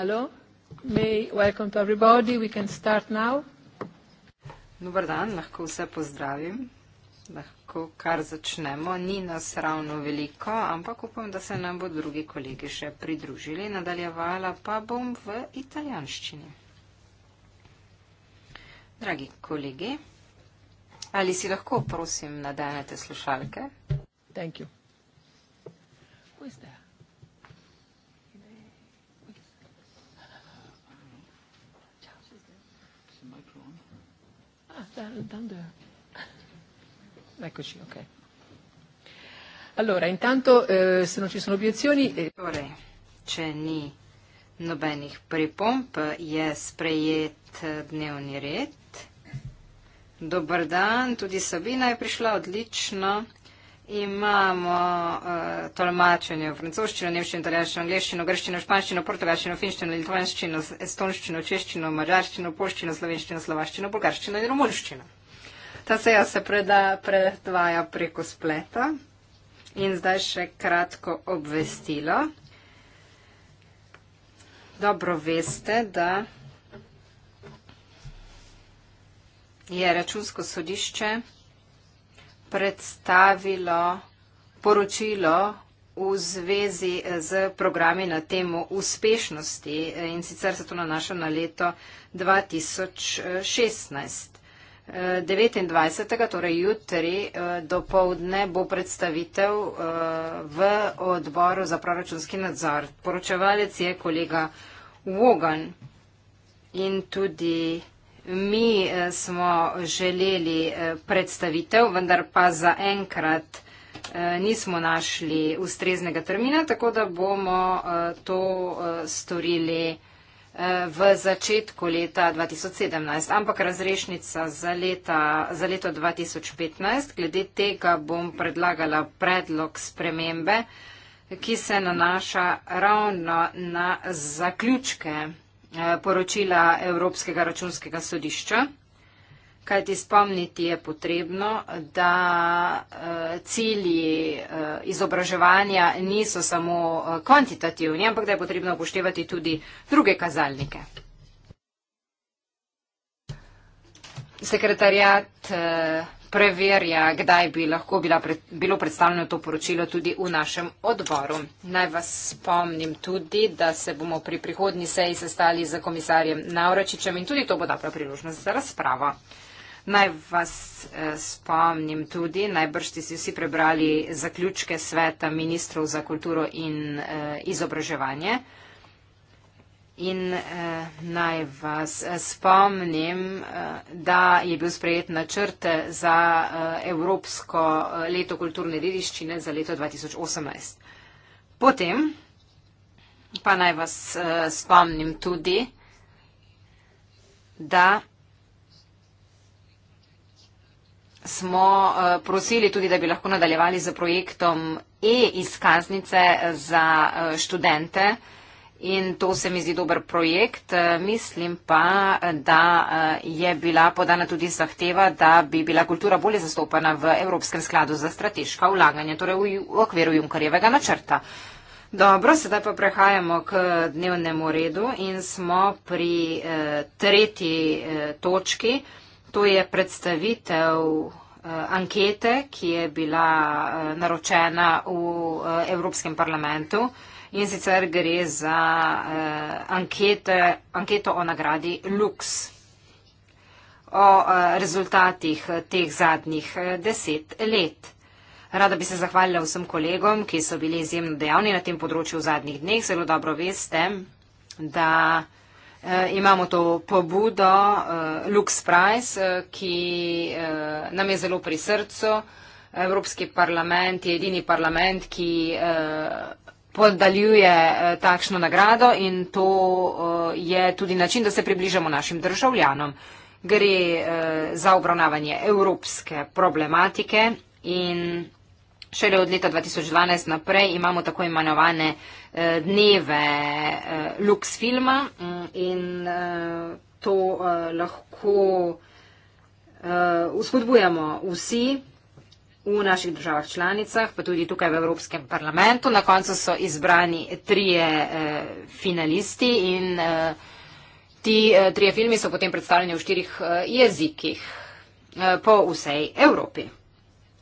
Hello. May welcome to everybody. We can start now. Dobar dan, lahko vse pozdravim. Lahko kar začnemo. Ni nas ravno veliko, ampak upam, da se nam bo drugi kolegi še pridružili. Nadaljevala pa bom v italijanščini. Dragi kolegi, ali si lahko, prosim, nadenete slušalke? Thank you. Who is that? dal, dal, dal. Eccoci, ok. Allora, intanto eh, se non ci sono obiezioni. Eh. C'è torej, ni nobenih pripomp, je sprejet dnevni red. Dobar dan, tudi Sabina je prišla, odlično. Imamo uh, tolmačenje v francoščino, nemščino, italijanščino, angliščino, grščino, španščino, portugalščino, finščino, litvanščino, estonščino, češčino, mađarščino, poščino, slovenščino, slovaščino, bulgarščino in romunščino. Ta seja se preda, predvaja preko spleta. In zdaj še kratko obvestilo. Dobro veste, da je računsko sodišče predstavilo poročilo v zvezi z programi na temo uspešnosti eh, in sicer se to nanaša na leto 2016. 29. Eh, torej jutri eh, do povdne bo predstavitev v odboru za proračunski nadzor. Poročevalec je kolega Vogan in tudi mi eh, smo želeli eh, predstavitev, vendar pa zaenkrat eh, nismo našli ustreznega termina, tako da bomo to storili v začetku leta 2017. Ampak razrešnica za, leta, za leto 2015, glede tega bom predlagala predlog spremembe, ki se nanaša ravno na zaključke Eh, poročila Evropskega računskega sodišča, kajti spomniti je potrebno, da eh, cilji eh, izobraževanja niso samo kvantitativni, ampak da je potrebno upoštevati tudi druge kazalnike. Sekretarjat preverja, kdaj bi lahko bila pred, bilo predstavljeno to poročilo tudi v našem odboru. Naj vas spomnim tudi, da se bomo pri prihodnji seji sestali z komisarjem Navračičem in tudi to bo dobra priložnost za razpravo. Naj vas eh, spomnim tudi, najbrž ste si vsi prebrali zaključke sveta ministrov za kulturo in eh, izobraževanje. In eh, naj vas eh, spomnim, eh, da je bil sprejet načrt eh, za eh, Evropsko eh, leto kulturne dediščine za leto 2018. Potem pa naj vas eh, spomnim tudi, da smo eh, prosili tudi, da bi lahko nadaljevali z projektom e-izkaznice za eh, študente. Eh, In to se mi zdi dober projekt. Eh, mislim pa, eh, da eh, je bila podana tudi zahteva, da bi bila kultura bolje zastopana v Evropskem skladu za strateška vlaganja, torej v okviru Junkarjevega načrta. Dobro, sedaj pa prehajamo k dnevnemu redu in smo pri tretji točki. To je predstavitev ankete, ki je bila naročena v Evropskem parlamentu in sicer gre za eh, ankete, anketo o nagradi Lux. O eh, rezultatih eh, teh zadnjih eh, deset let. Rada bi se zahvalila vsem kolegom, ki so bili izjemno dejavni na tem področju v zadnjih dneh. Zelo dobro veste, da eh, imamo to pobudo eh, Lux Price, eh, ki eh, nam je zelo pri srcu. Evropski parlament je edini parlament, ki eh, podaljuje eh, takšno nagrado in to eh, je tudi način, da se približamo našim državljanom. Gre eh, za obravnavanje evropske problematike in šele od leta 2012 naprej imamo tako imenovane dneve Lux filma mm, in to lahko uspodbujamo vsi v naših državah članicah, pa tudi tukaj v Evropskem parlamentu. Na koncu so izbrani trije eh, finalisti in eh, ti eh, trije filmi so potem predstavljeni v štirih eh, jezikih eh, po vsej Evropi.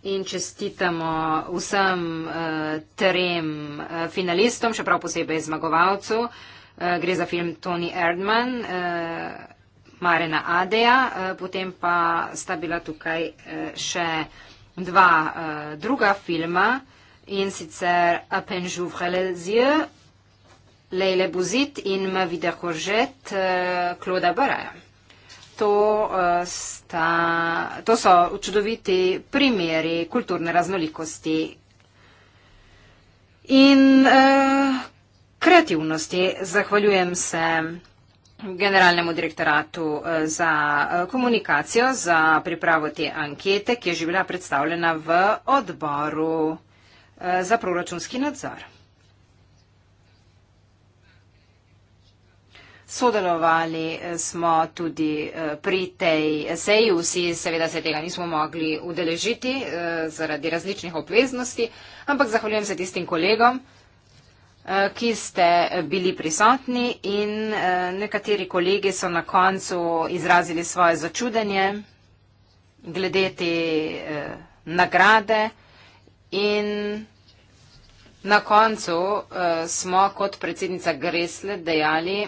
In čestitamo vsem eh, trem eh, finalistom, še prav posebej zmagovalcu. Eh, gre za film Tony Erdman. Eh, Marena Adeja, eh, potem pa sta bila tukaj eh, še dva uh, druga filma in sicer A Penžu v Helezije, Lejle Buzit in Mavide Horžet, uh, Kloda Baraja. To, uh, sta, to so čudoviti primeri kulturne raznolikosti in uh, kreativnosti. Zahvaljujem se generalnemu direktoratu eh, za eh, komunikacijo za pripravo te ankete, ki je že bila predstavljena v odboru eh, za proračunski nadzor. Sodelovali smo tudi pri tej seji, vsi seveda se tega nismo mogli udeležiti zaradi različnih obveznosti, ampak zahvaljujem se tistim kolegom, Eh, ki ste bili prisotni in eh, nekateri kolegi so na koncu izrazili svoje začudenje glede te eh, nagrade in na koncu smo kot predsednica Gresle dejali,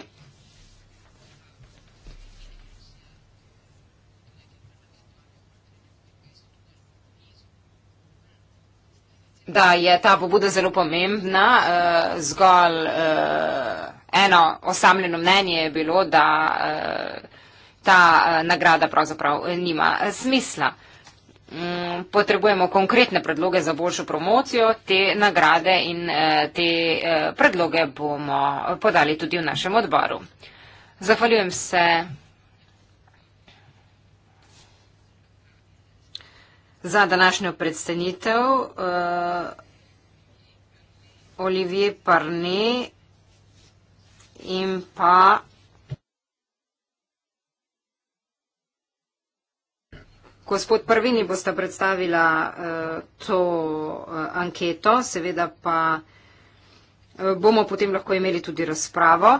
da je ta pobuda zelo pomembna. Uh, zgolj uh, eno osamljeno mnenje je bilo, da uh, ta uh, nagrada pravzaprav nima smisla. Um, potrebujemo konkretne predloge za boljšo promocijo te nagrade in uh, te uh, predloge bomo podali tudi v našem odboru. Zahvaljujem se. za današnjo predstavitev. Uh, Olivier Parne in pa. Gospod Prvini boste predstavila uh, to uh, anketo, seveda pa uh, bomo potem lahko imeli tudi razpravo.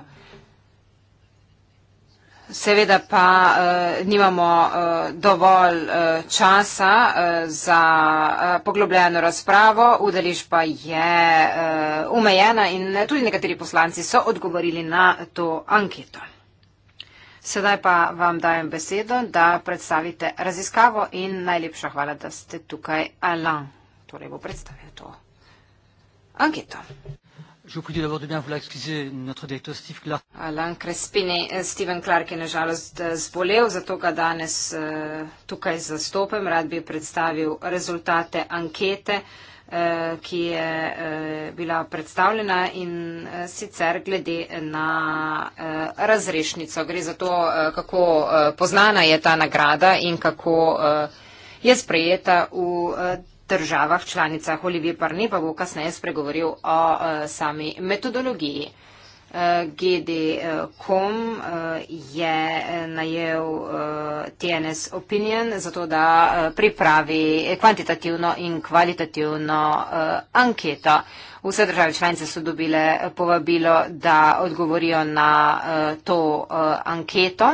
Seveda pa uh, nimamo uh, dovolj uh, časa uh, za uh, poglobljeno razpravo, udeliž pa je uh, umejena in tudi nekateri poslanci so odgovorili na to anketo. Sedaj pa vam dajem besedo, da predstavite raziskavo in najlepša hvala, da ste tukaj. Alan, torej bo predstavil to anketo. Je vous prie de d'abord de bien vouloir excuser notre directeur Steve Clark. Alain Crespini, eh, Steven Clark je nažalost eh, zbolel, zato ga danes eh, tukaj zastopim. Rad bi predstavil rezultate ankete, ki je bila predstavljena in sicer glede na razrešnico. Gre za to, kako poznana je ta nagrada in kako je sprejeta v državah članicah. Olivier Parne pa bo kasneje spregovoril o uh, sami metodologiji. Uh, eh, GD.com eh, uh, je najel uh, TNS Opinion za to, da uh, pripravi kvantitativno in kvalitativno uh, anketo. Vse države članice so dobile povabilo, da odgovorijo na uh, to uh, anketo.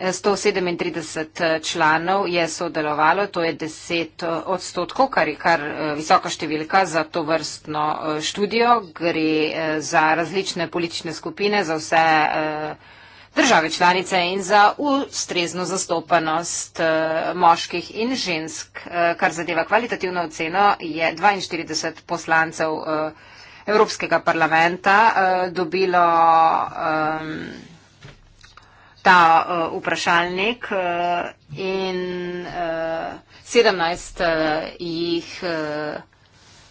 137 eh, članov je sodelovalo, to je 10 eh, odstotkov, kar je kar eh, visoka številka za to vrstno študijo. Gre za različne politične skupine, za vse države članice in za ustrezno zastopanost moških in žensk. Kar zadeva kvalitativno oceno, je 42 poslancev Evropskega parlamenta dobilo. Um, ta uh, vprašalnik uh, in uh, 17 uh, jih uh,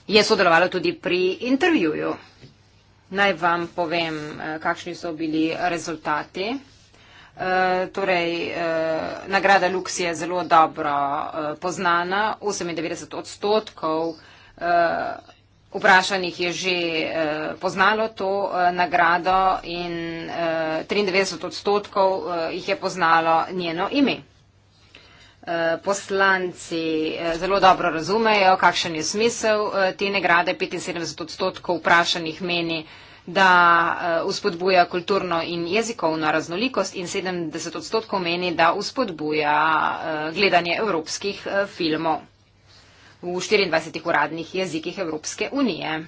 je sodelovalo tudi pri intervjuju. Naj vam povem, uh, kakšni so bili rezultati. Uh, torej, uh, nagrada Lux je zelo dobro uh, poznana, 98 odstotkov. Uh, vprašanih je že eh, poznalo to eh, nagrado in 93 eh, odstotkov jih je poznalo njeno ime. Poslanci zelo dobro razumejo, kakšen je smisel te nagrade. 75 odstotkov vprašanih meni, da uspodbuja kulturno in jezikovno raznolikost in 70 odstotkov meni, da uspodbuja gledanje evropskih filmov v 24 uradnih jezikih Evropske unije.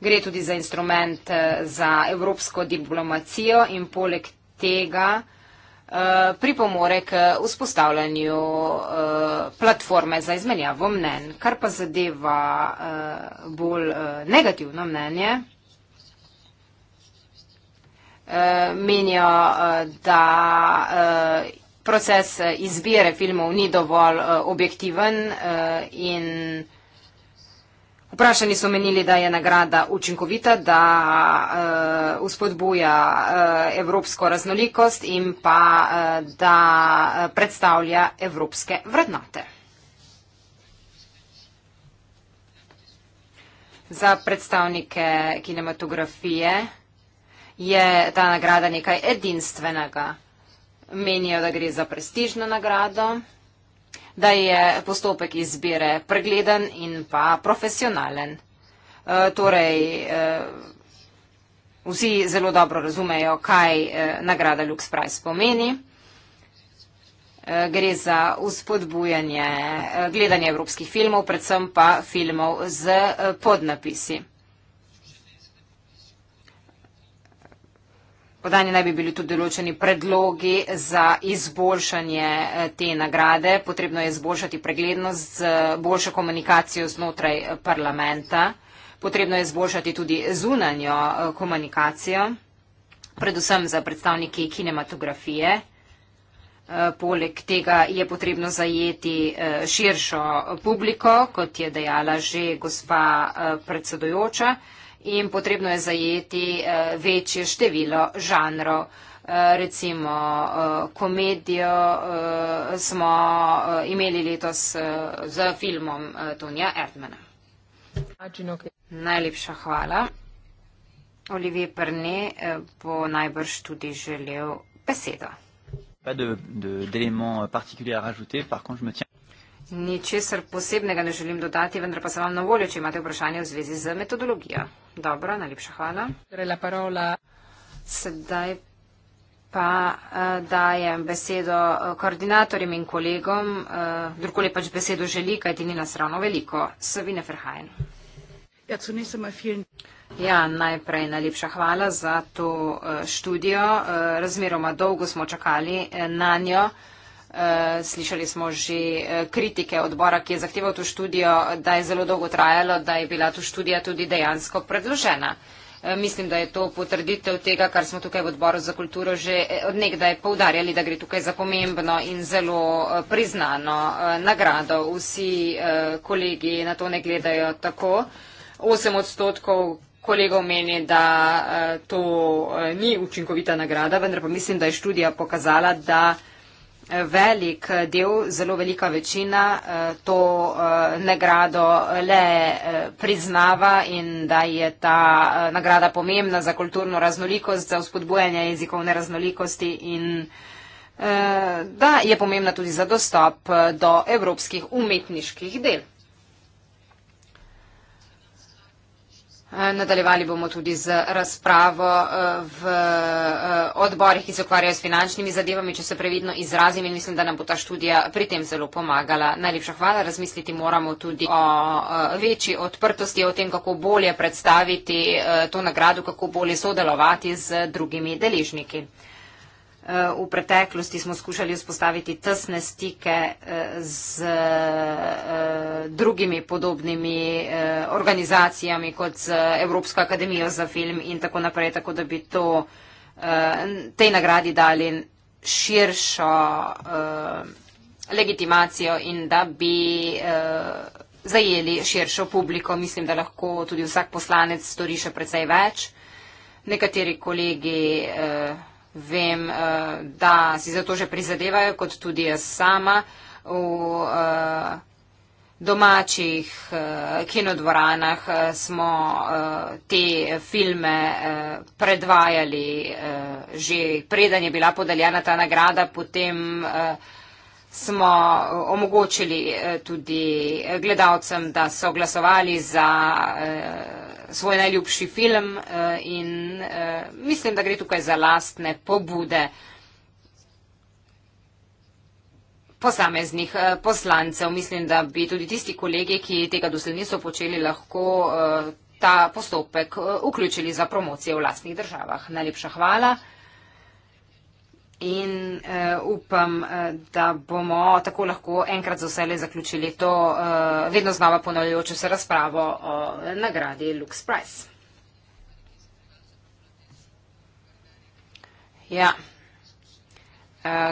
Gre tudi za instrument eh, za evropsko diplomacijo in poleg tega eh, pripomore k vzpostavljanju eh, platforme za izmenjavo mnen. Kar pa zadeva bolj negativno mnenje, menijo, da proces eh, izbire filmov ni dovolj eh, objektiven eh, in vprašani so menili, da je nagrada učinkovita, da uspodbuja evropsko raznolikost in pa da predstavlja evropske vrednote. Za predstavnike kinematografije je ta nagrada nekaj edinstvenega menijo, da gre za prestižno nagrado, da je postopek izbire pregleden in pa profesionalen. E, torej, e, vsi zelo dobro razumejo, kaj e, nagrada Lux Price pomeni. E, gre za uspodbujanje e, gledanja evropskih filmov, predvsem pa filmov z e, podnapisi. Podanje naj bi bili tudi določeni predlogi za izboljšanje eh, te nagrade. Potrebno je izboljšati preglednost z eh, boljšo komunikacijo znotraj eh, parlamenta. Potrebno je izboljšati tudi zunanjo komunikacijo, predvsem za predstavniki kinematografije. Poleg tega je potrebno zajeti širšo publiko, kot je dejala že gospa predsedojoča in potrebno je zajeti eh, večje število žanrov. Eh, recimo eh, komedijo smo imeli letos z filmom Tonija Erdmana. Najlepša hvala. Olivier Prne bo najbrž tudi želel besedo. Ničesar posebnega ne želim dodati, vendar pa sem vam na voljo, če imate vprašanje v zvezi z metodologijo. Dobro, najlepša hvala. Torej, Sedaj pa uh, dajem besedo eh, koordinatorjem in kolegom, uh, eh, drugoli pač besedo želi, kajti ni nas ravno veliko. Savine Ferhajen. Ja, ja, najprej najlepša hvala za to študijo. Razmeroma dolgo smo čakali na njo. Eh, slišali smo že eh, kritike odbora, ki je zahteval to študijo, da je zelo dolgo trajalo, da je bila to študija tudi dejansko predložena. Eh, mislim, da je to potrditev tega, kar smo tukaj v odboru za kulturo že odnegdaj poudarjali, da gre tukaj za pomembno in zelo priznano nagrado. Vsi kolegi na to ne gledajo tako. 8 odstotkov kolegov meni, da to ni učinkovita nagrada, vendar pa mislim, da je študija pokazala, da velik del, zelo velika večina eh, to eh, nagrado le eh, priznava in da je ta nagrada pomembna za kulturno raznolikost, za vzpodbujanje jezikovne raznolikosti in da je pomembna tudi za dostop do evropskih umetniških del. Nadaljevali bomo tudi z razpravo eh, v eh, odborih, ki se ukvarjajo s finančnimi zadevami, če se previdno izrazim in mislim, da nam bo ta študija pri tem zelo pomagala. Najlepša hvala. Razmisliti moramo tudi o eh, večji odprtosti, o tem, kako bolje predstaviti to nagrado, kako bolje sodelovati z drugimi deležniki. V preteklosti smo skušali vzpostaviti tesne stike eh, z eh, drugimi podobnimi eh, organizacijami kot z Evropsko akademijo za film in tako naprej, tako da bi to, tej nagradi dali širšo legitimacijo in da bi zajeli širšo publiko. Mislim, da lahko tudi vsak poslanec stori še precej več. Nekateri kolegi eh, vem, eh, da si zato že prizadevajo, kot tudi jaz sama v eh, domačih eh, kinodvoranah smo te filme predvajali že preden je bila podeljena ta nagrada, potem smo eh, omogočili eh, tudi eh, gledalcem, da so glasovali za svoj najljubši film in mislim, da gre tukaj za lastne pobude posameznih poslancev. Mislim, da bi tudi tisti kolegi, ki tega dosled niso počeli, lahko ta postopek vključili za promocije v lastnih državah. Najlepša hvala in uh, upam, eh, da bomo tako lahko enkrat za vse le zaključili to uh, vedno znova ponavljajočo se razpravo o nagradi Lux Price. Ja,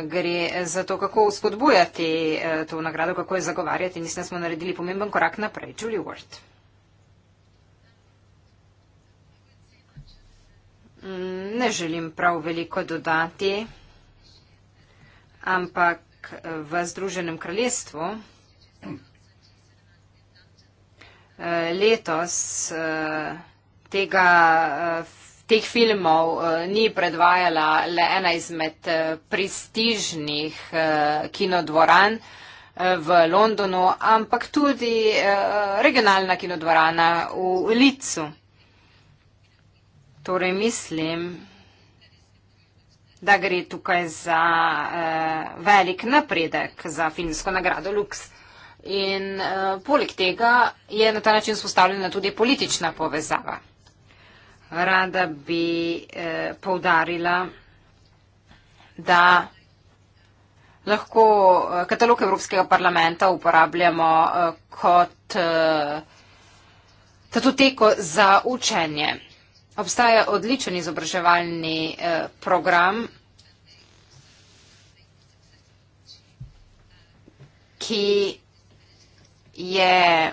gre za to, kako uspodbujati to nagrado, kako je zagovarjati. Mislim, da smo naredili pomemben korak naprej. Julie Ward. Mm, ne želim prav veliko dodati ampak v Združenem kraljestvu eh, letos eh, tega, eh, teh filmov ni predvajala le ena izmed prestižnih kinodvoran v Londonu, ampak tudi regionalna kinodvorana v Licu. Torej mislim, da gre tukaj za uh, velik napredek za filmsko nagrado Lux. In uh, poleg tega je na ta način spostavljena tudi politična povezava. Rada bi uh, poudarila, da lahko katalog Evropskega parlamenta uporabljamo uh, kot uh, tatoteko za učenje obstaja odličen izobraževalni eh, program, ki je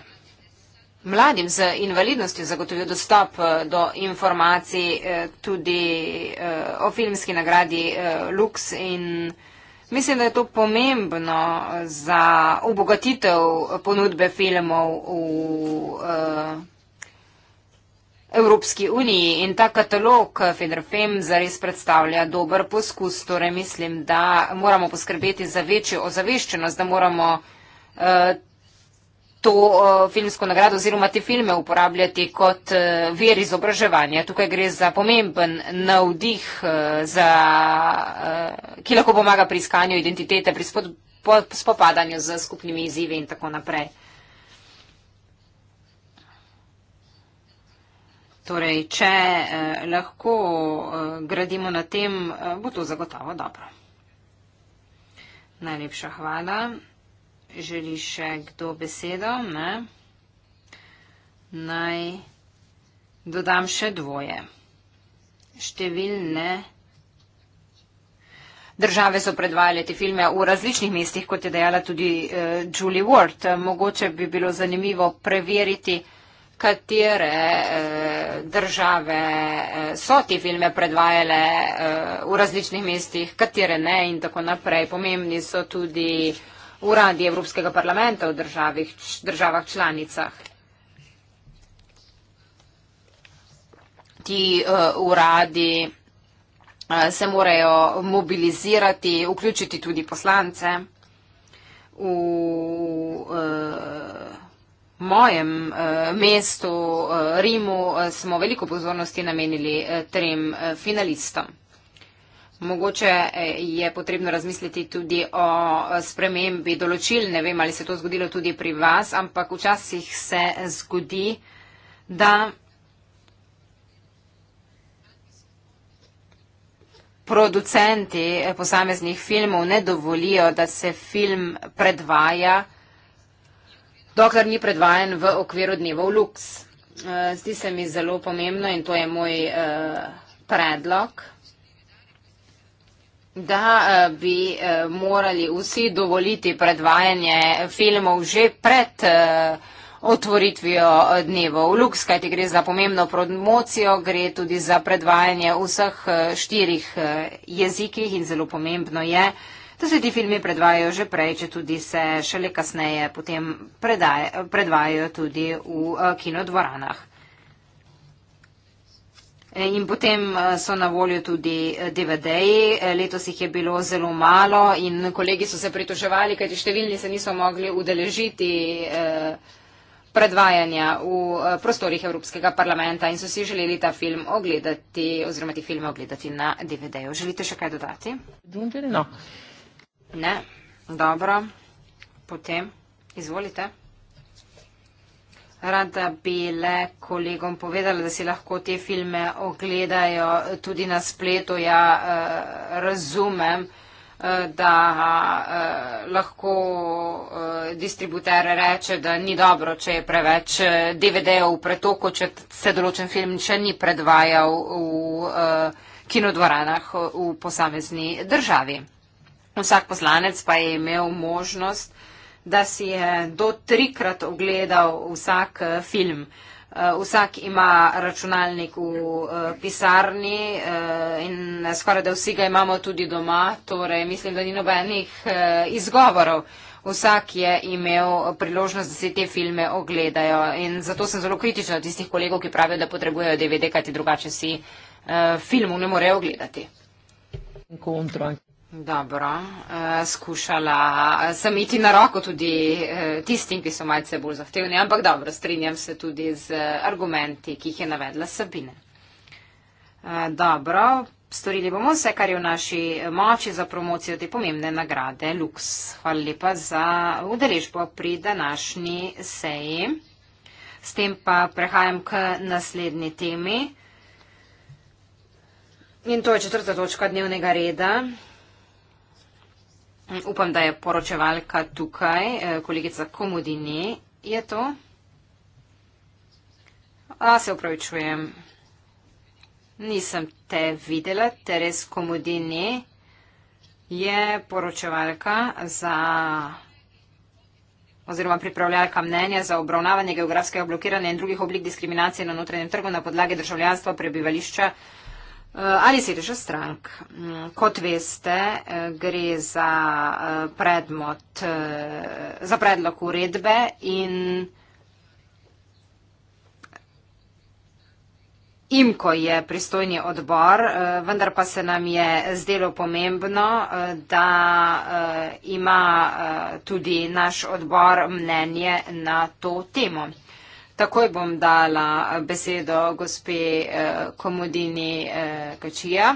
mladim z invalidnostjo zagotovil dostop eh, do informacij eh, tudi o filmski nagradi Lux in mislim, da je to pomembno za obogatitev ponudbe filmov v Ljubljani. Evropski uniji in ta katalog Federfem zares predstavlja dober poskus. Torej mislim, da moramo poskrbeti za večjo ozaveščenost, da moramo uh, to uh, filmsko nagrado oziroma te filme uporabljati kot uh, eh, ver izobraževanja. Tukaj gre za pomemben navdih, uh, za, uh, ki lahko pomaga pri iskanju identitete, pri spod, po, spopadanju z skupnimi izzivi in tako naprej. Torej, če eh, lahko eh, gradimo na tem, eh, bo to zagotovo dobro. Najlepša hvala. Želi še kdo besedo? Ne? Naj dodam še dvoje. Številne države so predvajale te filme v različnih mestih, kot je dejala tudi eh, Julie Ward. Mogoče bi bilo zanimivo preveriti, katere eh, države eh, so ti filme predvajale eh, v različnih mestih, katere ne in tako naprej. Pomembni so tudi uradi Evropskega parlamenta v državih, državah članicah. Ti uradi se morajo mobilizirati, vključiti tudi poslance v mojem uh, mestu uh, Rimu uh, smo veliko pozornosti namenili uh, trem uh, finalistom. Mogoče je potrebno razmisliti tudi o spremembi določil. Ne vem, ali se to zgodilo tudi pri vas, ampak včasih se zgodi, da producenti posameznih filmov ne dovolijo, da se film predvaja dokler ni predvajen v okviru dnevov Lux. Eh, zdi se mi zelo pomembno in to je moj eh, predlog, da eh, bi morali vsi dovoliti predvajanje filmov že pred otvoritvijo dnevov Lux, kajti gre za pomembno promocijo, gre tudi za predvajanje vseh štirih jezikih in zelo pomembno je, da da se ti filmi predvajajo že prej, če tudi se šele kasneje potem predaje, predvajajo tudi v uh, kinodvoranah. In potem eh, so na voljo tudi eh, DVD-ji. Letos jih je bilo zelo malo in kolegi so se pritoževali, kajti številni se niso mogli udeležiti predvajanja v prostorih Evropskega parlamenta in so si želeli ta film ogledati oziroma ti filme ogledati na DVD-ju. Želite še kaj dodati? No. Ne. Dobro. Potem, izvolite. Rada bi le kolegom povedala, da si lahko te filme ogledajo tudi na spletu. Ja, eh, razumem, eh, da eh, lahko distributer reče, da ni dobro, če je preveč DVD-jev v pretoku, če se določen film še ni predvajal v kinodvoranah v posamezni državi. Vsak poslanec pa je imel možnost, da si je do trikrat ogledal vsak eh, film. Eh, vsak ima računalnik v eh, pisarni in skoraj da vsi ga imamo tudi doma, torej mislim, da ni nobenih izgovorov. Vsak je imel priložnost, da se te filme ogledajo in zato sem zelo kritična od tistih kolegov, ki pravijo, da potrebujejo DVD, kajti drugače si filmov ne morejo ogledati. Encontro. Dobro, uh, skušala sem iti na roko tudi uh, tistim, ki so malce bolj zahtevni, ampak dobro, strinjam se tudi z argumenti, ki jih je navedla Sabine. Uh, dobro, storili bomo vse, kar je v naši moči za promocijo te pomembne nagrade Lux. Hvala lepa za udeležbo pri današnji seji. S tem pa prehajam k naslednji temi. In to je četrta točka dnevnega reda. Upam, da je poročevalka tukaj, e, kolegica Komodini je to. A se upravičujem, nisem te videla, Teres Komodini je poročevalka za oziroma pripravljalka mnenja za obravnavanje geografskega blokiranja in drugih oblik diskriminacije na notranjem trgu na podlagi državljanstva prebivališča ali sedeža strank. Mm, Kot veste, eh, gre za, eh, predmod, eh, za predlog uredbe in imko je pristojni odbor, vendar pa se nam je zdelo pomembno, da ima tudi naš odbor mnenje na to temo. Takoj bom dala eh, besedo gospe eh, Komodini eh, Kačija.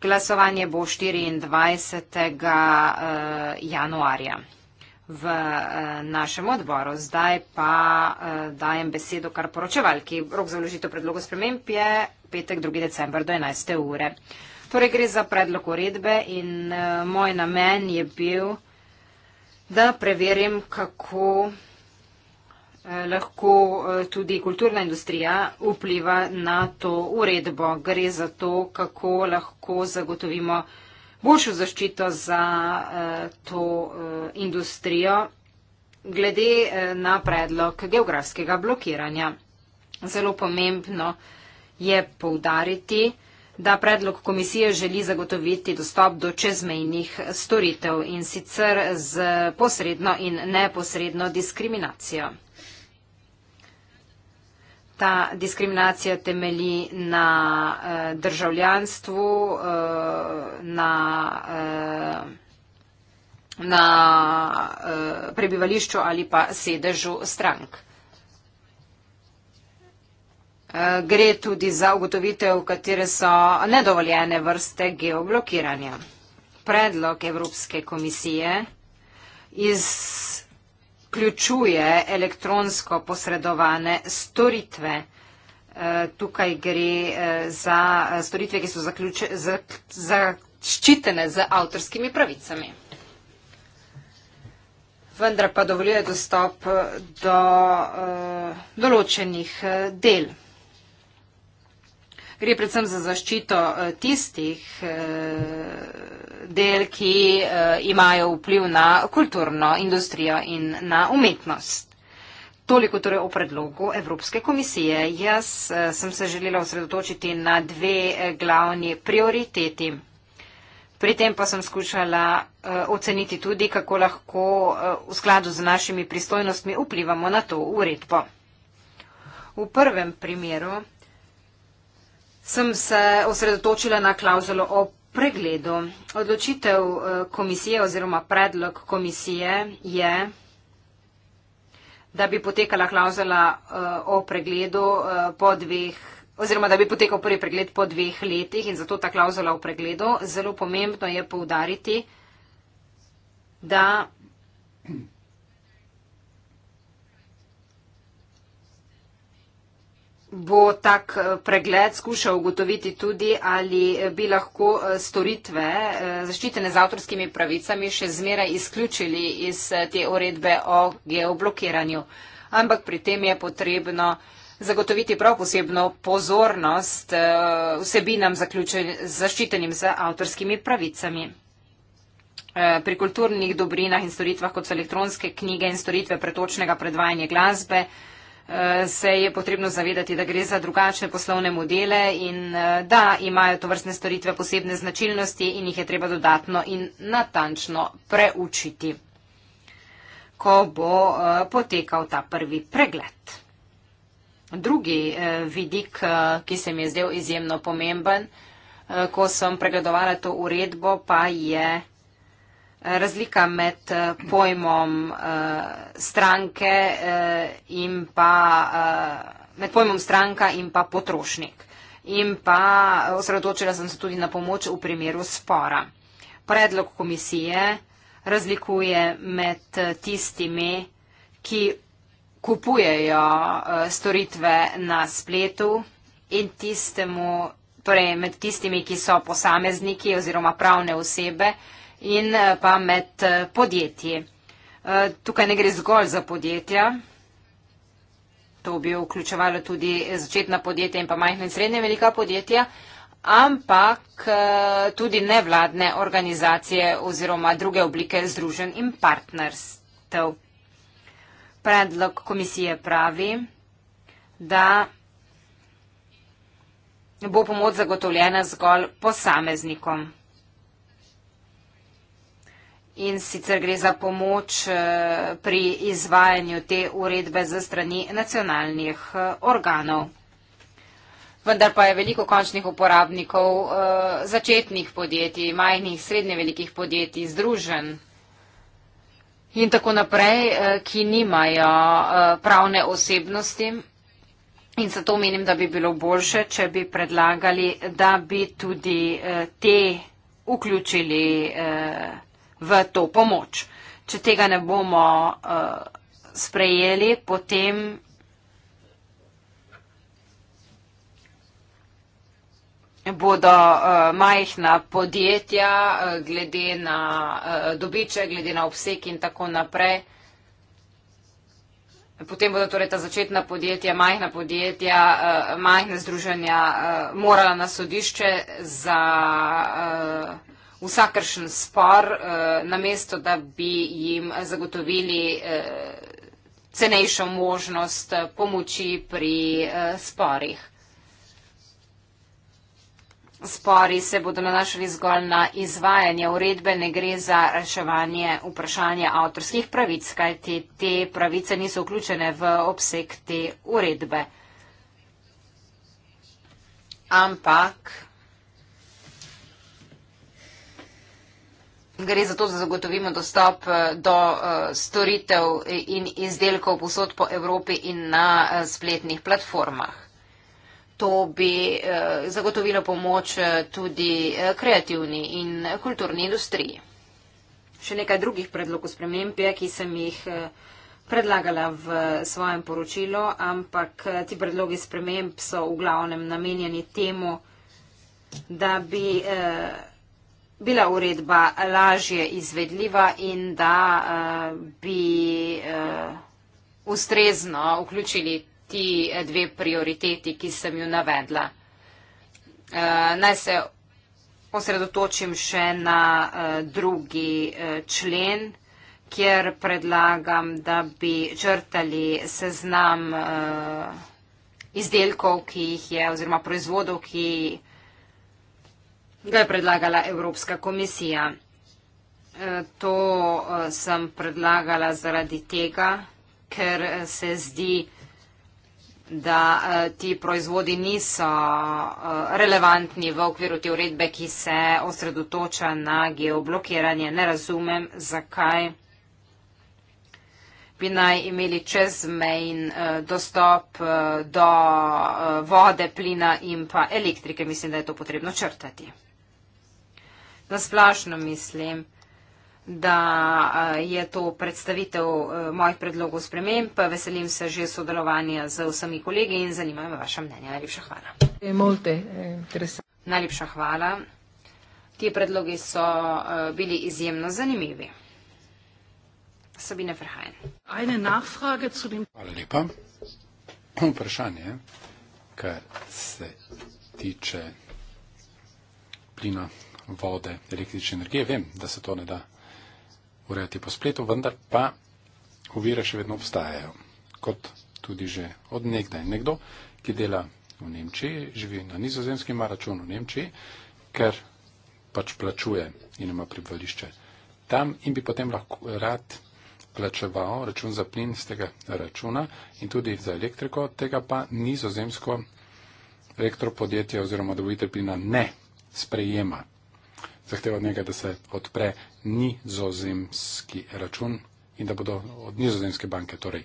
Glasovanje bo 24. januarja v našem odboru. Zdaj pa dajem besedo kar poročevalki. Rok za vložitev predlogo sprememb je petek 2. december do 11. ure. Torej gre za predlog uredbe in moj namen je bil, da preverim, kako Eh, lahko eh, tudi kulturna industrija vpliva na to uredbo. Gre za to, kako lahko zagotovimo boljšo zaščito za eh, to industrijo glede na predlog geografskega blokiranja. Zelo pomembno je poudariti, da predlog komisije želi zagotoviti dostop do čezmejnih storitev in sicer z posredno in neposredno diskriminacijo ta diskriminacija temelji na uh, državljanstvu, uh, na, uh, na uh, prebivališču ali pa sedežu strank. Gre tudi za ugotovitev, katere so nedovoljene vrste geoblokiranja. Predlog Evropske komisije iz vključuje elektronsko posredovane storitve. Eh, tukaj gre eh, za eh, storitve, ki so zaščitene za z avtorskimi pravicami. Vendar pa dovoljuje dostop do določenih del. Gre predvsem za zaščito tistih del, ki uh, imajo vpliv na kulturno industrijo in na umetnost. Toliko torej o predlogu Evropske komisije. Jaz uh, sem se želela osredotočiti na dve eh, glavni prioriteti. Pri tem pa sem skušala uh, oceniti tudi, kako lahko uh, v skladu z našimi pristojnostmi vplivamo na to uredbo. V prvem primeru sem se osredotočila na klauzulo o pregledu. Odločitev eh, komisije oziroma predlog komisije je, da bi potekala klauzula eh, o pregledu eh, po dveh oziroma da bi potekal prvi pregled po dveh letih in zato ta klauzula o pregledu. Zelo pomembno je poudariti, da bo tak eh, pregled skušal ugotoviti tudi, ali eh, bi lahko eh, storitve zaščitene z avtorskimi pravicami še zmeraj izključili iz te uredbe o geoblokiranju. Ampak pri tem je potrebno zagotoviti prav posebno pozornost vsebinam zaščitenim z avtorskimi pravicami. Pri kulturnih dobrinah in storitvah, kot so elektronske knjige in storitve pretočnega predvajanja glasbe, se je potrebno zavedati, da gre za drugačne poslovne modele in eh, da imajo to vrstne storitve posebne značilnosti in jih je treba dodatno in natančno preučiti, ko bo eh, potekal ta prvi pregled. Drugi eh, vidik, ki se mi je zdel izjemno pomemben, ko sem pregledovala to uredbo, pa je razlika med eh, pojmom eh, stranke eh, in pa med pojmom stranka in pa potrošnik. In pa osredotočila sem se tudi na pomoč v primeru spora. Predlog komisije razlikuje med tistimi, ki kupujejo storitve na spletu in tistemu, torej med tistimi, ki so posamezniki oziroma pravne osebe, in eh, pa med eh, podjetji. Eh, tukaj ne gre zgolj za podjetja, to bi vključevalo tudi začetna podjetja in pa majhna in srednja velika podjetja, ampak tudi nevladne organizacije oziroma druge oblike združen in partnerstv. Predlog komisije pravi, da bo pomoč zagotovljena zgolj posameznikom in sicer gre za pomoč eh, pri izvajanju te uredbe za strani nacionalnih eh, organov. Vendar pa je veliko končnih uporabnikov eh, začetnih podjetij, majhnih, srednje velikih podjetij, združen in tako naprej, ki nimajo pravne osebnosti. In zato menim, da bi bilo boljše, če bi predlagali, da bi tudi te vključili. Eh, v to pomoč. Če tega ne bomo uh, sprejeli, potem. bodo uh, majhna podjetja uh, glede na uh, dobiček, glede na obseg in tako naprej. Potem bodo torej ta začetna podjetja, majhna podjetja, uh, majhne združenja uh, morala na sodišče za. Uh, vsakršen spor, eh, namesto da bi jim zagotovili eh, cenejšo možnost eh, pomoči pri sporih. Spori se bodo nanašali zgolj na izvajanje uredbe, ne gre za reševanje vprašanja avtorskih pravic, kajti te pravice niso vključene v obseg te uredbe. Ampak Gre za to, da zagotovimo dostop eh, do eh, storitev in izdelkov posod po Evropi in na eh, spletnih platformah. To bi zagotovilo pomoč tudi kreativni in kulturni industriji. Še nekaj drugih predlogov sprememb je, ki sem jih predlagala v svojem poročilu, ampak ti predlogi sprememb so v glavnem namenjeni temu, da bi eh, bila uredba lažje izvedljiva in da eh, bi eh, ustrezno vključili ti eh, dve prioriteti, ki sem ju navedla. Naj se osredotočim še na drugi člen, kjer predlagam, da bi črtali seznam izdelkov, ki jih je, oziroma proizvodov, ki jih je, ga je predlagala Evropska komisija. E, to e, sem predlagala zaradi tega, ker e, se zdi, da ti proizvodi niso relevantni v okviru te uredbe, ki se osredotoča na geoblokiranje. Ne razumem, zakaj bi naj imeli čezmejn dostop do vode, plina in pa elektrike. Mislim, da je to potrebno črtati nasplašno mislim, da je to predstavitev mojih predlogov sprememb. Veselim se že sodelovanja z vsemi kolegi in zanimajo me vaše mnenje. Najlepša hvala. Eh, Najlepša hvala. Ti predlogi so bili izjemno zanimivi. Sabine Verhajn. Hvala lepa. Vprašanje, kar se tiče plina vode, električne energije. Vem, da se to ne da urejati po spletu, vendar pa ovire še vedno obstajajo. Kot tudi že od nekdaj. Nekdo, ki dela v Nemčiji, živi na nizozemskem, ima račun v Nemčiji, ker pač plačuje in ima pribavišče tam in bi potem lahko rad plačeval račun za plin z tega računa in tudi za elektriko, tega pa nizozemsko elektropodjetje oziroma dobitelj plina ne sprejema zahteva od njega, da se odpre nizozemski račun in da bodo od nizozemske banke torej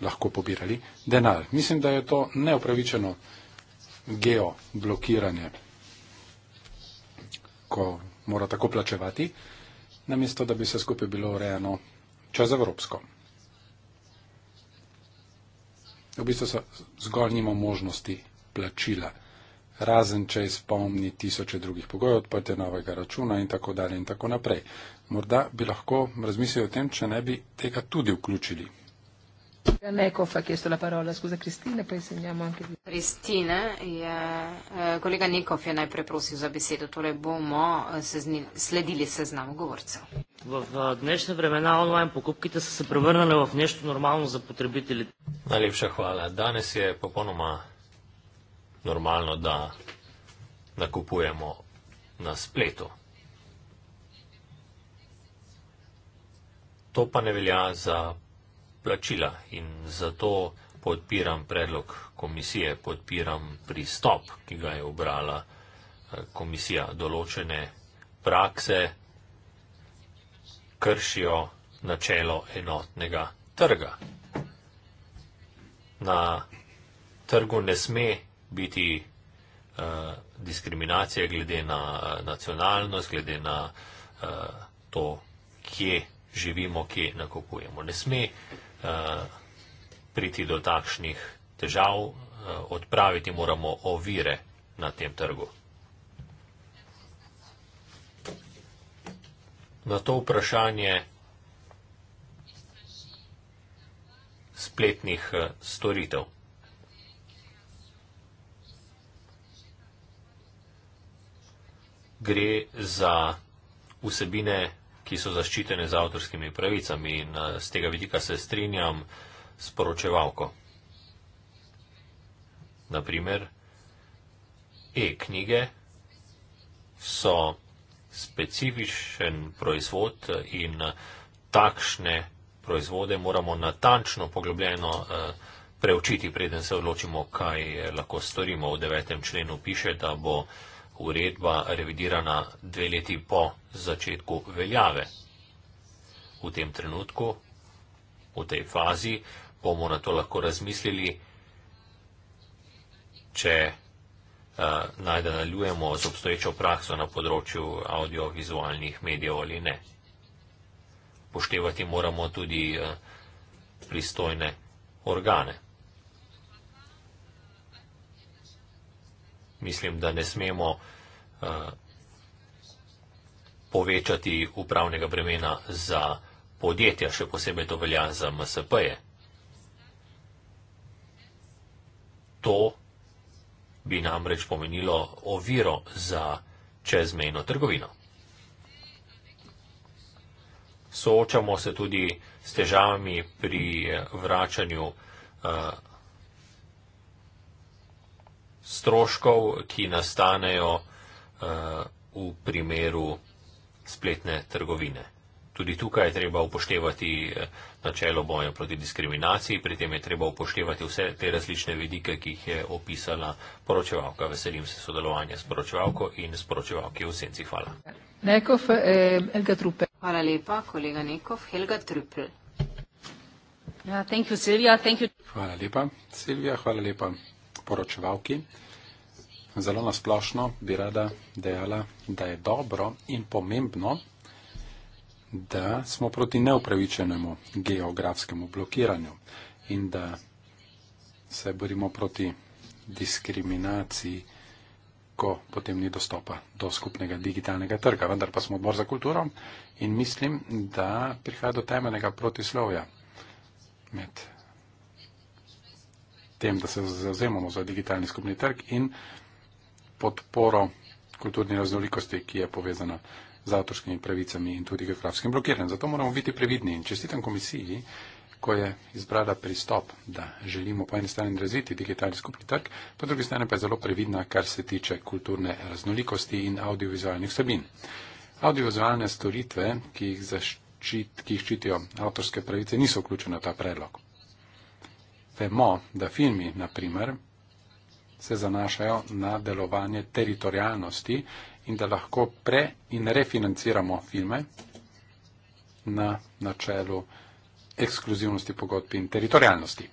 lahko pobirali denar. Mislim, da je to neupravičeno geoblokiranje, ko mora tako plačevati, namesto da bi se skupaj bilo urejeno čez Evropsko. V bistvu zgolj nima možnosti plačila razen če izpolni tisoče drugih pogojev, odprte novega računa in tako dalje in tako naprej. Morda bi lahko razmislili o tem, če ne bi tega tudi vključili. Nekofa, ki je stala parola skozi Kristine, pa sem jaz manjkaj. Kristine je, kolega Nekof je najprej prosil za besedo, torej bomo eh, sezni, sledili seznamu govorcev. V, v dnešnje vremena online pokupkite so se prevrnile v nešto normalno za potrebitelji. Najlepša hvala. Danes je popolnoma normalno, da nakupujemo na spletu. To pa ne velja za plačila in zato podpiram predlog komisije, podpiram pristop, ki ga je obrala eh, komisija. Določene prakse kršijo načelo enotnega trga. Na trgu ne sme biti uh, diskriminacije glede na uh, nacionalnost, glede na uh, to, kje živimo, kje nakupujemo. Ne sme uh, priti do takšnih težav, uh, odpraviti moramo ovire na tem trgu. Na to vprašanje spletnih storitev. gre za vsebine, ki so zaščitene z avtorskimi pravicami in z eh, tega vidika se strinjam s poročevalko. Naprimer, e-knjige so specifičen proizvod in eh, takšne proizvode moramo natančno poglobljeno eh, preučiti, preden se odločimo, kaj lahko storimo. V devetem členu piše, da bo uredba revidirana dve leti po začetku veljave. V tem trenutku, v tej fazi, bomo na to lahko razmislili, če uh, eh, najdaljujemo z obstoječo prakso na področju audiovizualnih medijev ali ne. Poštevati moramo tudi uh, pristojne organe. mislim, da ne smemo eh, povečati upravnega bremena za podjetja, še posebej to velja za MSP-je. To bi namreč pomenilo oviro za čezmejno trgovino. Soočamo se tudi s težavami pri vračanju eh, stroškov, ki nastanejo uh, v primeru spletne trgovine. Tudi tukaj je treba upoštevati eh, načelo boja proti diskriminaciji, pri tem je treba upoštevati vse te različne vidike, ki jih je opisala poročevalka. Veselim se sodelovanja s poročevalko in s poročevalki v senci. Hvala. Nekov, eh, Hvala lepa, kolega Nekov, Helga Trupel. Ja, Hvala lepa, Silvija. Hvala lepa poročevalki. Zelo nasplošno bi rada dejala, da je dobro in pomembno, da smo proti neupravičenemu geografskemu blokiranju in da se borimo proti diskriminaciji, ko potem ni dostopa do skupnega digitalnega trga. Vendar pa smo odbor za kulturo in mislim, da prihaja do temeljnega protislovja med tem, da se zauzemamo za digitalni skupni trg in podporo kulturni raznolikosti, ki je povezana z avtorskimi pravicami in tudi geografskim blokiranjem. Zato moramo biti previdni in čestitam komisiji, ko je izbrala pristop, da želimo po eni strani razviti digitalni skupni trg, po drugi strani pa je zelo previdna, kar se tiče kulturne raznolikosti in audiovizualnih vsebin. Audiovizualne storitve, ki jih, zaščit, ki jih ščitijo avtorske pravice, niso vključene v ta predlog vemo, da filmi, na primer, se zanašajo na delovanje teritorijalnosti in da lahko pre- in refinanciramo filme na načelu ekskluzivnosti pogodb in teritorijalnosti.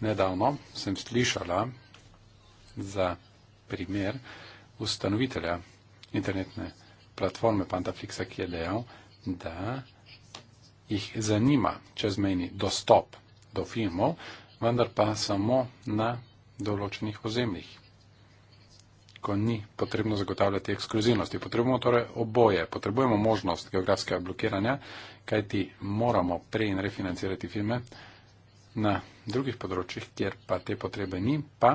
Nedavno sem slišala za primer ustanovitelja internetne platforme Pantaflixa, ki je dejal, da jih zanima čezmejni dostop do filmov, vendar pa samo na določenih ozemljih, ko ni potrebno zagotavljati ekskluzivnosti. Potrebujemo torej oboje, potrebujemo možnost geografskega blokiranja, kajti moramo pre in refinancirati filme na drugih področjih, kjer pa te potrebe ni, pa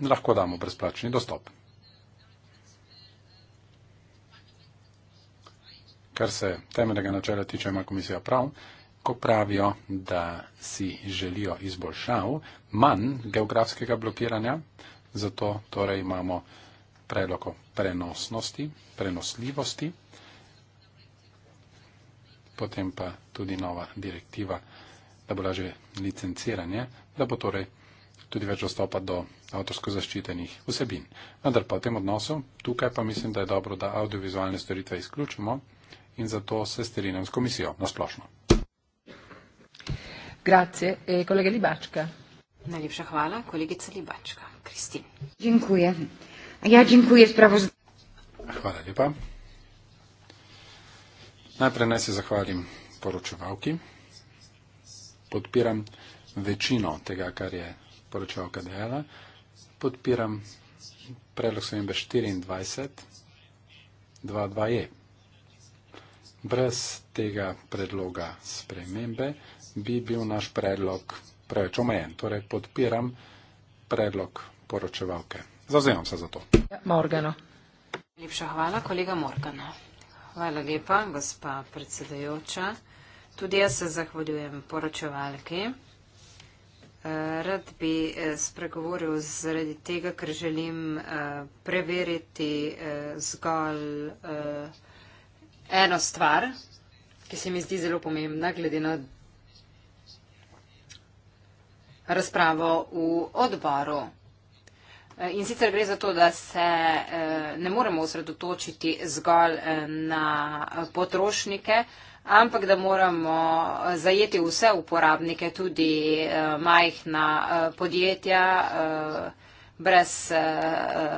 lahko damo brezplačni dostop. Kar se temeljega načela tiče, ima komisija prav ko pravijo, da si želijo izboljšav, manj geografskega blokiranja, zato torej imamo predlog o prenosnosti, prenosljivosti, potem pa tudi nova direktiva, da bo lažje licenciranje, da bo torej tudi več dostopa do avtorsko zaščitenih vsebin. Vendar pa v tem odnosu, tukaj pa mislim, da je dobro, da audiovizualne storitve izključimo in zato se strinjam s komisijo na splošno. Grazie. E kolega Libačka. Najlepša hvala, kolegica Libačka. Kristin. Dziękuję. Ja dziękuję sprawoz... Hvala lepa. Najprej naj se zahvalim poročevalki. Podpiram večino tega, kar je poročevalka dejala. Podpiram predlog sojembe 24, 2.2.E. Brez tega predloga spremembe bi bil naš predlog preveč omejen. Torej podpiram predlog poročevalke. Zavzemam se za to. Morgano. Lepša hvala, kolega Morgano. Hvala lepa, gospa predsedajoča. Tudi jaz se zahvaljujem poročevalki. Eh, rad bi eh, spregovoril zaradi tega, ker želim eh, preveriti zgolj eno stvar, ki se mi zdi zelo pomembna, glede na razpravo v odboru. E, in sicer gre za to, da se e, ne moremo osredotočiti zgolj e, na potrošnike, ampak da moramo zajeti vse uporabnike, tudi majhna podjetja brez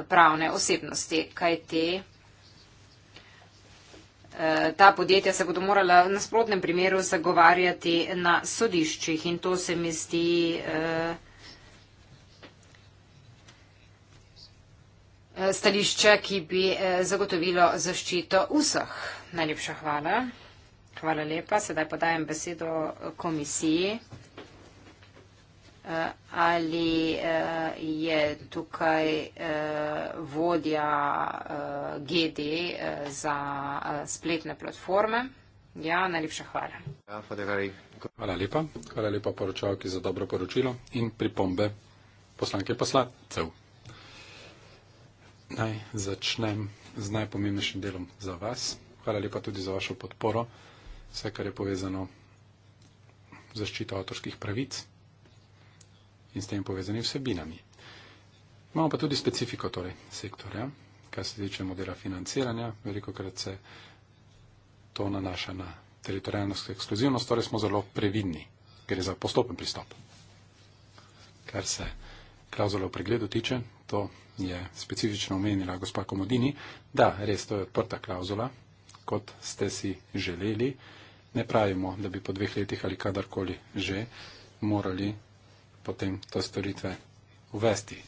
pravne osebnosti, kaj te. Eh, ta podjetja se bodo morala v nasprotnem primeru zagovarjati na sodiščih in to se mi zdi eh, stališče, ki bi eh, zagotovilo zaščito vseh. Najlepša hvala. Hvala lepa. Sedaj podajem besedo komisiji. Eh, ali eh, je tukaj eh, vodja GD za spletne platforme. Ja, najlepša hvala. Hvala lepa. Hvala lepa poročavki za dobro poročilo in pripombe poslanke poslancev. Naj začnem z najpomembnejšim delom za vas. Hvala lepa tudi za vašo podporo, vse, kar je povezano z zaščito avtorskih pravic in s tem povezani vsebinami. Imamo pa tudi specifiko torej, sektorja, kar se tiče modela financiranja, veliko krat se to nanaša na teritorijalnost ekskluzivnost, torej smo zelo previdni, ker je za postopen pristop. Kar se klauzulo pregledu tiče, to je specifično omenila gospa Komodini, da res to je odprta klauzula, kot ste si želeli. Ne pravimo, da bi po dveh letih ali kadarkoli že morali potem to storitve uvesti.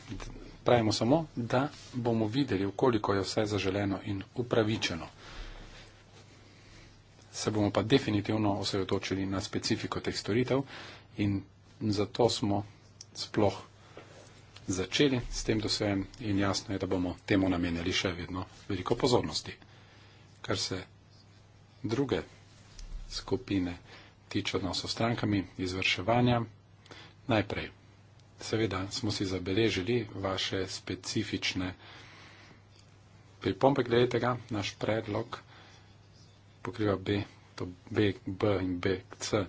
Pravimo samo, da bomo videli, koliko je vse zaželeno in upravičeno. Se bomo pa definitivno osredotočili na specifiko teh storitev in zato smo sploh začeli s tem dosejem in jasno je, da bomo temu namenjali še vedno veliko pozornosti. Kar se druge skupine tiče odnosov s strankami, izvrševanja, Najprej, seveda smo si zabeležili vaše specifične pripombe glede tega. Naš predlog pokriva B, to B, B in B, C.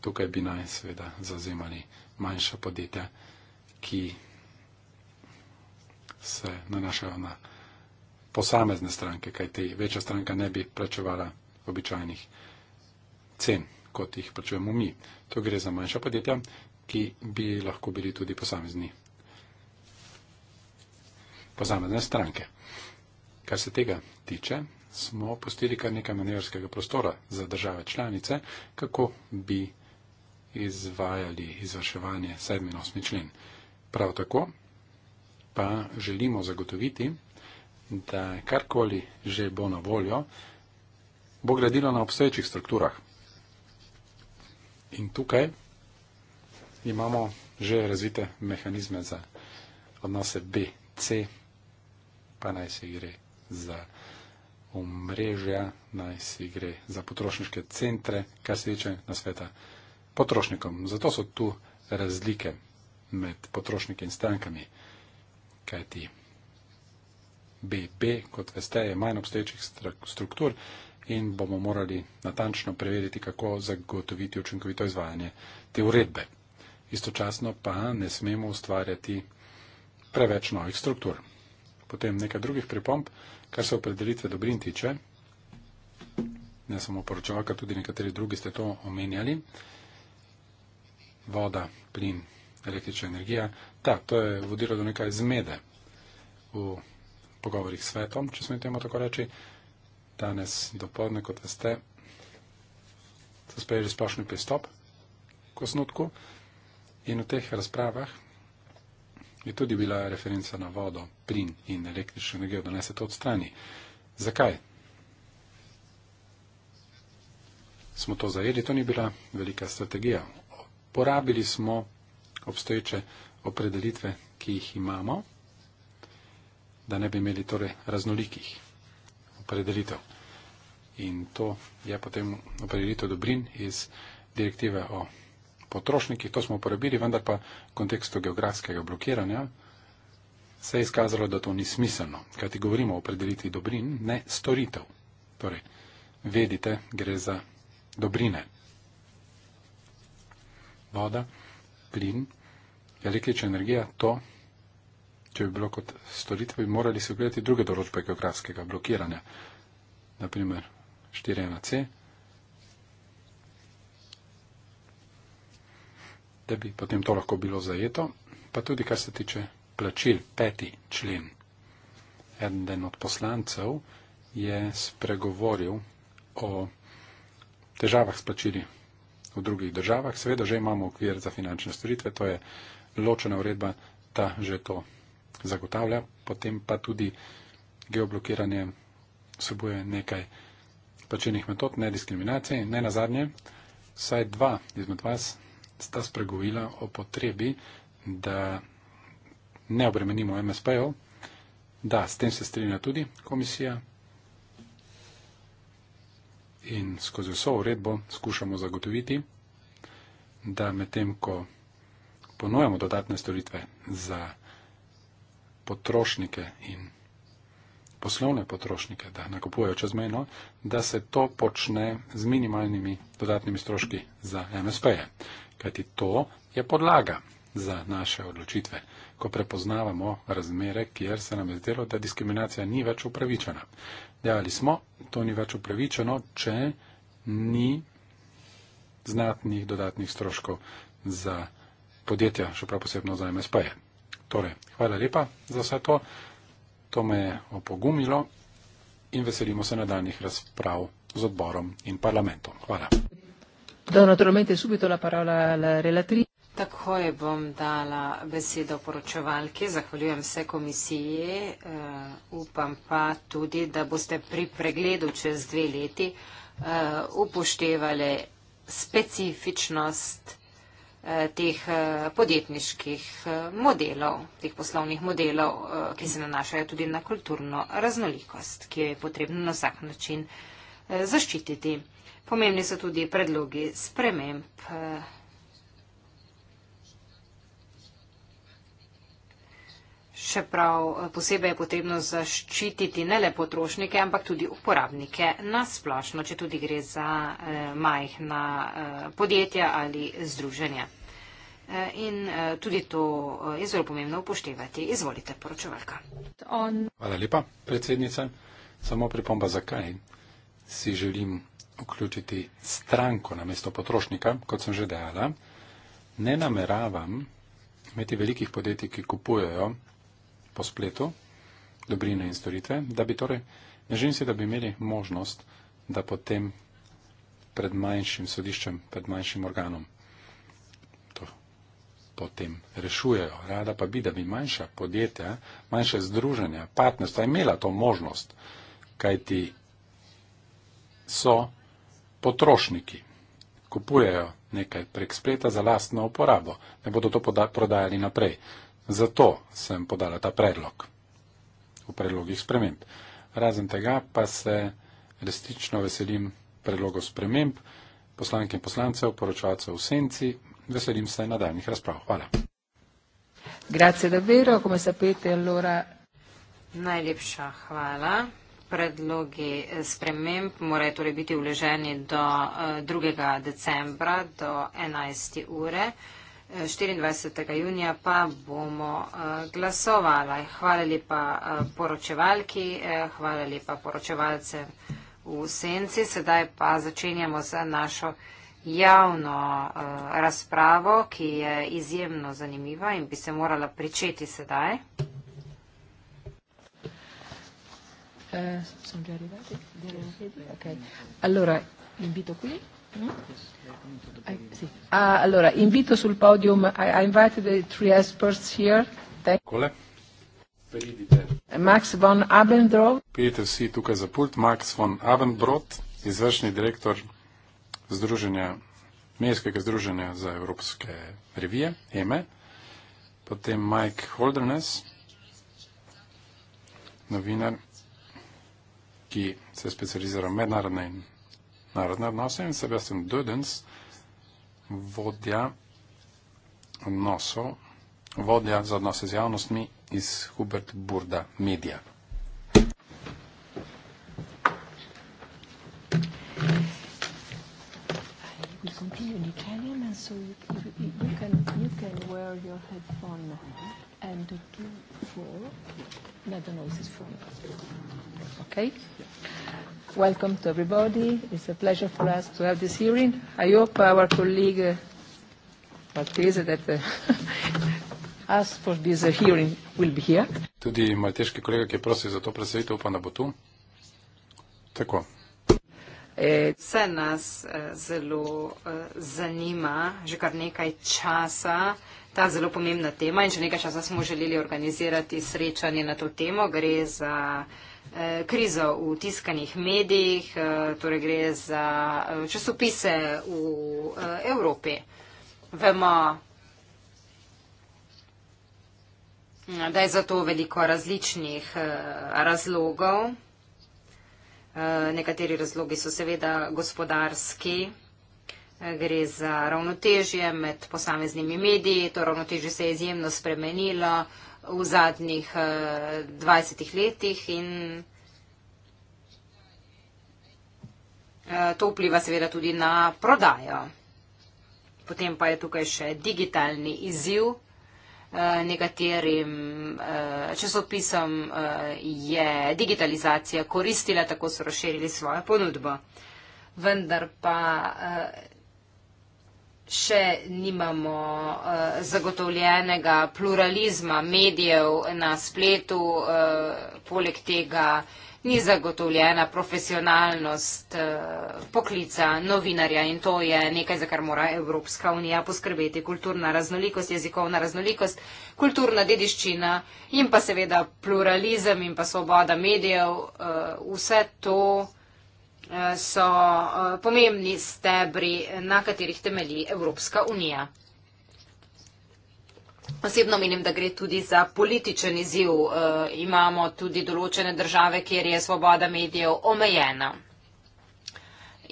Tukaj bi naj seveda zazemali manjša podjetja, ki se nanašajo na posamezne stranke, kaj te večja stranka ne bi plačevala običajnih cen, kot jih plačujemo mi. To gre za manjša podjetja, ki bi lahko bili tudi posamezni. Posamezne stranke. Kar se tega tiče, smo postili kar nekaj manevrskega prostora za države članice, kako bi izvajali izvrševanje 7. in 8. člen. Prav tako pa želimo zagotoviti, da karkoli že bo na voljo, bo gradilo na obstoječih strukturah. In tukaj imamo že razvite mehanizme za odnose B, C, pa naj se gre za omrežja, naj se gre za potrošniške centre, kar se tiče na sveta potrošnikom. Zato so tu razlike med potrošniki in strankami, kajti BB, kot veste, je manj obstoječih struktur in bomo morali natančno preveriti, kako zagotoviti učinkovito izvajanje te uredbe istočasno pa ne smemo ustvarjati preveč novih struktur. Potem nekaj drugih pripomb, kar se opredelitve dobrin tiče, ne samo poročevalka, tudi nekateri drugi ste to omenjali, voda, plin, električna energija. Da, to je vodilo do nekaj zmede v pogovorih s svetom, če smem temu tako reči. Danes dopoledne, kot veste, so sprejeli splošni pristop k osnutku. In v teh razpravah je tudi bila referenca na vodo, plin in električno energijo, da naj se to odstrani. Zakaj? Smo to zajeli, to ni bila velika strategija. Porabili smo obstoječe opredelitve, ki jih imamo, da ne bi imeli torej raznolikih opredelitev. In to je potem opredelitev dobrin iz direktive o potrošnikih, to smo uporabili, vendar pa v kontekstu geografskega blokiranja se je izkazalo, da to ni smiselno, kajti govorimo o predelitvi dobrin, ne storitev. Torej, vedite, gre za dobrine. Voda, plin, električna energija, to, če bi bilo kot storitev, bi morali se ogledati druge določbe geografskega blokiranja. Naprimer, 4.1.C. da bi potem to lahko bilo zajeto, pa tudi kar se tiče plačil, peti člen. Eden od poslancev je spregovoril o težavah s plačili v drugih državah. Seveda že imamo okvir za finančne storitve, to je ločena uredba, ta že to zagotavlja, potem pa tudi geoblokiranje vsebuje nekaj plačilnih metod, ne diskriminacije. Ne nazadnje, saj dva izmed vas sta spregovila o potrebi, da ne obremenimo MSP-jev. Da, s tem se strinja tudi komisija in skozi vso uredbo skušamo zagotoviti, da medtem, ko ponujemo dodatne storitve za potrošnike in poslovne potrošnike, da nakupujejo čezmejno, da se to počne z minimalnimi dodatnimi stroški za MSP-je kajti to je podlaga za naše odločitve, ko prepoznavamo razmere, kjer se nam je zdelo, da diskriminacija ni več upravičena. Dejali smo, to ni več upravičeno, če ni znatnih dodatnih stroškov za podjetja, še prav posebno za MSP-je. Torej, hvala lepa za vse to, to me je opogumilo in veselimo se nadaljnih razprav z odborom in parlamentom. Hvala. Do naturalmente subito la parola alla relatrice. Takoj bom dala besedo poročevalki, zahvaljujem se komisiji, uh, upam pa tudi, da boste pri pregledu čez dve leti uh, upoštevali specifičnost uh, teh uh, podjetniških uh, modelov, teh poslovnih modelov, uh, ki se nanašajo tudi na kulturno raznolikost, ki jo je potrebno na vsak način uh, zaščititi. Pomembni so tudi predlogi sprememb. Še prav posebej je potrebno zaščititi ne le potrošnike, ampak tudi uporabnike na splošno, če tudi gre za eh, majhna eh, podjetja ali združenja. Eh, in tudi to je zelo pomembno upoštevati. Izvolite, poročevalka. Hvala lepa, predsednica. Samo pripomba, zakaj si želim vključiti stranko namesto potrošnika, kot sem že dejala. Ne nameravam imeti velikih podjetij, ki kupujejo po spletu dobrine in storitve, da bi torej, ne želim si, da bi imeli možnost, da potem pred manjšim sodiščem, pred manjšim organom to potem rešujejo. Rada pa bi, da bi manjša podjetja, manjše združenja, partnerstva imela to možnost, kajti so potrošniki kupujejo nekaj prek spleta za lastno uporabo, ne bodo to poda- prodajali naprej. Zato sem podala ta predlog v predlogih sprememb. Razen tega pa se resnično veselim predlogov sprememb poslanke in poslancev, poročavcev v senci. Veselim se nadaljnih razprav. Hvala. Grazie davvero, come sapete allora. Najlepša hvala predlogi eh, sprememb morajo torej biti uleženi do 2. Eh, decembra do 11. ure. 24. Eh, junija pa bomo glasovali. Hvala lepa poročevalki, hvala lepa poročevalcem v senci. Sedaj pa začenjamo z našo javno razpravo, ki je izjemno zanimiva in bi se morala pričeti sedaj. Eh, sono già arrivati? Okay. Allora, invito qui. Mm? Uh, allora, invito sul podium, I, I invited the three experts here. Thank eh, Max von Abendroth. Peter si tukaj za pult. Max von Abendroth, izvršni direktor združenja, Mestskega združenja za evropske revije, EME. Potem Mike Holderness, novinar, ki se specializira mednarodne in narodne odnose in Sebastian Dudens, vodja odnosov, vodja za odnose z javnostmi iz Hubert Burda Media. continue in Italian and so you, you, you can you can wear your headphone now and the two for that the noise is from. Okay. Welcome to everybody. It's a pleasure for us to have this hearing. I hope our colleague uh, Maltese that uh, asked for this uh, hearing will be here. Tudi malteški kolega, ki je prosil za to predstavitev, upam, da bo tu. Tako. E, vse nas e, zelo e, zanima, že kar nekaj časa ta zelo pomembna tema in že nekaj časa smo želeli organizirati srečanje na to temo. Gre za eh, krizo v tiskanih medijih, eh, torej gre za eh, časopise v eh, Evropi. Vemo, da je za to veliko različnih eh, razlogov. Eh, nekateri razlogi so seveda gospodarski gre za ravnotežje med posameznimi mediji. To ravnotežje se je izjemno spremenilo v zadnjih 20 eh, letih in eh, to vpliva seveda tudi na prodajo. Potem pa je tukaj še digitalni izziv. Eh, nekaterim časopisom je digitalizacija koristila, tako so razširili svojo ponudbo. Vendar pa še nimamo uh, zagotovljenega pluralizma medijev na spletu, uh, poleg tega ni zagotovljena profesionalnost uh, poklica novinarja in to je nekaj, za kar mora Evropska unija poskrbeti. Kulturna raznolikost, jezikovna raznolikost, kulturna dediščina in pa seveda pluralizem in pa svoboda medijev, uh, vse to so eh, pomembni stebri, na katerih temelji Evropska unija. Osebno menim, da gre tudi za političen izziv. E, imamo tudi določene države, kjer je svoboda medijev omejena.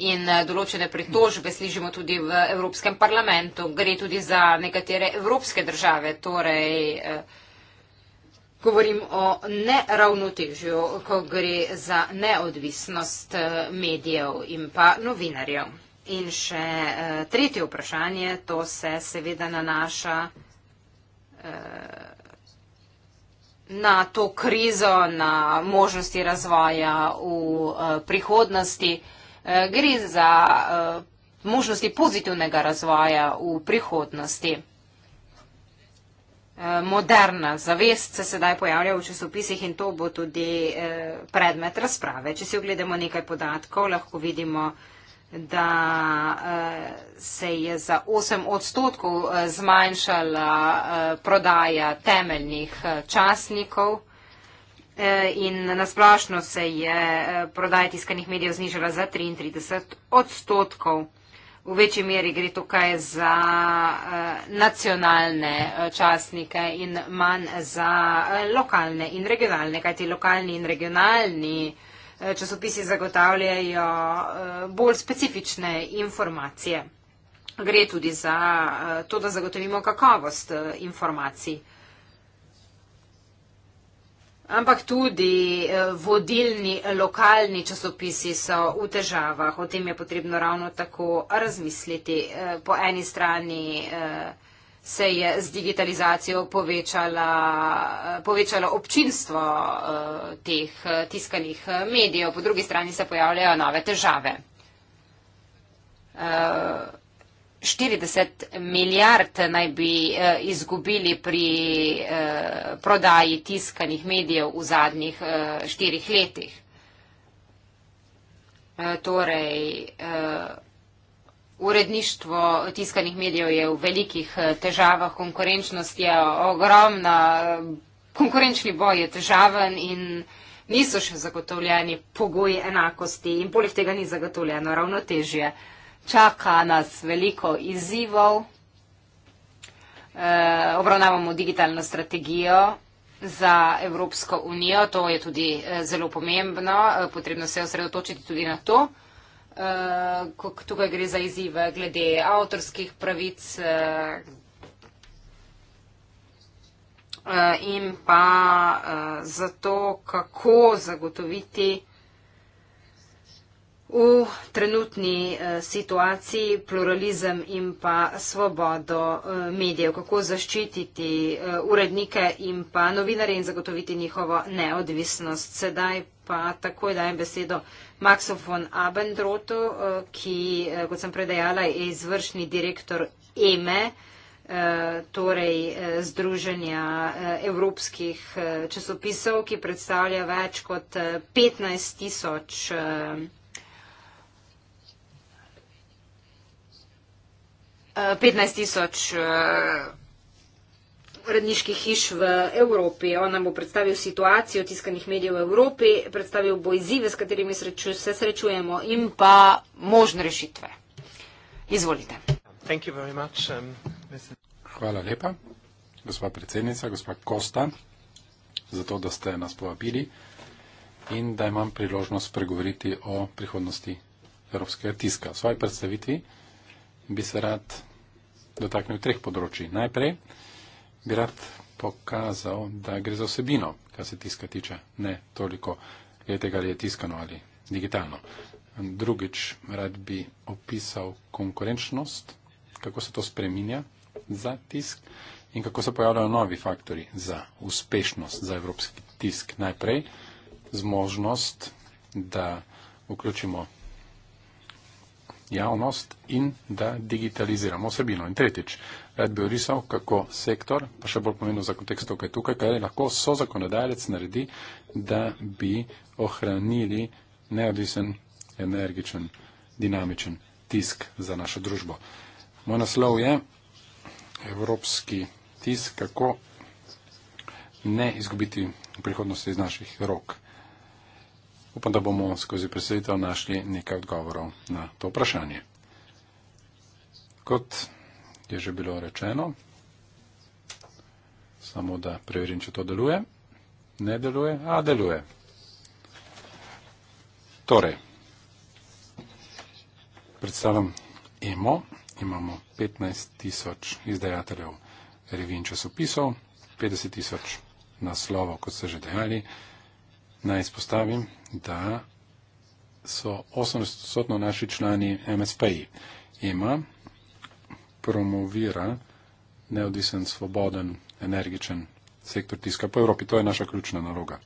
In eh, določene pritožbe slišimo tudi v Evropskem parlamentu. Gre tudi za nekatere evropske države, torej. E, Govorim o neravnotežju, ko gre za neodvisnost eh, medijev in pa novinarjev. In še uh, tretje vprašanje, to se seveda nanaša uh, na to krizo, na možnosti razvoja v uh, prihodnosti. Uh, gre za uh, možnosti pozitivnega razvoja v prihodnosti. Eh, moderna zavest se sedaj pojavlja v časopisih in to bo tudi eh, predmet razprave. Če si ogledamo nekaj podatkov, lahko vidimo, da eh, se je za 8 odstotkov zmanjšala prodaja temeljnih časnikov in nasplašno se je prodaja tiskanih medijev znižala za 33 odstotkov v večji meri gre tukaj za uh, nacionalne eh, časnike in manj za uh, lokalne in regionalne, kajti lokalni in regionalni uh, časopisi zagotavljajo uh, bolj specifične informacije. Gre tudi za uh, to, da zagotovimo kakovost uh, informacij. Uh, Ampak tudi eh, vodilni lokalni časopisi so v težavah. O tem je potrebno ravno tako razmisliti. Eh, po eni strani eh, se je z digitalizacijo povečala, povečalo občinstvo teh tiskanih medijev, po drugi strani se pojavljajo nove težave. 40 milijard naj bi eh, izgubili pri eh, prodaji tiskanih medijev v zadnjih eh, štirih letih. Eh, torej, eh, uredništvo tiskanih medijev je v velikih eh, težavah, konkurenčnost je ogromna, eh, konkurenčni boj je težaven in niso še zagotovljeni pogoji enakosti in poleg tega ni zagotovljeno ravnotežje. Eh, čaka nas veliko izzivov. E, obravnavamo digitalno strategijo za Evropsko unijo, to je tudi eh, zelo pomembno, eh, potrebno se osredotočiti tudi na to. Uh, tukaj gre za izzive glede avtorskih pravic uh, in pa uh, za to, kako zagotoviti uh, V trenutni eh, situaciji pluralizem in pa svobodo eh, medijev, kako zaščititi eh, urednike in pa novinarje in zagotoviti njihovo neodvisnost. Sedaj pa takoj dajem besedo Maxu von Abendrotu, ki, kot sem predajala, je izvršni direktor EME, e, torej Združenja evropskih časopisov, ki predstavlja več kot 15 tisoč 15 tisoč eh, uredniških hiš v Evropi. On nam bo predstavil situacijo tiskanih medijev v Evropi, predstavil bo izzive, s katerimi sreču, se srečujemo in pa možne rešitve. Izvolite. Um, Hvala lepa, gospod predsednica, gospod Kosta, za to, da ste nas povabili in da imam priložnost pregovoriti o prihodnosti evropskega tiska. V svoji predstavitvi bi se rad dotaknil treh področji. Najprej bi rad pokazal, da gre za osebino, kar se tiska tiče, ne toliko je tega, ali je tiskano ali digitalno. Drugič, rad bi opisal konkurenčnost, kako se to spreminja za tisk in kako se pojavljajo novi faktori za uspešnost za evropski tisk. Najprej zmožnost, da vključimo javnost in da digitaliziramo osebino. In tretjič, rad bi orisal, kako sektor, pa še bolj pomembno za kontekst tukaj tukaj, kaj lahko so zakonodajalec naredi, da bi ohranili neodvisen, energičen, dinamičen tisk za našo družbo. Moj naslov je Evropski tisk, kako ne izgubiti prihodnosti iz naših rok. Upam, da bomo skozi predsedstvo našli nekaj odgovorov na to vprašanje. Kot je že bilo rečeno, samo da preverim, če to deluje. Ne deluje, a deluje. Torej, predstavljam EMO, imamo 15 tisoč izdajateljev revij in časopisov, 50 tisoč naslovov, kot ste že dejali, Naj izpostavim, da so 80% naši člani MSPI. Ima, promovira neodvisen, svoboden, energičen sektor tiska po Evropi. To je naša ključna naloga.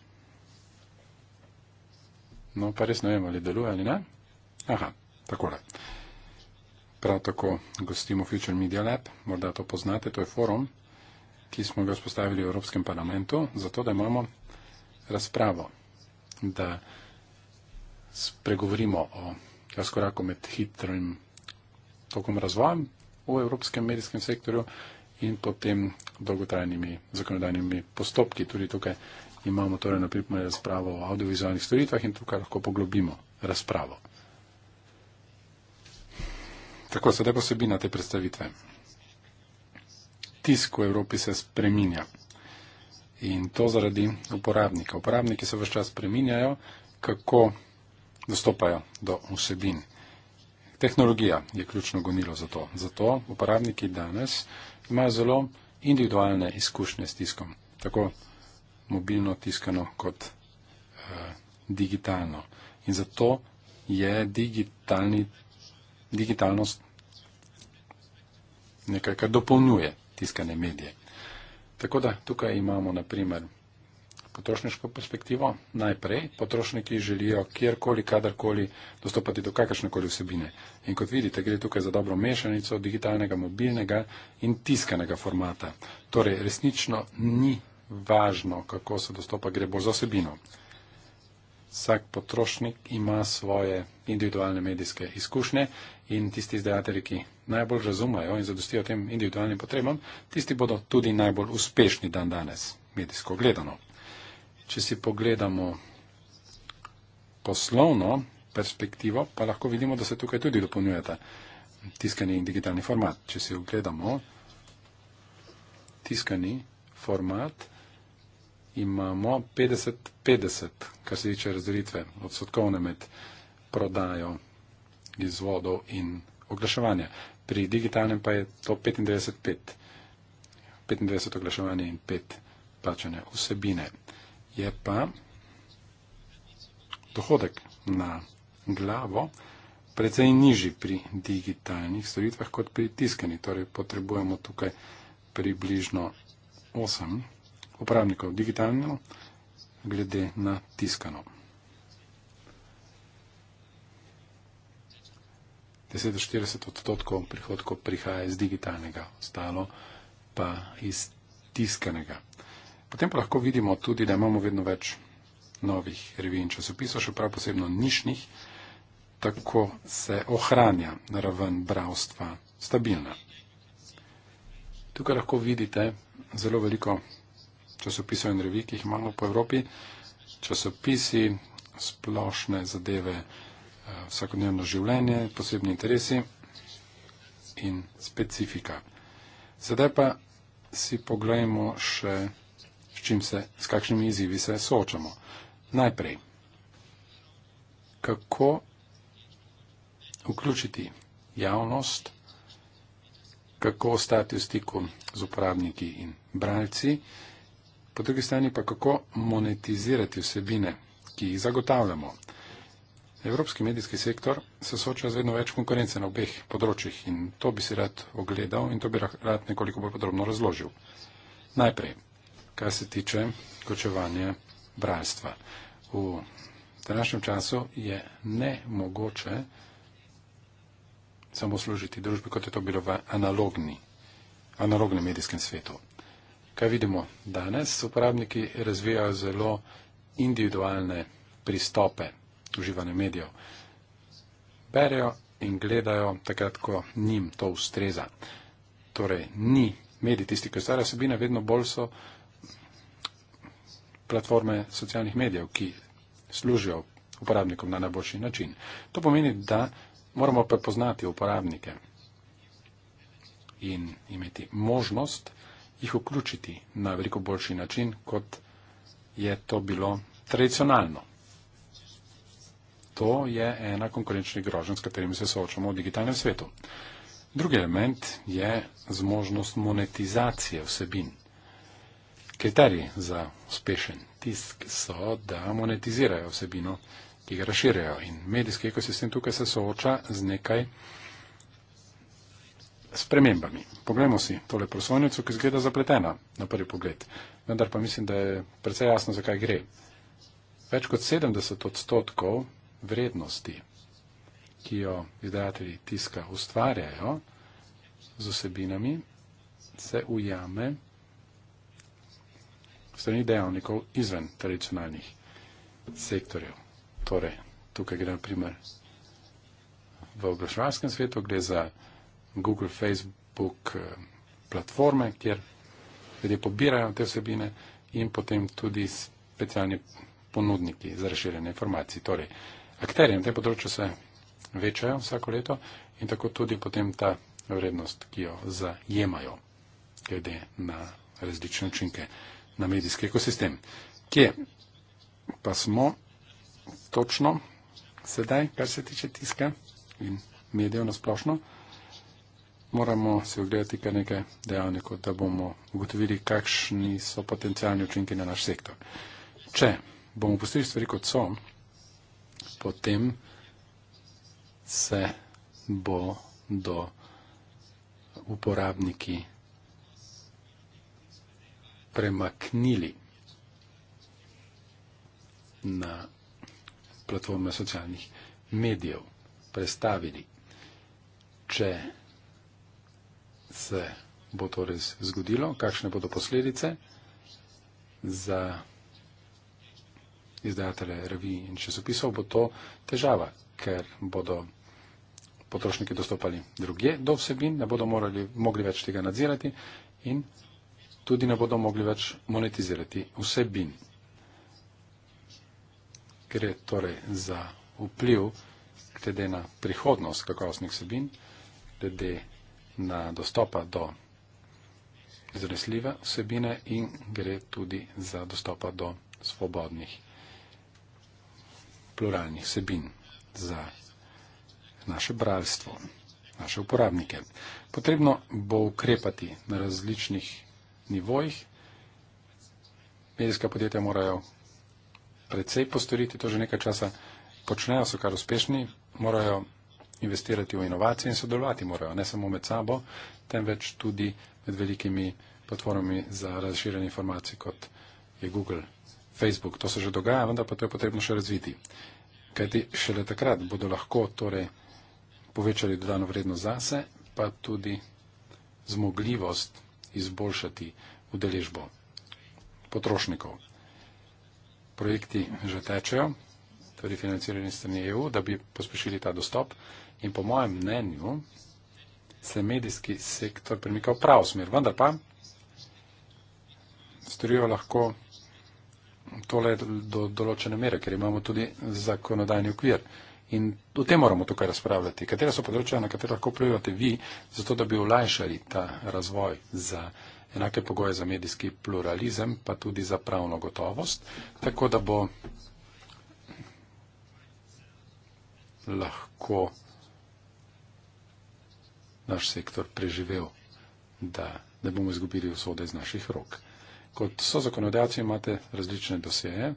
No, pa res ne vem, ali deluje ali ne. Aha, takole. Prav tako gostimo Future Media Lab, morda to poznate, to je forum, ki smo ga vzpostavili v Evropskem parlamentu, zato da imamo razpravo da spregovorimo o razkoraku med hitrim tokom razvojem v evropskem medijskem sektorju in potem dolgotrajnimi zakonodajnimi postopki. Tudi tukaj imamo torej naprimer razpravo o audiovizualnih storitvah in tukaj lahko poglobimo razpravo. Tako, sedaj posebina te predstavitve. Tisk v Evropi se spreminja in to zaradi uporabnika. Uporabniki se vse čas preminjajo, kako dostopajo do vsebin. Tehnologija je ključno gonilo za to. Zato uporabniki danes imajo zelo individualne izkušnje s tiskom, tako mobilno tiskano kot e, digitalno. In zato je digitalnost nekaj, kar dopolnjuje tiskane medije. Tako da tukaj imamo naprimer potrošniško perspektivo. Najprej potrošniki želijo kjerkoli, kadarkoli dostopati do kakršnekoli vsebine. In kot vidite, gre tukaj za dobro mešanico digitalnega, mobilnega in tiskanega formata. Torej, resnično ni važno, kako se dostopa, gre bolj za vsebino. Vsak potrošnik ima svoje individualne medijske izkušnje in tisti izdajatelji, ki najbolj razumajo in zadostijo tem individualnim potrebam, tisti bodo tudi najbolj uspešni dan danes, medijsko gledano. Če si pogledamo poslovno perspektivo, pa lahko vidimo, da se tukaj tudi dopolnjujeta tiskani in digitalni format. Če si ogledamo tiskani format, imamo 50-50, kar se tiče razdelitve odsotkovne med prodajo izvodov in oglaševanja. Pri digitalnem pa je to 95-5. 95 oglaševanja in 5 plačanja vsebine. Je pa dohodek na glavo predvsej nižji pri digitalnih storitvah kot pri tiskani. Torej potrebujemo tukaj približno 8 uporabnikov digitalno glede na tiskano. 10 do 40 odstotkov prihodkov prihaja iz digitalnega, ostalo pa iz tiskanega. Potem pa lahko vidimo tudi, da imamo vedno več novih revij in časopisov, še prav posebno nišnih, tako se ohranja raven bravstva stabilna. Tukaj lahko vidite zelo veliko časopisov in revij, ki jih imamo po Evropi. Časopisi, splošne zadeve, vsakodnevno življenje, posebni interesi in specifika. Sedaj pa si poglejmo še, s, se, s kakšnimi izzivi se soočamo. Najprej, kako vključiti javnost, kako ostati v stiku z uporabniki in bralci, po drugi strani pa kako monetizirati vsebine, ki jih zagotavljamo. Evropski medijski sektor se sooča z vedno več konkurence na obeh področjih in to bi si rad ogledal in to bi rad nekoliko bolj podrobno razložil. Najprej, kar se tiče vključevanja bralstva. V današnjem času je nemogoče samo služiti družbi, kot je to bilo v analogni, analognem medijskem svetu. Kaj vidimo danes? Uporabniki razvijajo zelo individualne pristope uživanje medijev. Berejo in gledajo takrat, ko njim to ustreza. Torej, ni medij tisti, ki ustvarja sebine, vedno bolj so platforme socialnih medijev, ki služijo uporabnikom na najboljši način. To pomeni, da moramo prepoznati uporabnike in imeti možnost jih vključiti na veliko boljši način, kot je to bilo tradicionalno to je ena konkurenčnih groženj, s katerimi se soočamo v digitalnem svetu. Drugi element je zmožnost monetizacije vsebin. Kriteriji za uspešen tisk so, da monetizirajo vsebino, ki ga razširjajo. In medijski ekosistem tukaj se sooča z nekaj spremembami. Poglejmo si tole prosojnico, ki zgleda zapletena na prvi pogled. Vendar pa mislim, da je precej jasno, zakaj gre. Več kot 70 odstotkov vrednosti, ki jo izdajatelji tiska ustvarjajo z osebinami, se ujame strani dejavnikov izven tradicionalnih sektorjev. Torej, tukaj gre na primer v oglaševalskem svetu, gre za Google, Facebook eh, platforme, kjer ljudje pobirajo te vsebine in potem tudi specialni ponudniki za razširjanje informacij. Torej, akterji na tem področju se večajo vsako leto in tako tudi potem ta vrednost, ki jo zajemajo, glede na različne učinke na medijski ekosistem. Kje pa smo točno sedaj, kar se tiče tiska in medijev nasplošno? Moramo si ogledati kar nekaj dejavnikov, da bomo ugotovili, kakšni so potencijalni učinki na naš sektor. Če bomo postili stvari kot so, potem se bo do uporabniki premaknili na platforme socialnih medijev, prestavili. Če se bo to res zgodilo, kakšne bodo posledice za izdajatele revij in časopisov, bo to težava, ker bodo potrošniki dostopali druge do vsebin, ne bodo morali, mogli več tega nadzirati in tudi ne bodo mogli več monetizirati vsebin. Gre torej za vpliv glede na prihodnost kakovostnih vsebin, glede na dostopa do zanesljive vsebine in gre tudi za dostopa do svobodnih vsebin pluralnih sebin za naše bralstvo, naše uporabnike. Potrebno bo ukrepati na različnih nivojih. Medijska podjetja morajo predvsej postoriti, to že nekaj časa počnejo, so kar uspešni, morajo investirati v inovacije in sodelovati morajo, ne samo med sabo, temveč tudi med velikimi platformami za razširjanje informacij, kot je Google. Facebook. To se že dogaja, vendar pa to je potrebno še razviti. Kajti šele takrat bodo lahko torej povečali dodano vrednost zase, pa tudi zmogljivost izboljšati udeležbo potrošnikov. Projekti že tečejo, torej financirani strani EU, da bi pospešili ta dostop in po mojem mnenju se je medijski sektor premikal v pravo smer, vendar pa storijo lahko tole do določene mere, ker imamo tudi zakonodajni okvir. In o tem moramo tukaj razpravljati. Katera so področja, na katera lahko plivate vi, zato da bi olajšali ta razvoj za enake pogoje za medijski pluralizem, pa tudi za pravno gotovost, tako da bo lahko naš sektor preživel, da ne bomo izgubili usode iz naših rok kot so zakonodajci, imate različne dosjeje.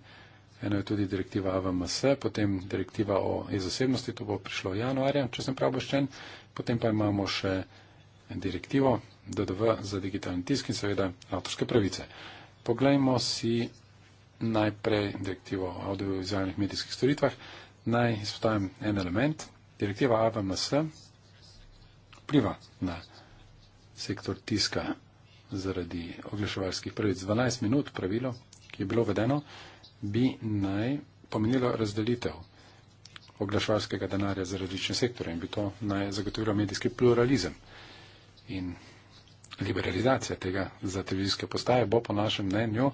Eno je tudi direktiva AVMS, potem direktiva o e-zasebnosti, to bo prišlo v januarju, če sem prav obveščen, potem pa imamo še direktivo DDV za digitalni tisk in seveda avtorske pravice. Poglejmo si najprej direktivo o audiovizualnih medijskih storitvah. Naj izpostavim en element. Direktiva AVMS pliva na sektor tiska zaradi oglaševalskih pravic. 12 minut pravilo, ki je bilo vedeno, bi naj pomenilo razdelitev oglaševalskega denarja za različne sektore in bi to naj zagotovilo medijski pluralizem. In liberalizacija tega za televizijske postaje bo po našem mnenju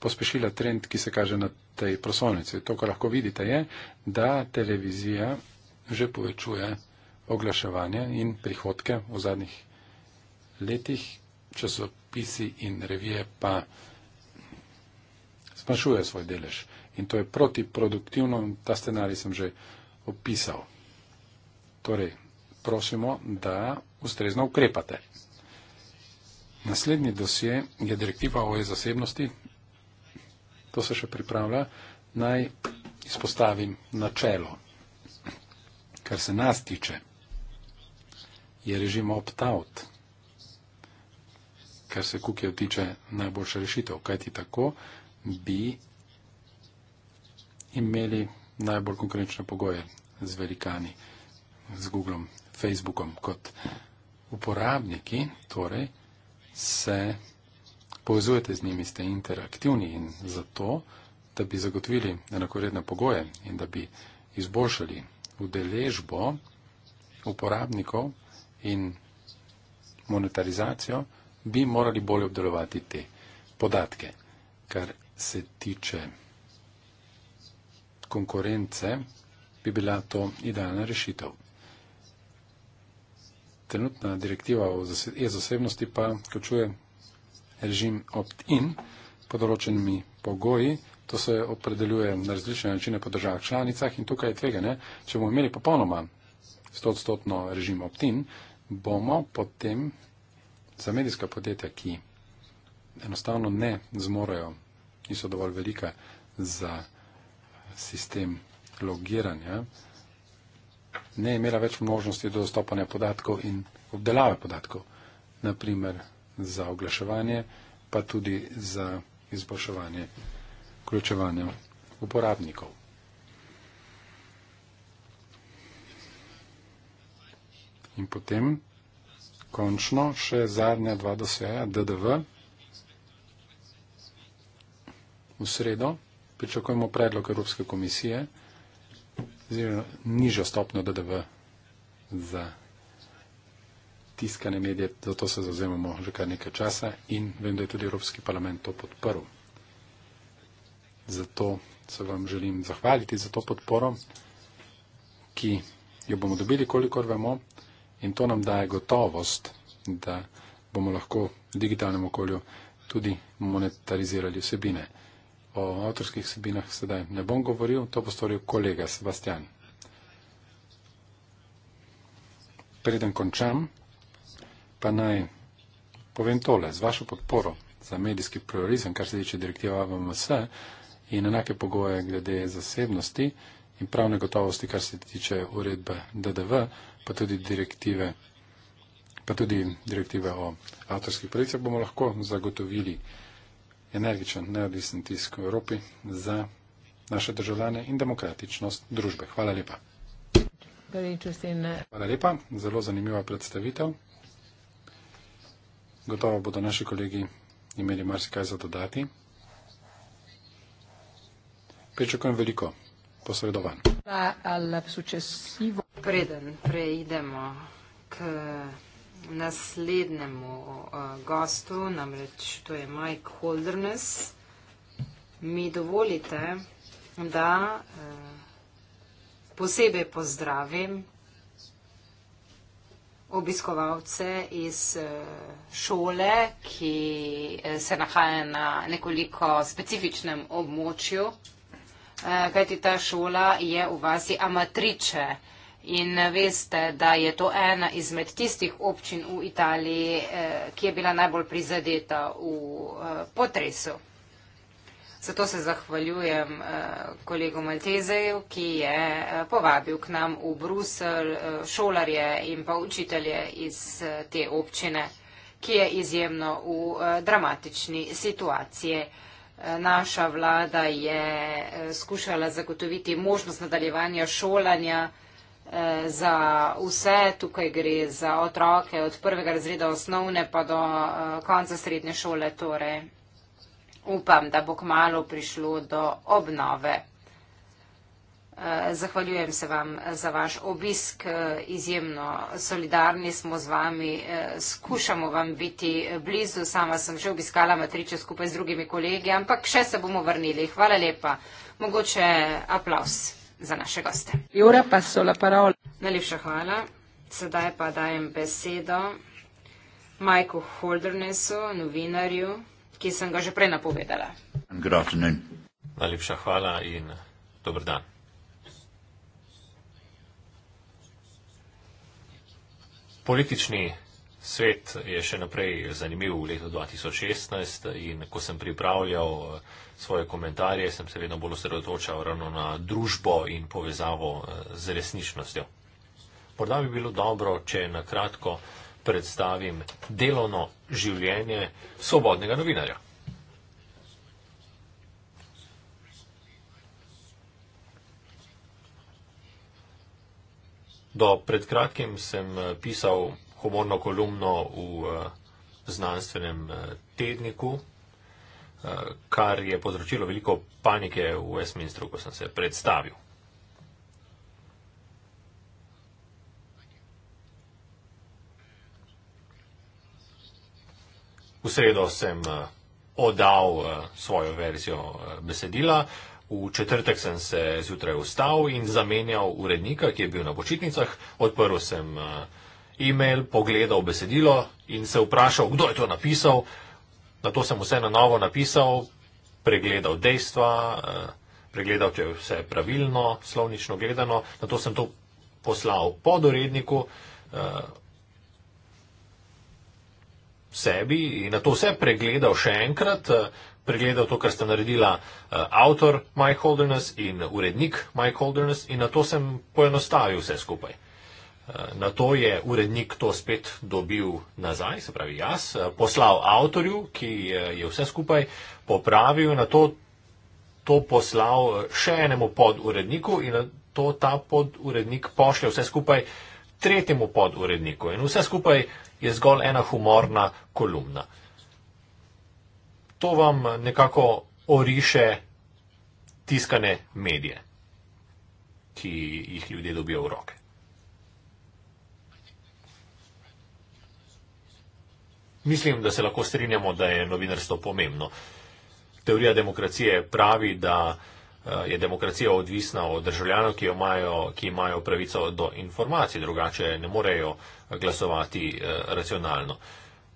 pospešila trend, ki se kaže na tej prosovnici. To, kar lahko vidite, je, da televizija že povečuje oglaševanje in prihodke v zadnjih letih, časopisi in revije pa zmanjšuje svoj delež. In to je protiproduktivno, ta scenarij sem že opisal. Torej, prosimo, da ustrezno ukrepate. Naslednji dosje je direktiva o e-zasebnosti. To se še pripravlja. Naj izpostavim načelo. Kar se nas tiče, je režim opt-out kar se kukje tiče, najboljša rešitev. Kajti tako bi imeli najbolj konkurenčne pogoje z velikani, z Googlom, Facebookom kot uporabniki, torej se povezujete z njimi, ste interaktivni in zato, da bi zagotovili enakovredne pogoje in da bi izboljšali udeležbo uporabnikov in monetarizacijo, bi morali bolje obdelovati te podatke. Kar se tiče konkurence, bi bila to idealna rešitev. Trenutna direktiva je zasebnosti pa vključuje režim opt-in pod določenimi pogoji. To se opredeljuje na različne načine po državah članicah in tukaj je tveganje, če bomo imeli popolnoma 100-odstotno režim opt-in, bomo potem za medijska podjetja, ki enostavno ne zmorejo in so dovolj velika za sistem logiranja, ne je imela več možnosti do dostopanja podatkov in obdelave podatkov, naprimer za oglaševanje, pa tudi za izboljševanje vključevanja uporabnikov. In potem končno še zadnja dva doseja DDV. V sredo pričakujemo predlog Evropske komisije z nižjo stopno DDV za tiskane medije, zato se zauzemamo že kar nekaj časa in vem, da je tudi Evropski parlament to podprl. Zato se vam želim zahvaliti za to podporo, ki jo bomo dobili, kolikor vemo. In to nam daje gotovost, da bomo lahko v digitalnem okolju tudi monetarizirali vsebine. O avtorskih vsebinah sedaj ne bom govoril, to bo storil kolega Sebastian. Preden končam, pa naj povem tole. Z vašo podporo za medijski pluralizem, kar se tiče direktiva AVMS in enake pogoje glede zasebnosti in pravne gotovosti, kar se tiče uredbe DDV, pa tudi direktive, pa tudi direktive o avtorskih pravicah, bomo lahko zagotovili energičen, neodvisen tisk v Evropi za naše državljane in demokratičnost družbe. Hvala lepa. Uh, Hvala lepa, zelo zanimiva predstavitev. Gotovo bodo naši kolegi imeli marsikaj za dodati. Pričakujem veliko posredovanj. Preden preidemo k naslednjemu gostu, namreč to je Mike Holderness, mi dovolite, da e, posebej pozdravim obiskovalce iz e, šole, ki e, se nahaja na nekoliko specifičnem območju. Eh, kajti ta šola je v vasi Amatriče. In eh, veste, da je to ena izmed tistih občin v Italiji, eh, ki je bila najbolj prizadeta v potresu. Zato se zahvaljujem kolegu Maltezeju, ki je povabil k nam v Brusel šolarje in pa učitelje iz te občine, ki je izjemno v dramatični situaciji naša vlada je eh, skušala zagotoviti možnost nadaljevanja šolanja eh, za vse, tukaj gre za otroke od prvega razreda osnovne pa do eh, konca srednje šole. Torej, upam, da bo k malu prišlo do obnove. Zahvaljujem se vam za vaš obisk, izjemno solidarni smo z vami, skušamo vam biti blizu, sama sem že obiskala Matričo skupaj z drugimi kolegi, ampak še se bomo vrnili. Hvala lepa, mogoče aplaus za naše goste. Najlepša hvala. Sedaj pa dajem besedo Majku Holdernesu, novinarju, ki sem ga že prej napovedala. Najlepša hvala in dober dan. Politični svet je še naprej zanimiv v letu 2016 in ko sem pripravljal eh, svoje komentarje, sem se vedno bolj osredotočal ravno na družbo in povezavo eh, z resničnostjo. Morda bi bilo dobro, če na kratko predstavim delovno življenje svobodnega novinarja. Do pred kratkim sem eh, pisal humorno kolumno v eh, znanstvenem eh, tedniku, kar je povzročilo veliko panike v Westminsteru, ko sem se predstavil. V sredo sem oddal svojo verzijo besedila. V četrtek sem se zjutraj vstal in zamenjal urednika, ki je bil na počitnicah. Odprl sem eh, e-mail, pogledal besedilo in se vprašal, kdo je to napisal. Na to sem vse na novo napisal, pregledal dejstva, eh, pregledal, če je vse pravilno, slovnično gledano. Na to sem to poslal pod uredniku eh, sebi in na to vse pregledal še enkrat, pregledal to, kar sta naredila uh, avtor My Holderness in urednik My Holderness in na to sem poenostavil vse skupaj. Eh, na to je urednik to spet dobil nazaj, se pravi jaz, eh, poslal avtorju, ki je vse skupaj popravil, na to to poslal še enemu poduredniku in na to ta podurednik pošlje vse skupaj tretjemu poduredniku. In vse skupaj je zgolj ena humorna kolumna. Uh, to vam nekako oriše tiskane medije, ki jih ljudje dobijo v roke. Mislim, da se lahko strinjamo, da je novinarstvo pomembno. Teorija demokracije pravi, da eh, je demokracija odvisna od državljanov, ki imajo, ki imajo pravico do informacij, drugače ne morejo glasovati eh, racionalno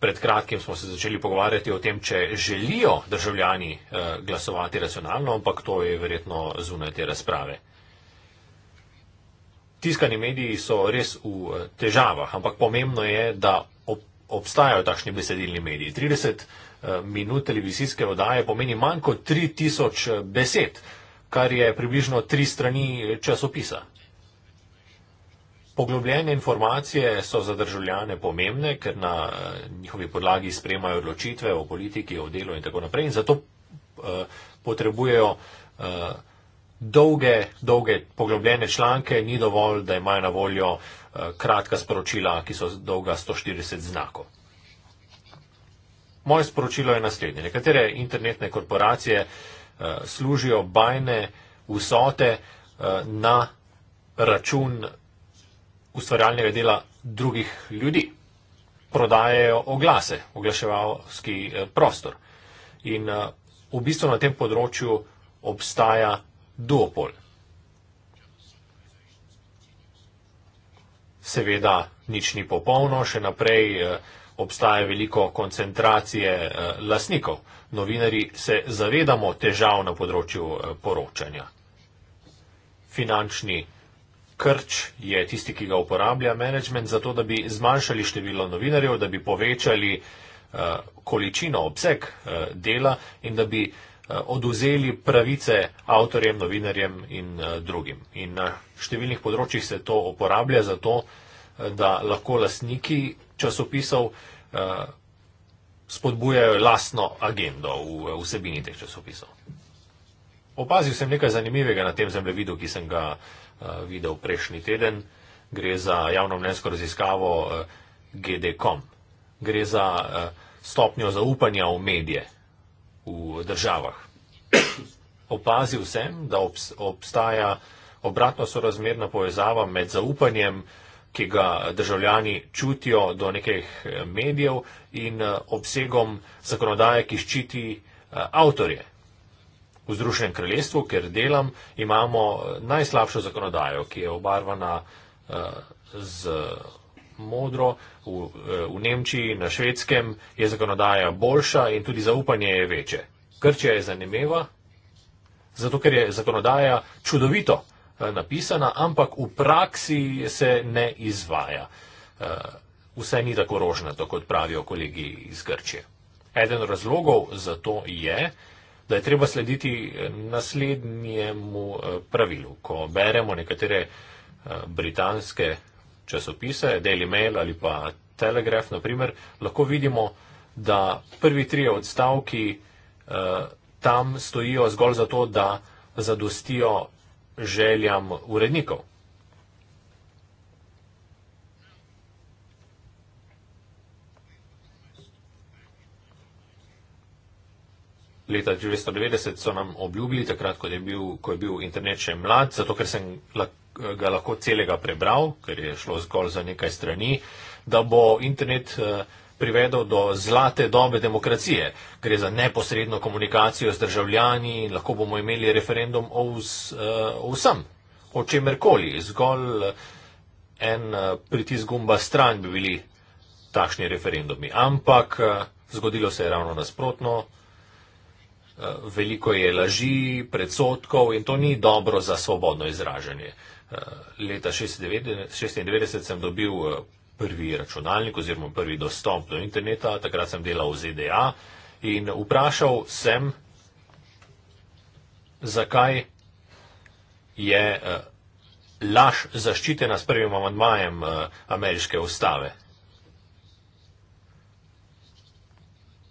pred kratkim smo se začeli pogovarjati o tem, če želijo državljani eh, glasovati racionalno, ampak to je verjetno zunaj te razprave. Tiskani mediji so res v eh, težavah, ampak pomembno je, da obstajajo takšni besedilni mediji. 30 eh, minut televizijske odaje pomeni manj kot 3000 besed, kar je približno tri strani časopisa. Poglobljene informacije so za državljane pomembne, ker na eh, njihovi podlagi spremajo odločitve o politiki, o delu in tako naprej. In zato uh, potrebujejo uh, dolge, dolge poglobljene članke, ni dovolj, da imajo na voljo uh, kratka sporočila, ki so dolga 140 znakov. Moje sporočilo je naslednje. Nekatere internetne korporacije uh, služijo bajne vsote uh, na račun ustvarjalnega dela drugih ljudi. Prodajajo oglase, oglaševalski eh, prostor. In eh, v bistvu na tem področju obstaja duopol. Seveda nič ni popolno, še naprej eh, obstaja veliko koncentracije lasnikov. Novinari se zavedamo težav na področju poročanja. Finančni krč je tisti, ki ga uporablja management, zato da bi zmanjšali število novinarjev, da bi povečali uh, količino, obseg uh, dela in da bi uh, eh, oduzeli pravice avtorjem, novinarjem in uh, drugim. In na številnih področjih se to uporablja zato, da lahko lastniki časopisov uh, spodbujajo lastno agendo v, v vsebini teh časopisov. Opazil sem nekaj zanimivega na tem zemljevidu, ki sem ga uh, Eh, videl prejšnji teden. Gre za javno mnenjsko raziskavo eh, GD.com. Gre za eh, stopnjo zaupanja v medije v državah. Opazil sem, da obstaja obratno sorazmerna povezava med zaupanjem, ki ga državljani čutijo do nekih medijev in obsegom zakonodaje, ki ščiti avtorje. V Združenem kraljestvu, ker delam, imamo najslabšo zakonodajo, ki je obarvana eh, z modro. V, eh, v Nemčiji, na švedskem je zakonodaja boljša in tudi zaupanje je večje. Krčija je zanimiva, zato ker je zakonodaja čudovito eh, napisana, ampak v praksi se ne izvaja. Vse ni tako rožnato, kot pravijo kolegi iz Grčije. Eden razlogov za to je, da je treba slediti eh, naslednjemu eh, pravilu. Ko beremo nekatere eh, britanske časopise, Daily Mail ali pa Telegraph, naprimer, lahko vidimo, da prvi trije odstavki tam stojijo zgolj zato, da zadostijo željam urednikov. Leta 1990 so nam obljubili, takrat, ko je, bil, ko je bil internet še mlad, zato ker sem ga lahko celega prebral, ker je šlo zgolj za nekaj strani, da bo internet eh, privedel do zlate dobe demokracije. Gre za neposredno komunikacijo z državljani in lahko bomo imeli referendum o, vs, eh, o vsem, o čemerkoli. Zgolj eh, en pritisk gumba stran bi bili takšni referendumi. Ampak zgodilo se je ravno nasprotno. Eh, veliko je laži, predsotkov in to ni dobro za svobodno izražanje. Eh, leta 1996 sem dobil eh, prvi računalnik oziroma prvi dostop do interneta, takrat sem delal v ZDA in vprašal sem, zakaj je laž zaščitena s prvim amandmajem ameriške ustave.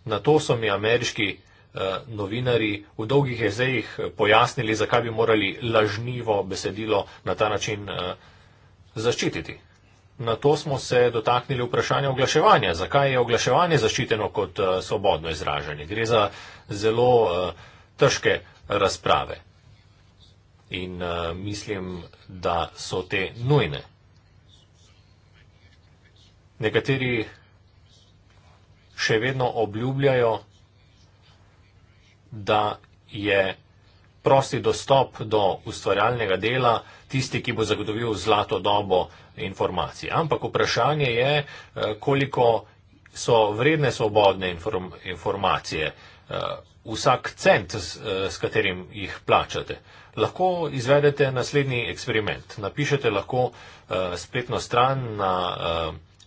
Na to so mi ameriški Eh, novinari v dolgih jezejih eh, pojasnili, zakaj bi morali lažnivo besedilo na ta način eh, zaščititi. Na to smo se dotaknili vprašanja oglaševanja. Zakaj je oglaševanje zaščiteno kot svobodno izražanje? Gre za zelo težke razprave. In mislim, da so te nujne. Nekateri še vedno obljubljajo, da je prosti dostop do ustvarjalnega dela tisti, ki bo zagotovil zlato dobo informacij. Ampak vprašanje je, eh, koliko so vredne svobodne inform informacije, eh, vsak cent, s, eh, s katerim jih plačate. Lahko izvedete naslednji eksperiment. Napišete lahko spletno stran na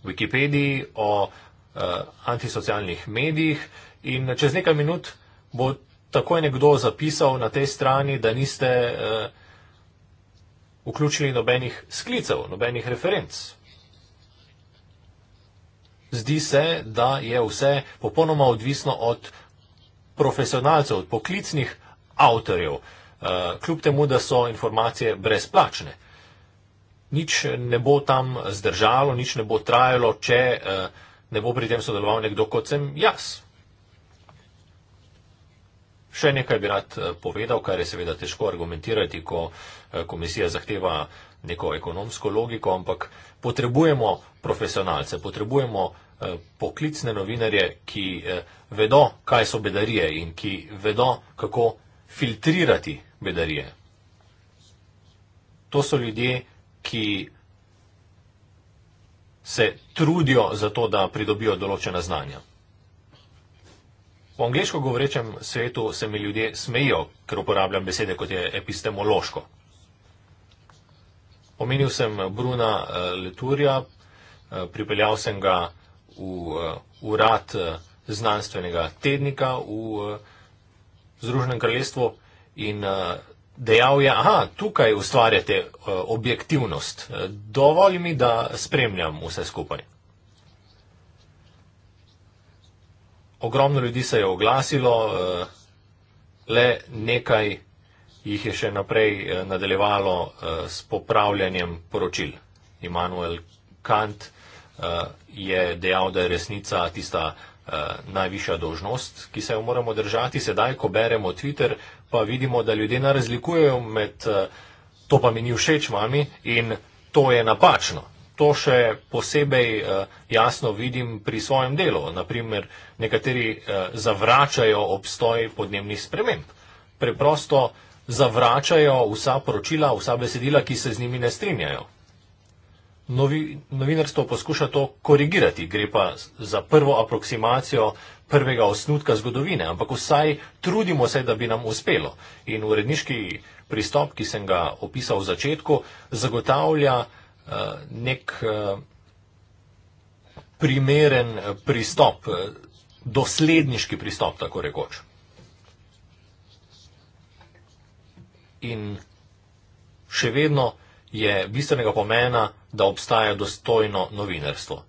Wikipediji o antisocialnih medijih in čez nekaj minut bo takoj nekdo zapisal na tej strani, da niste uh, vključili nobenih sklicev, nobenih referenc. Zdi se, da je vse popolnoma odvisno od profesionalcev, od poklicnih avtorjev, uh, kljub temu, da so informacije brezplačne. Nič ne bo tam zdržalo, nič ne bo trajalo, če uh, ne bo pri tem sodeloval nekdo kot sem jaz. Še nekaj bi rad eh, povedal, kar je seveda težko argumentirati, ko eh, komisija zahteva neko ekonomsko logiko, ampak potrebujemo profesionalce, potrebujemo eh, poklicne novinarje, ki vedo, kaj so bedarije in ki vedo, kako filtrirati bedarije. To so ljudje, ki se trudijo za to, da pridobijo določena znanja. V angliško govorečem svetu se mi ljudje smejijo, ker uporabljam besede kot je epistemološko. Omenil sem Bruna eh, Leturja, eh, pripeljal sem ga v eh, urad znanstvenega tednika v Združenem kraljestvu in dejal je, aha, tukaj ustvarjate objektivnost, dovolj mi, da spremljam vse skupaj. ogromno ljudi se je oglasilo, eh, le nekaj jih je še naprej eh, nadaljevalo eh, s popravljanjem poročil. Immanuel Kant je dejal, da je resnica tista najvišja dožnost, ki se jo moramo držati. Sedaj, ko beremo Twitter, pa vidimo, da ljudje narazlikujejo med to pa mi ni všeč, mami, in to je napačno. To še posebej eh, jasno vidim pri svojem delu. Naprimer, nekateri eh, zavračajo obstoj podnebnih sprememb. Preprosto zavračajo vsa poročila, vsa besedila, ki se z njimi ne strinjajo. Novi, novinarstvo poskuša to korigirati, gre pa za prvo aproksimacijo prvega osnutka zgodovine, ampak vsaj trudimo se, da bi nam uspelo. In uredniški pristop, ki sem ga opisal v začetku, zagotavlja, Eh, nek eh, primeren eh, pristop, dosledniški pristop, tako rekoč. In še vedno je bistvenega pomena, da obstaja dostojno novinarstvo.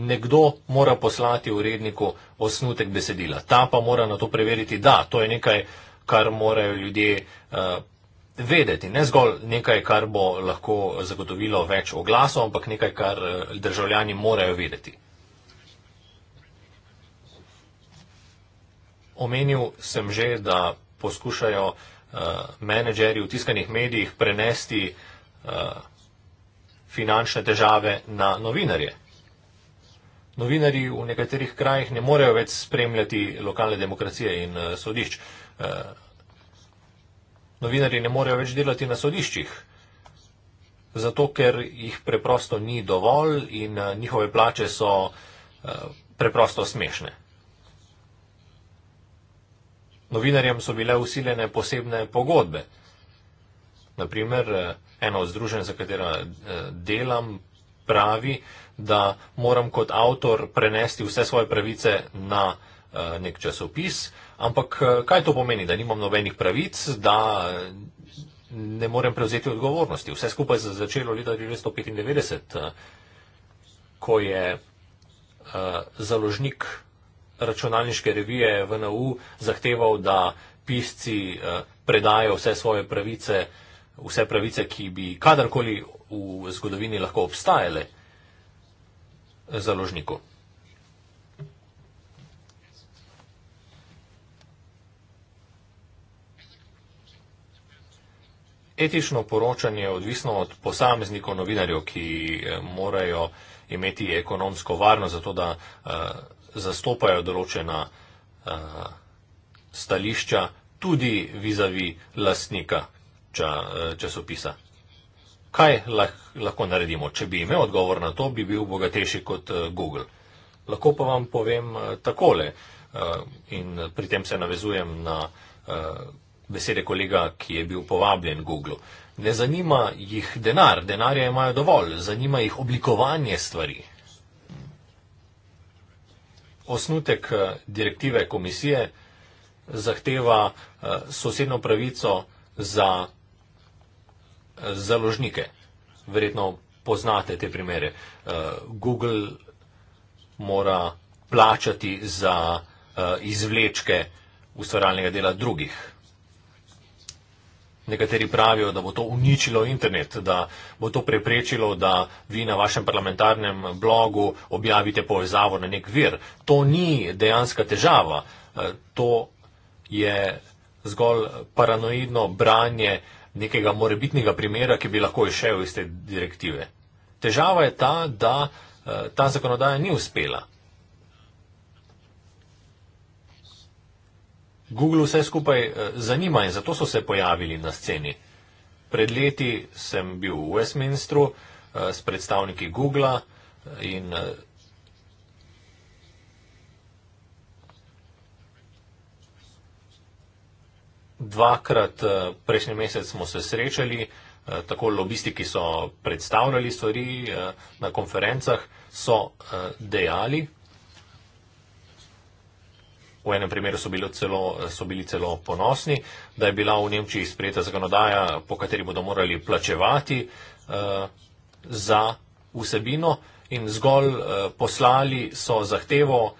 Nekdo mora poslati uredniku osnutek besedila, ta pa mora na to preveriti, da, to je nekaj, kar morajo ljudje uh, vedeti. Ne zgolj nekaj, kar bo lahko zagotovilo več oglasov, ampak nekaj, kar eh, državljani morajo vedeti. Omenil sem že, da poskušajo uh, eh, menedžeri v tiskanih medijih prenesti uh, finančne težave na novinarje. Novinari v nekaterih krajih ne morejo več spremljati lokalne demokracije in uh, sodišč. Uh, novinari ne morejo več delati na sodiščih, zato ker jih preprosto ni dovolj in eh, njihove plače so eh, preprosto smešne. Novinarjem so bile usiljene posebne pogodbe. Naprimer, eh, eno od združenj, za katero delam, pravi, da moram kot avtor prenesti vse svoje pravice na nek časopis, Ampak eh, kaj to pomeni, da nimam nobenih pravic, da ne morem prevzeti odgovornosti? Vse skupaj je začelo leta 1995, eh, ko je eh, založnik računalniške revije VNU zahteval, da pisci predajo vse svoje pravice, vse pravice, ki bi kadarkoli v zgodovini lahko obstajale založniku. etično poročanje je odvisno od posameznikov novinarjev, ki eh, morajo imeti ekonomsko varnost, zato da uh, zastopajo določena uh, stališča tudi vizavi lastnika ča, uh, časopisa. Kaj lah, lahko naredimo? Če bi imel odgovor na to, bi bil bogatejši kot uh, Google. Lahko pa vam povem uh, takole uh, in pri tem se navezujem na. Uh, besede kolega, ki je bil povabljen Google. Ne zanima jih denar, denarja imajo dovolj, zanima jih oblikovanje stvari. Osnutek eh, direktive komisije zahteva eh, sosedno pravico za eh, založnike. Verjetno poznate te primere. Google mora plačati za izvlečke ustvarjalnega dela drugih. Nekateri pravijo, da bo to uničilo internet, da bo to preprečilo, da vi na vašem parlamentarnem blogu objavite povezavo na nek vir. To ni dejanska težava, eh, to je zgolj paranoidno branje nekega morebitnega primera, ki bi lahko išel iz te direktive. Težava je ta, da eh, ta zakonodaja ni uspela. Google vse skupaj eh, zanima in zato so se pojavili na sceni. Pred leti sem bil v Westminstru eh, s predstavniki Google eh, in dvakrat prejšnji mesec smo se srečali, tako lobisti, ki so predstavljali stvari na konferencah, so dejali, v enem primeru so bili celo, so bili celo ponosni, da je bila v Nemčiji sprejeta zakonodaja, po kateri bodo morali plačevati uh, za vsebino in zgolj uh, poslali so zahtevo uh,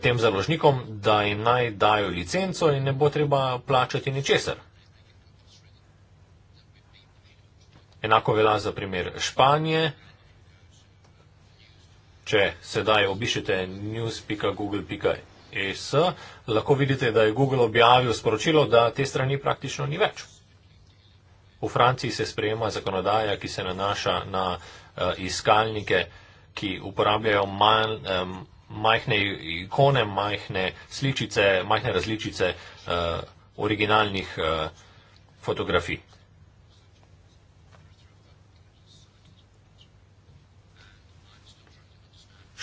tem založnikom, da jim naj dajo licenco in ne bo treba plačati ničesar. Enako velja za primer Španije. Če sedaj obišete news.google.es, lahko vidite, da je Google objavil sporočilo, da te strani praktično ni več. V Franciji se sprejema zakonodaja, ki se nanaša na uh, iskalnike, ki uporabljajo manj, um, majhne ikone, majhne sličice, majhne različice uh, originalnih uh, fotografij.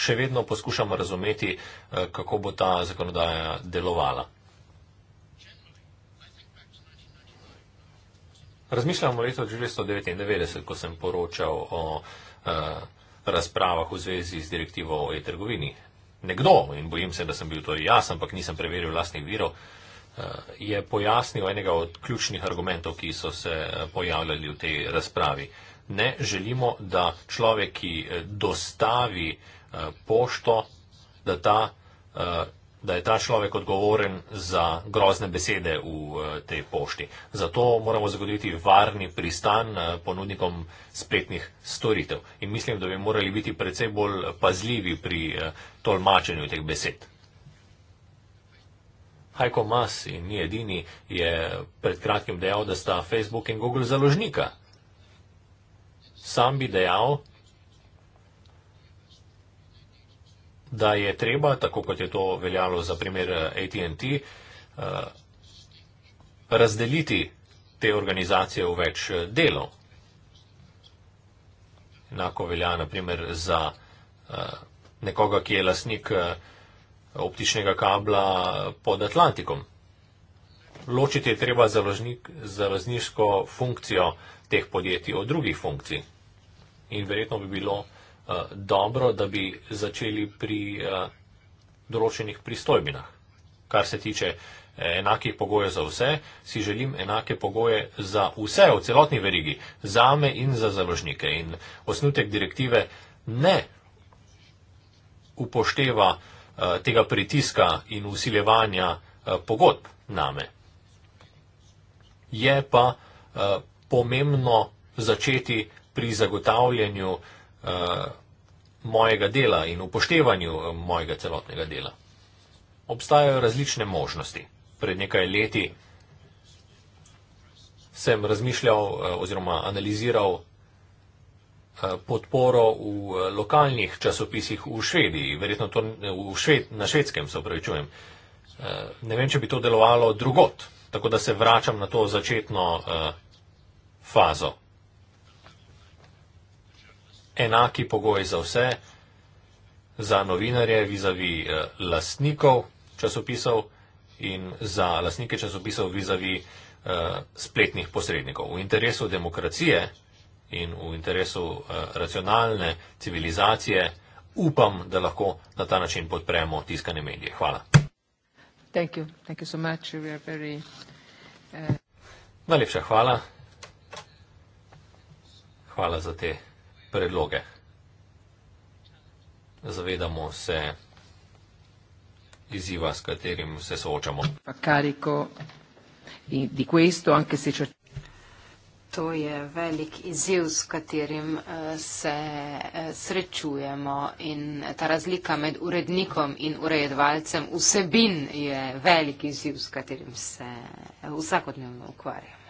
še vedno poskušamo razumeti, eh, kako bo ta zakonodaja delovala. Razmišljam o letu 1999, ko sem poročal o eh, razpravah v zvezi z direktivo o e-trgovini. Nekdo, in bojim se, da sem bil to jaz, ampak nisem preveril vlastnih virov, eh, je pojasnil enega od ključnih argumentov, ki so se pojavljali v tej razpravi. Ne želimo, da človek, ki dostavi Eh, pošto, da, ta, eh, da je ta človek odgovoren za grozne besede v eh, tej pošti. Zato moramo zagotoviti varni pristan ponudnikom spletnih storitev. In mislim, da bi morali biti predvsej bolj pazljivi pri tolmačenju teh besed. Hajko Mas in ni edini je pred kratkim dejal, da sta Facebook in Google založnika. Sam bi dejal, da je treba, tako kot je to veljalo za primer eh, ATT, eh, razdeliti te organizacije v več eh, delov. Enako velja naprimer za nekoga, ki je lasnik optičnega kabla pod Atlantikom. Ločiti je treba založniško funkcijo teh podjetij od drugih funkcij. In verjetno bi bilo. Eh, dobro, da bi začeli pri eh, določenih pristojbinah. Kar se tiče eh, enakih pogojev za vse, si želim enake pogoje za vse v celotni verigi, za me in za založnike. In osnutek direktive ne upošteva tega pritiska in usiljevanja pogodb name. Je pa pomembno začeti pri zagotavljanju Eh, mojega dela in upoštevanju eh, mojega celotnega dela. Obstajajo različne možnosti. Pred nekaj leti sem razmišljal eh, oziroma analiziral podporo v lokalnih časopisih v Švediji, verjetno to v šved, na švedskem se upravičujem. Ne vem, če bi to delovalo drugot, tako da se vračam na to začetno fazo enaki pogoji za vse, za novinarje, vizavi eh, lastnikov časopisov in za lastnike časopisov vizavi eh, spletnih posrednikov. V interesu demokracije in v interesu eh, racionalne civilizacije upam, da lahko na ta način podpremo tiskane medije. Hvala. Thank you. Thank you so much. We are very, uh... Najlepša hvala. Hvala za te predloge. Zavedamo se izziva, s katerim se soočamo. To je velik izziv, s katerim eh, se eh, srečujemo in ta razlika med urednikom in urejedvalcem vsebin je velik izziv, s katerim se eh, vsakodnevno ukvarjamo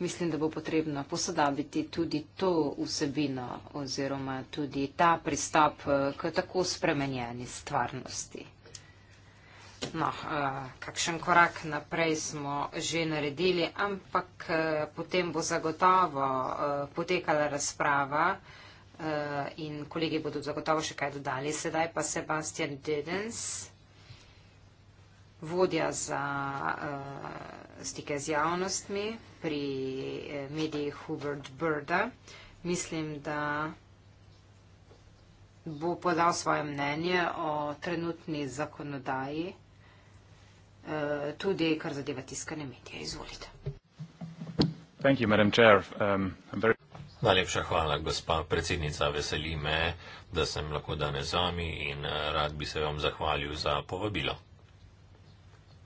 mislim, da bo potrebno posodabiti tudi to vsebino oziroma tudi ta pristop eh, k tako spremenjeni stvarnosti. No, eh, kakšen korak naprej smo že naredili, ampak eh, potem bo zagotovo potekala razprava in kolegi bodo zagotovo še kaj dodali. Sedaj pa Sebastian Didens, vodja za stike z javnostmi pri eh, medijih Hubert Brda. Mislim, da bo podal svoje mnenje o trenutni zakonodaji, eh, tudi kar zadeva tiskane medije. Izvolite. You, Chair. Um, very... Najlepša hvala, gospa predsednica. Veseli me, da sem lahko danes z vami in eh, rad bi se vam zahvalil za povabilo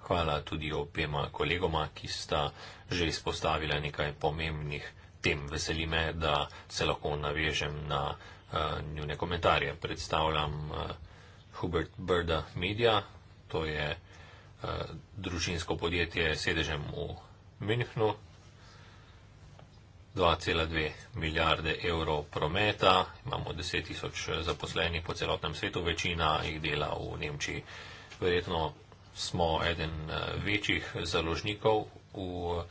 hvala tudi obema kolegoma, ki sta že izpostavila nekaj pomembnih tem. Veseli me, da se lahko navežem na uh, njune komentarje. Predstavljam uh, Hubert Burda Media, to je uh, družinsko podjetje sedežem v Münchnu. 2,2 milijarde evrov prometa, imamo 10 tisoč zaposlenih po celotnem svetu, večina jih dela v Nemčiji. Verjetno smo eden eh, večjih založnikov v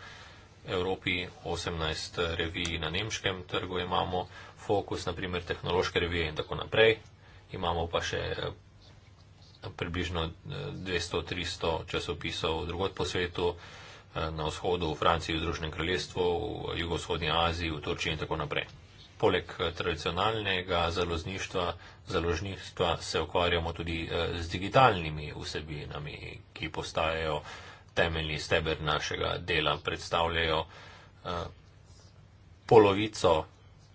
Evropi, 18 eh, revij na nemškem trgu imamo, fokus naprimer tehnološke revije in tako naprej. Imamo pa še eh, približno 200-300 časopisov drugod po svetu, na vzhodu, v Franciji, v Združenem kraljestvu, v jugovzhodnji Aziji, v Turčiji in tako naprej poleg eh, tradicionalnega založništva, založništva se ukvarjamo tudi eh, z digitalnimi vsebinami, ki postajajo temeljni steber našega dela, predstavljajo eh, polovico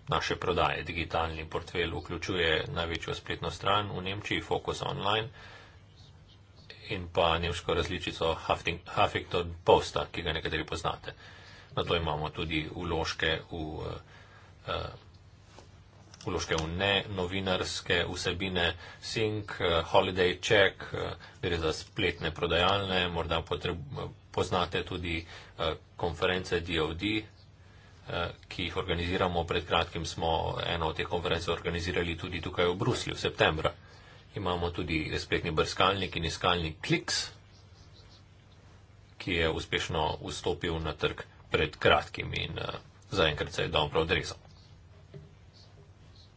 naše prodaje. Digitalni portfel vključuje največjo spletno stran v Nemčiji, Focus Online in pa nemško različico Huffington Posta, ki ga nekateri poznate. Na to imamo tudi vložke v uh, uloške v ne, novinarske vsebine, sink, eh, holiday check, eh, gre za spletne prodajalne, morda potreb, poznate tudi eh, konference DOD, ki jih organiziramo. Pred kratkim smo eno od teh konferenc organizirali tudi tukaj v Bruslju v septembra. Imamo tudi spletni brskalnik in iskalnik Kliks ki je uspešno vstopil na trg pred kratkim in uh, zaenkrat se je dobro odrezal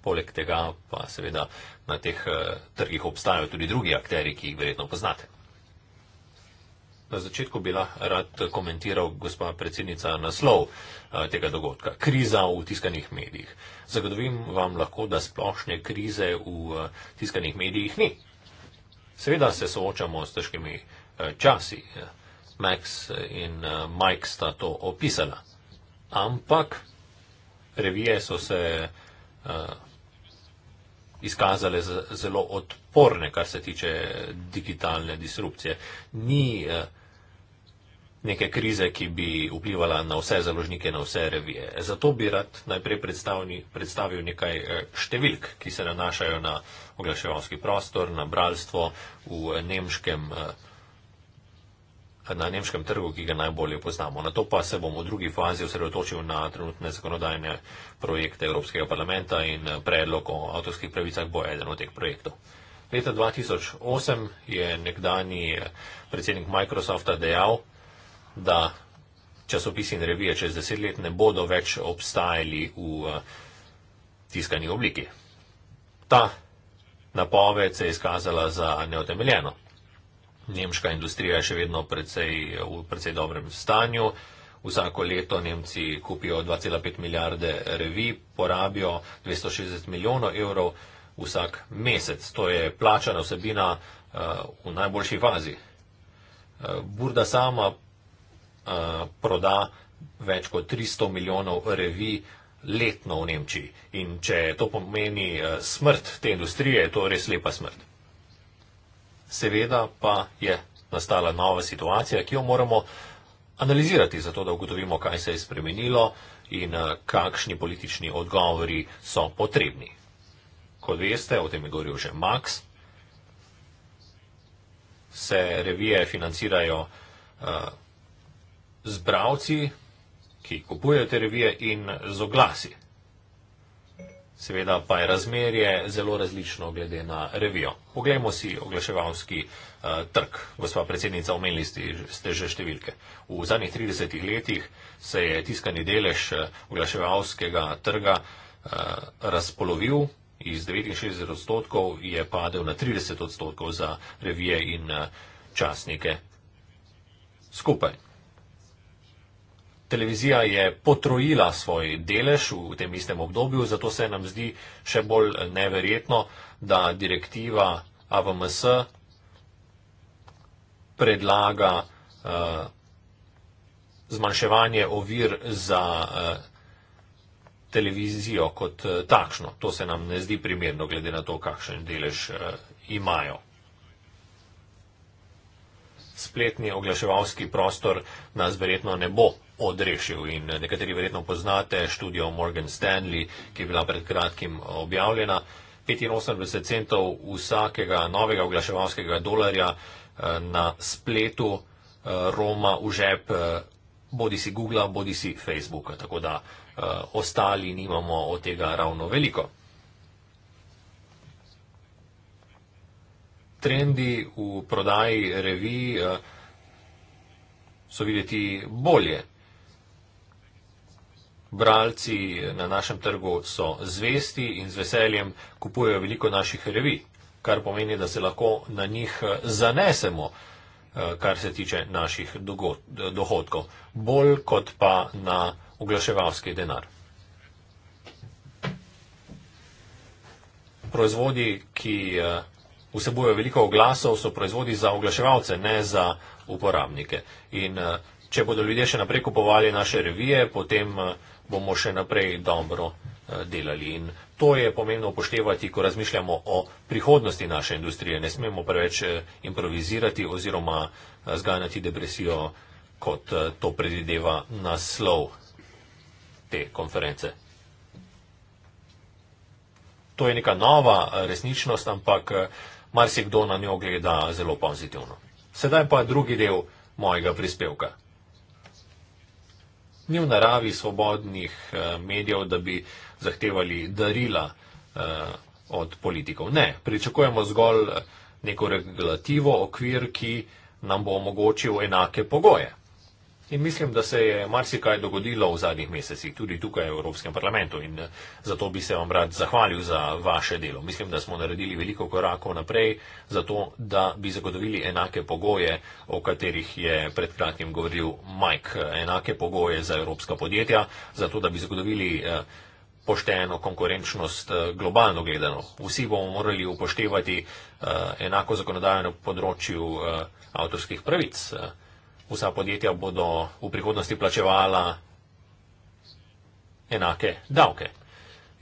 poleg tega pa seveda na teh eh, trgih obstajajo tudi drugi akteri, ki jih verjetno poznate. Na začetku bi lahko rad komentiral, gospa predsednica, naslov eh, tega dogodka. Kriza v tiskanih medijih. Zagotovim vam lahko, da splošne krize v eh, tiskanih medijih ni. Seveda se soočamo s težkimi časi. Max in Mike sta to opisala. Ampak revije so se izkazale zelo odporne, kar se tiče digitalne disrupcije. Ni eh, neke krize, ki bi vplivala na vse založnike, na vse revije. Zato bi rad najprej predstavil nekaj eh, številk, ki se nanašajo na oglaševalski prostor, na bralstvo v nemškem. Eh, na nemškem trgu, ki ga najbolje poznamo. Na to pa se bom v drugi fazi osredotočil na trenutne zakonodajne projekte Evropskega parlamenta in eh, predlog o avtorskih pravicah bo eden od teh projektov. Leta 2008 je nekdani eh, predsednik Microsofta dejal, da časopisi in revije čez deset let ne bodo več obstajali v eh, tiskani obliki. Ta napoved se je izkazala za neotemeljeno nemška industrija je še vedno predvsej, v precej dobrem stanju. Vsako leto Nemci kupijo 2,5 milijarde revi, porabijo 260 milijonov evrov vsak mesec. To je plačana vsebina eh, v najboljši fazi. Eh, Burda sama eh, proda več kot 300 milijonov revi letno v Nemčiji. In če to pomeni smrt te industrije, je to res lepa smrt seveda pa je nastala nova situacija, ki jo moramo analizirati, zato da ugotovimo, kaj se je spremenilo in eh, kakšni politični odgovori so potrebni. Kot veste, o tem je govoril že Max, se revije financirajo uh, eh, zbravci, ki kupujejo te revije in z oglasi. Seveda pa je razmerje zelo različno glede na revijo. Poglejmo si oglaševalski uh, trg. Gospa predsednica, omenili ste, ste že številke. V zadnjih 30 letih se je tiskani delež eh, oglaševalskega trga uh, razpolovil. Iz 69 odstotkov je padel na 30 odstotkov za revije in časnike. Skupaj televizija je potrojila svoj delež v tem istem obdobju, zato se nam zdi še bolj neverjetno, da direktiva AVMS predlaga uh, zmanjševanje ovir za uh, televizijo kot uh, takšno. To se nam ne zdi primerno, glede na to, kakšen delež uh, imajo spletni oglaševalski prostor nas verjetno ne bo odrešil. In nekateri verjetno poznate študijo Morgan Stanley, ki je bila pred kratkim objavljena. 85 centov vsakega novega oglaševalskega dolarja eh, na spletu eh, Roma v žep eh, bodi si Google, bodi si Facebooka. Tako da ostali nimamo od tega ravno veliko. trendi v prodaji revij eh, so videti bolje. Bralci eh, na našem trgu so zvesti in z veseljem kupujejo veliko naših revij, kar pomeni, da se lahko na njih eh, zanesemo, kar se tiče naših dohodkov, bolj kot pa na oglaševalski denar. Proizvodi, ki vsebujejo veliko oglasov, so proizvodi za oglaševalce, ne za uporabnike. In eh, če bodo ljudje še naprej kupovali naše revije, potem eh, bomo še naprej dobro eh, delali. In to je pomembno upoštevati, ko razmišljamo o prihodnosti naše industrije. Ne smemo preveč improvizirati oziroma zganjati depresijo, kot to predvideva naslov te konference. To je neka nova resničnost, ampak marsikdo na njo gleda zelo pozitivno. Sedaj pa je drugi del mojega prispevka. Ni v naravi svobodnih eh, medijev, da bi zahtevali darila eh, od politikov. Ne, pričakujemo zgolj eh, neko regulativo, okvir, ki nam bo omogočil enake pogoje. In mislim, da se je marsikaj dogodilo v zadnjih mesecih, tudi tukaj v Evropskem parlamentu. In eh, zato bi se vam rad zahvalil za vaše delo. Mislim, da smo naredili veliko korakov naprej, zato da bi zagotovili enake pogoje, o katerih je pred kratkim govoril Mike. Eh, enake pogoje za evropska podjetja, zato da bi zagotovili eh, pošteno konkurenčnost globalno gledano. Vsi bomo morali upoštevati enako zakonodajo na področju avtorskih pravic vsa podjetja bodo v prihodnosti plačevala enake davke.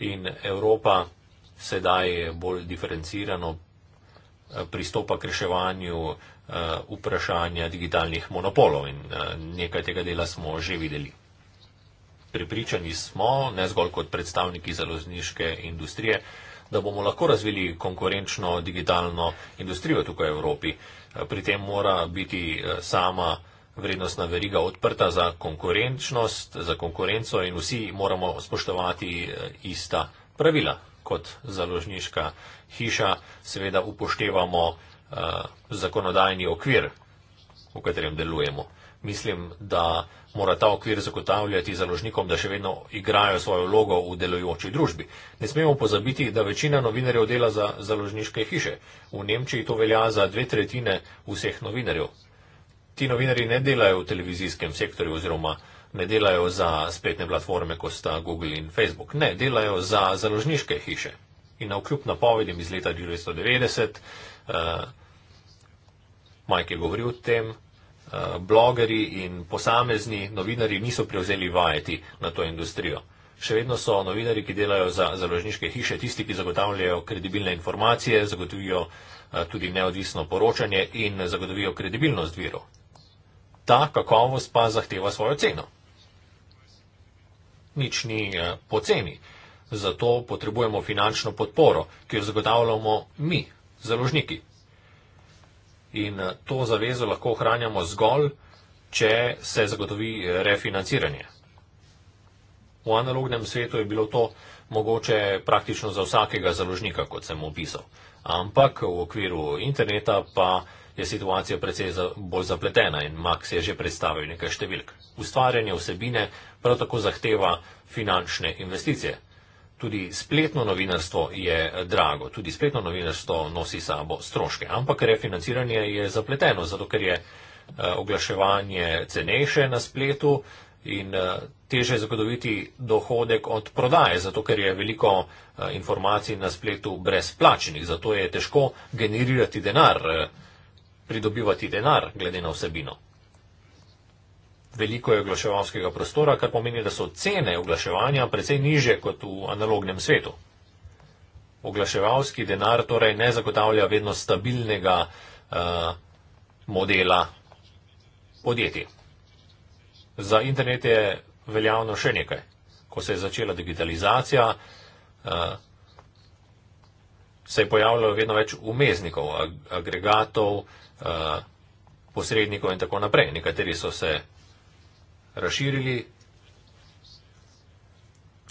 In Evropa sedaj bolj diferencirano eh, pristopa k reševanju eh, vprašanja digitalnih monopolov in eh, nekaj tega dela smo že videli. Pripričani smo, ne zgolj kot predstavniki založniške industrije, da bomo lahko razvili konkurenčno digitalno industrijo tukaj v Evropi. Pri tem mora biti sama vrednostna veriga odprta za konkurenčnost, za konkurenco in vsi moramo spoštovati eh, ista pravila kot založniška hiša. Seveda upoštevamo uh, zakonodajni okvir, v katerem delujemo. Mislim, da mora ta okvir zagotavljati založnikom, da še vedno igrajo svojo vlogo v delujoči družbi. Ne smemo pozabiti, da večina novinarjev dela za založniške hiše. V Nemčiji to velja za dve tretjine vseh novinarjev ti novinari ne delajo v televizijskem sektorju oziroma ne delajo za spletne platforme, kot sta Google in Facebook. Ne, delajo za založniške hiše. In na vkljub napovedim iz leta 1990, uh, eh, Mike je govoril o tem, uh, eh, blogeri in posamezni novinari niso prevzeli vajeti na to industrijo. Še vedno so novinari, ki delajo za založniške hiše, tisti, ki zagotavljajo kredibilne informacije, zagotovijo eh, tudi neodvisno poročanje in zagotovijo kredibilnost virov ta kakovost pa zahteva svojo ceno. Nič ni eh, poceni, zato potrebujemo finančno podporo, ki jo zagotavljamo mi, založniki. In eh, to zavezo lahko ohranjamo zgolj, če se zagotovi eh, refinanciranje. V analognem svetu je bilo to mogoče praktično za vsakega založnika, kot sem opisal, ampak v okviru interneta pa je situacija precej za, bolj zapletena in Max je že predstavil nekaj številk. Ustvarjanje vsebine prav tako zahteva finančne investicije. Tudi spletno novinarstvo je drago, tudi spletno novinarstvo nosi sabo stroške, ampak refinanciranje je zapleteno, zato ker je eh, oglaševanje cenejše na spletu in eh, teže zagotoviti dohodek od prodaje, zato ker je veliko eh, informacij na spletu brezplačnih, zato je težko generirati denar pridobivati denar, glede na vsebino. Veliko je oglaševalskega prostora, kar pomeni, da so cene oglaševanja precej niže kot v analognem svetu. Oglaševalski denar torej ne zagotavlja vedno stabilnega uh, modela podjetij. Za internet je veljavno še nekaj. Ko se je začela digitalizacija, uh, se je pojavljalo vedno več umeznikov, ag agregatov, uh, Eh, posrednikov in tako naprej. Nekateri so se razširili,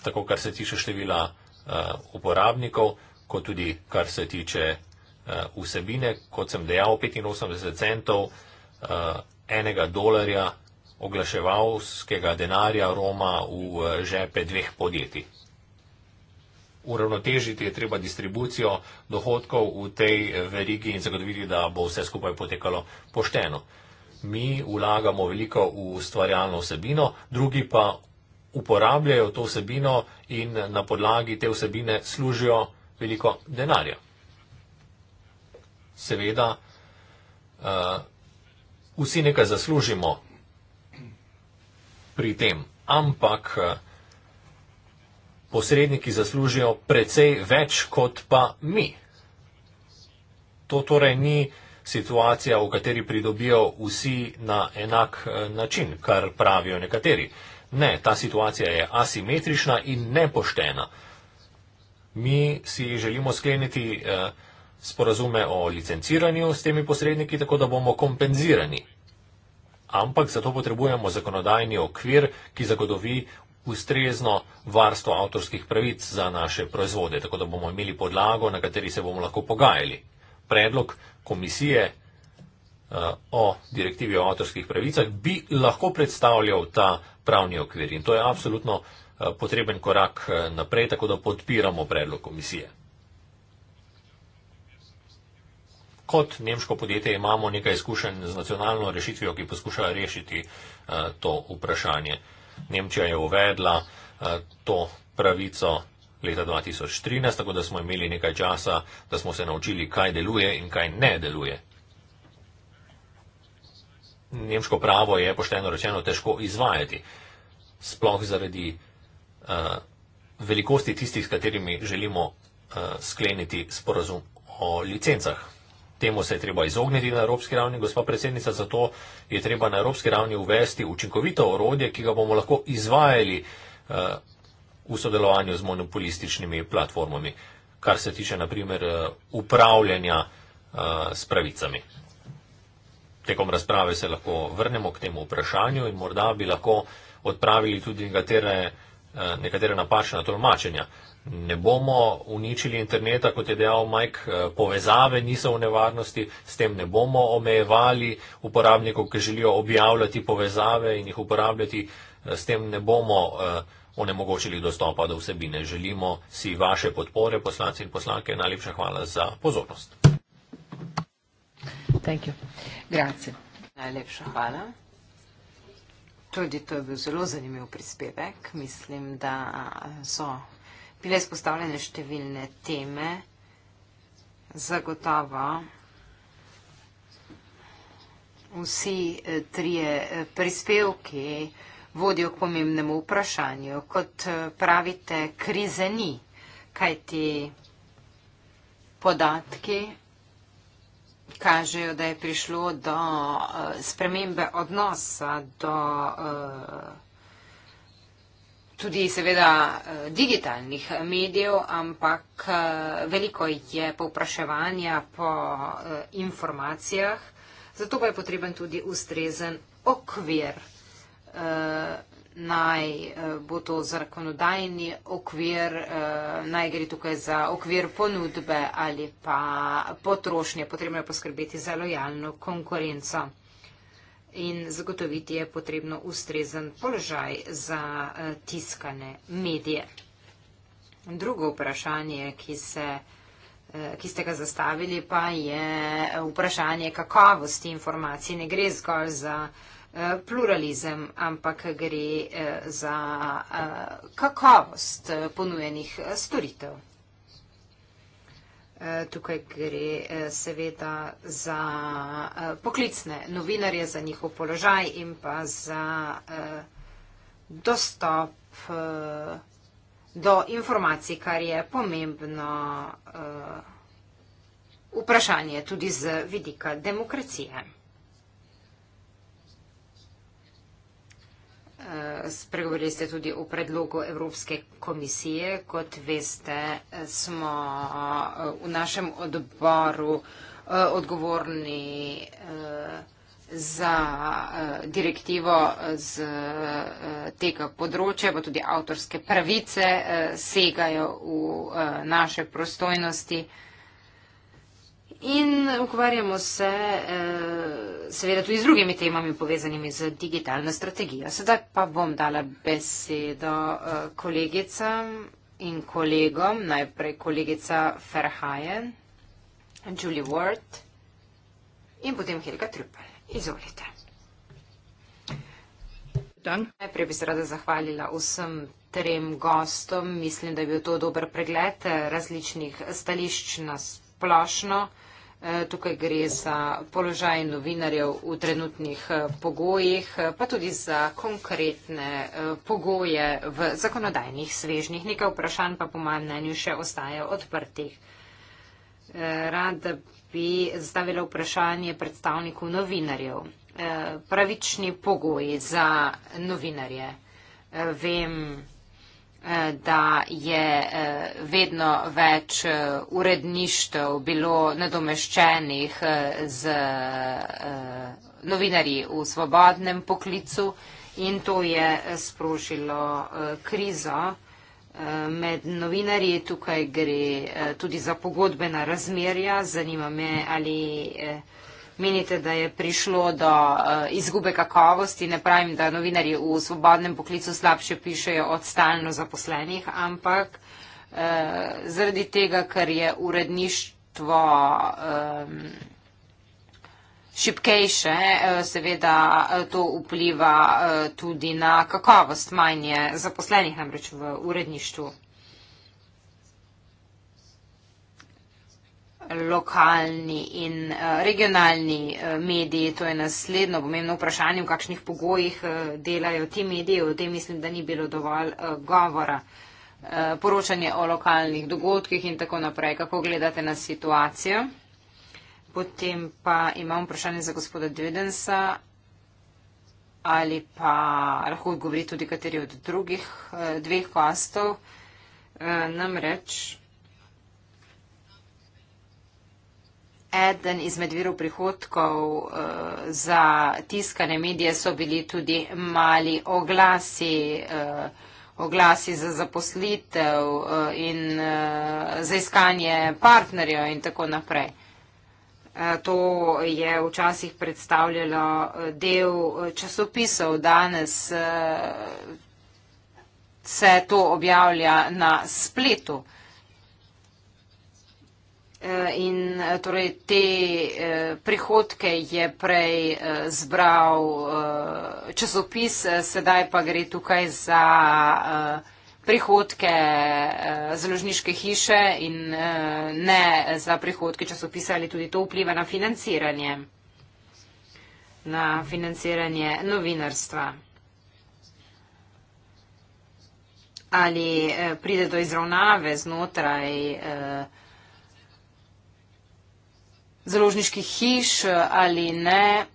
tako kar se tiče števila eh, uporabnikov, kot tudi kar se tiče eh, vsebine, kot sem dejal, 85 centov enega dolarja oglaševalskega denarja Roma v žepe dveh podjetij uravnotežiti je treba distribucijo dohodkov v tej eh, verigi in zagotoviti, da bo vse skupaj potekalo pošteno. Mi vlagamo veliko v ustvarjalno vsebino, drugi pa uporabljajo to vsebino in na podlagi te vsebine služijo veliko denarja. Seveda, uh, vsi nekaj zaslužimo pri tem, ampak uh, posredniki zaslužijo precej več kot pa mi. To torej ni situacija, v kateri pridobijo vsi na enak eh, način, kar pravijo nekateri. Ne, ta situacija je asimetrična in nepoštena. Mi si želimo skleniti eh, sporazume o licenciranju s temi posredniki, tako da bomo kompenzirani. Ampak zato potrebujemo zakonodajni okvir, ki zagotovi ustrezno varstvo avtorskih pravic za naše proizvode, tako da bomo imeli podlago, na kateri se bomo lahko pogajali. Predlog komisije eh, o direktivi o avtorskih pravicah bi lahko predstavljal ta pravni okvir in to je absolutno eh, potreben korak eh, naprej, tako da podpiramo predlog komisije. Kot nemško podjetje imamo nekaj izkušenj z nacionalno rešitvijo, ki poskuša rešiti to vprašanje. Nemčija je uvedla eh, to pravico leta 2013, tako da smo imeli nekaj časa, da smo se naučili, kaj deluje in kaj ne deluje. Nemško pravo je pošteno rečeno težko izvajati, sploh zaradi uh, velikosti tistih, s katerimi želimo uh, skleniti sporazum o licencah. Temu se je treba izogniti na evropski ravni, gospa predsednica, zato je treba na evropski ravni uvesti učinkovito orodje, ki ga bomo lahko izvajali eh, v sodelovanju z monopolističnimi platformami, kar se tiče naprimer eh, upravljanja eh, s pravicami. Tekom razprave se lahko vrnemo k temu vprašanju in morda bi lahko odpravili tudi nekatere, nekatere napačne tolmačenja ne bomo uničili interneta, kot je dejal Mike, eh, povezave niso v nevarnosti, s tem ne bomo omejevali uporabnikov, ki želijo objavljati povezave in jih uporabljati, eh, s tem ne bomo eh, onemogočili dostopa do vsebine. Želimo si vaše podpore, poslanci in poslanke, najlepša hvala za pozornost. Grazie. Najlepša hvala. Tudi to je bil zelo zanimiv prispevek. Mislim, da so bile izpostavljene številne teme, zagotovo vsi eh, trije eh, prispevki vodijo k pomembnemu vprašanju. Kot eh, pravite, krize ni, kaj ti podatki kažejo, da je prišlo do spremembe odnosa do vsega, tudi seveda eh, digitalnih medijev, ampak eh, veliko je povpraševanja po eh, informacijah, zato pa je potreben tudi ustrezen okvir. Naj bo to zakonodajni okvir, naj gre tukaj za okvir ponudbe ali pa potrošnje. Potrebno je poskrbeti za lojalno konkurenco in zagotoviti je potrebno ustrezen položaj za eh, tiskane medije. Drugo vprašanje, ki, se, eh, ki ste ga zastavili, pa je eh, vprašanje kakovosti informacij. Ne gre zgolj za pluralizem, ampak gre za kakovost ponujenih storitev. Tukaj gre eh, seveda za eh, poklicne novinarje, za njihov položaj in pa za eh, dostop do informacij, kar je pomembno vprašanje tudi z vidika demokracije. Eh, spregovorili ste tudi o predlogu Evropske komisije. Kot veste, smo eh, v našem odboru eh, odgovorni za direktivo z tega področja, pa tudi avtorske pravice segajo v naše prostojnosti in ukvarjamo se eh, seveda tudi z drugimi temami povezanimi z digitalno strategijo. Sedaj pa bom dala besedo eh, kolegicam in kolegom, najprej kolegica Ferhajen, Julie Ward in potem Helga Trupel. Izvolite. Dan. Najprej bi se rada zahvalila vsem trem gostom. Mislim, da je bil to dober pregled eh, različnih stališč nasplošno. splošno. Eh, tukaj gre za položaj novinarjev v trenutnih eh, pogojih, eh, pa tudi za konkretne pogoje v zakonodajnih svežnih. Nekaj vprašanj pa po mojem mnenju še ostaje odprtih. Rad bi zastavila vprašanje predstavniku novinarjev. Pravični pogoji za novinarje. Vem, da je eh, vedno več eh, uredništev bilo nadomeščenih eh, z novinarji v svobodnem poklicu in to je sprožilo krizo med novinarji. Tukaj gre tudi za pogodbena razmerja. Zanima me, ali menite, da je prišlo do uh, izgube kakovosti. Ne pravim, da novinari v svobodnem poklicu slabše pišejo od stalno zaposlenih, ampak uh, zaradi tega, ker je uredništvo um, ehm, šipkejše, uh, eh, seveda uh, to vpliva uh, tudi na kakovost manje zaposlenih, namreč v uredništvu. lokalni in eh, regionalni eh, mediji. To je naslednjo pomembno vprašanje, v kakšnih pogojih eh, delajo ti mediji. O tem mislim, da ni bilo dovolj govora. Poročanje o lokalnih dogodkih in tako naprej. Kako gledate na situacijo? Potem pa imam vprašanje za gospoda Dvedensa. Ali pa lahko odgovori tudi kateri od drugih dveh kostov. Namreč. Eden izmed virov prihodkov uh, za tiskane medije so bili tudi mali oglasi, uh, oglasi za zaposlitev uh, in uh, za iskanje partnerjev in tako naprej. To je včasih predstavljalo del časopisov, danes se to objavlja na spletu. Eh, in eh, torej te eh, prihodke je prej zbral časopis, sedaj pa gre tukaj za prihodke založniške hiše in ne za prihodke časopisa ali tudi to vpliva na financiranje, na financiranje novinarstva. Ali pride do izravnave znotraj časopisa, založniških hiš eh, ali ne,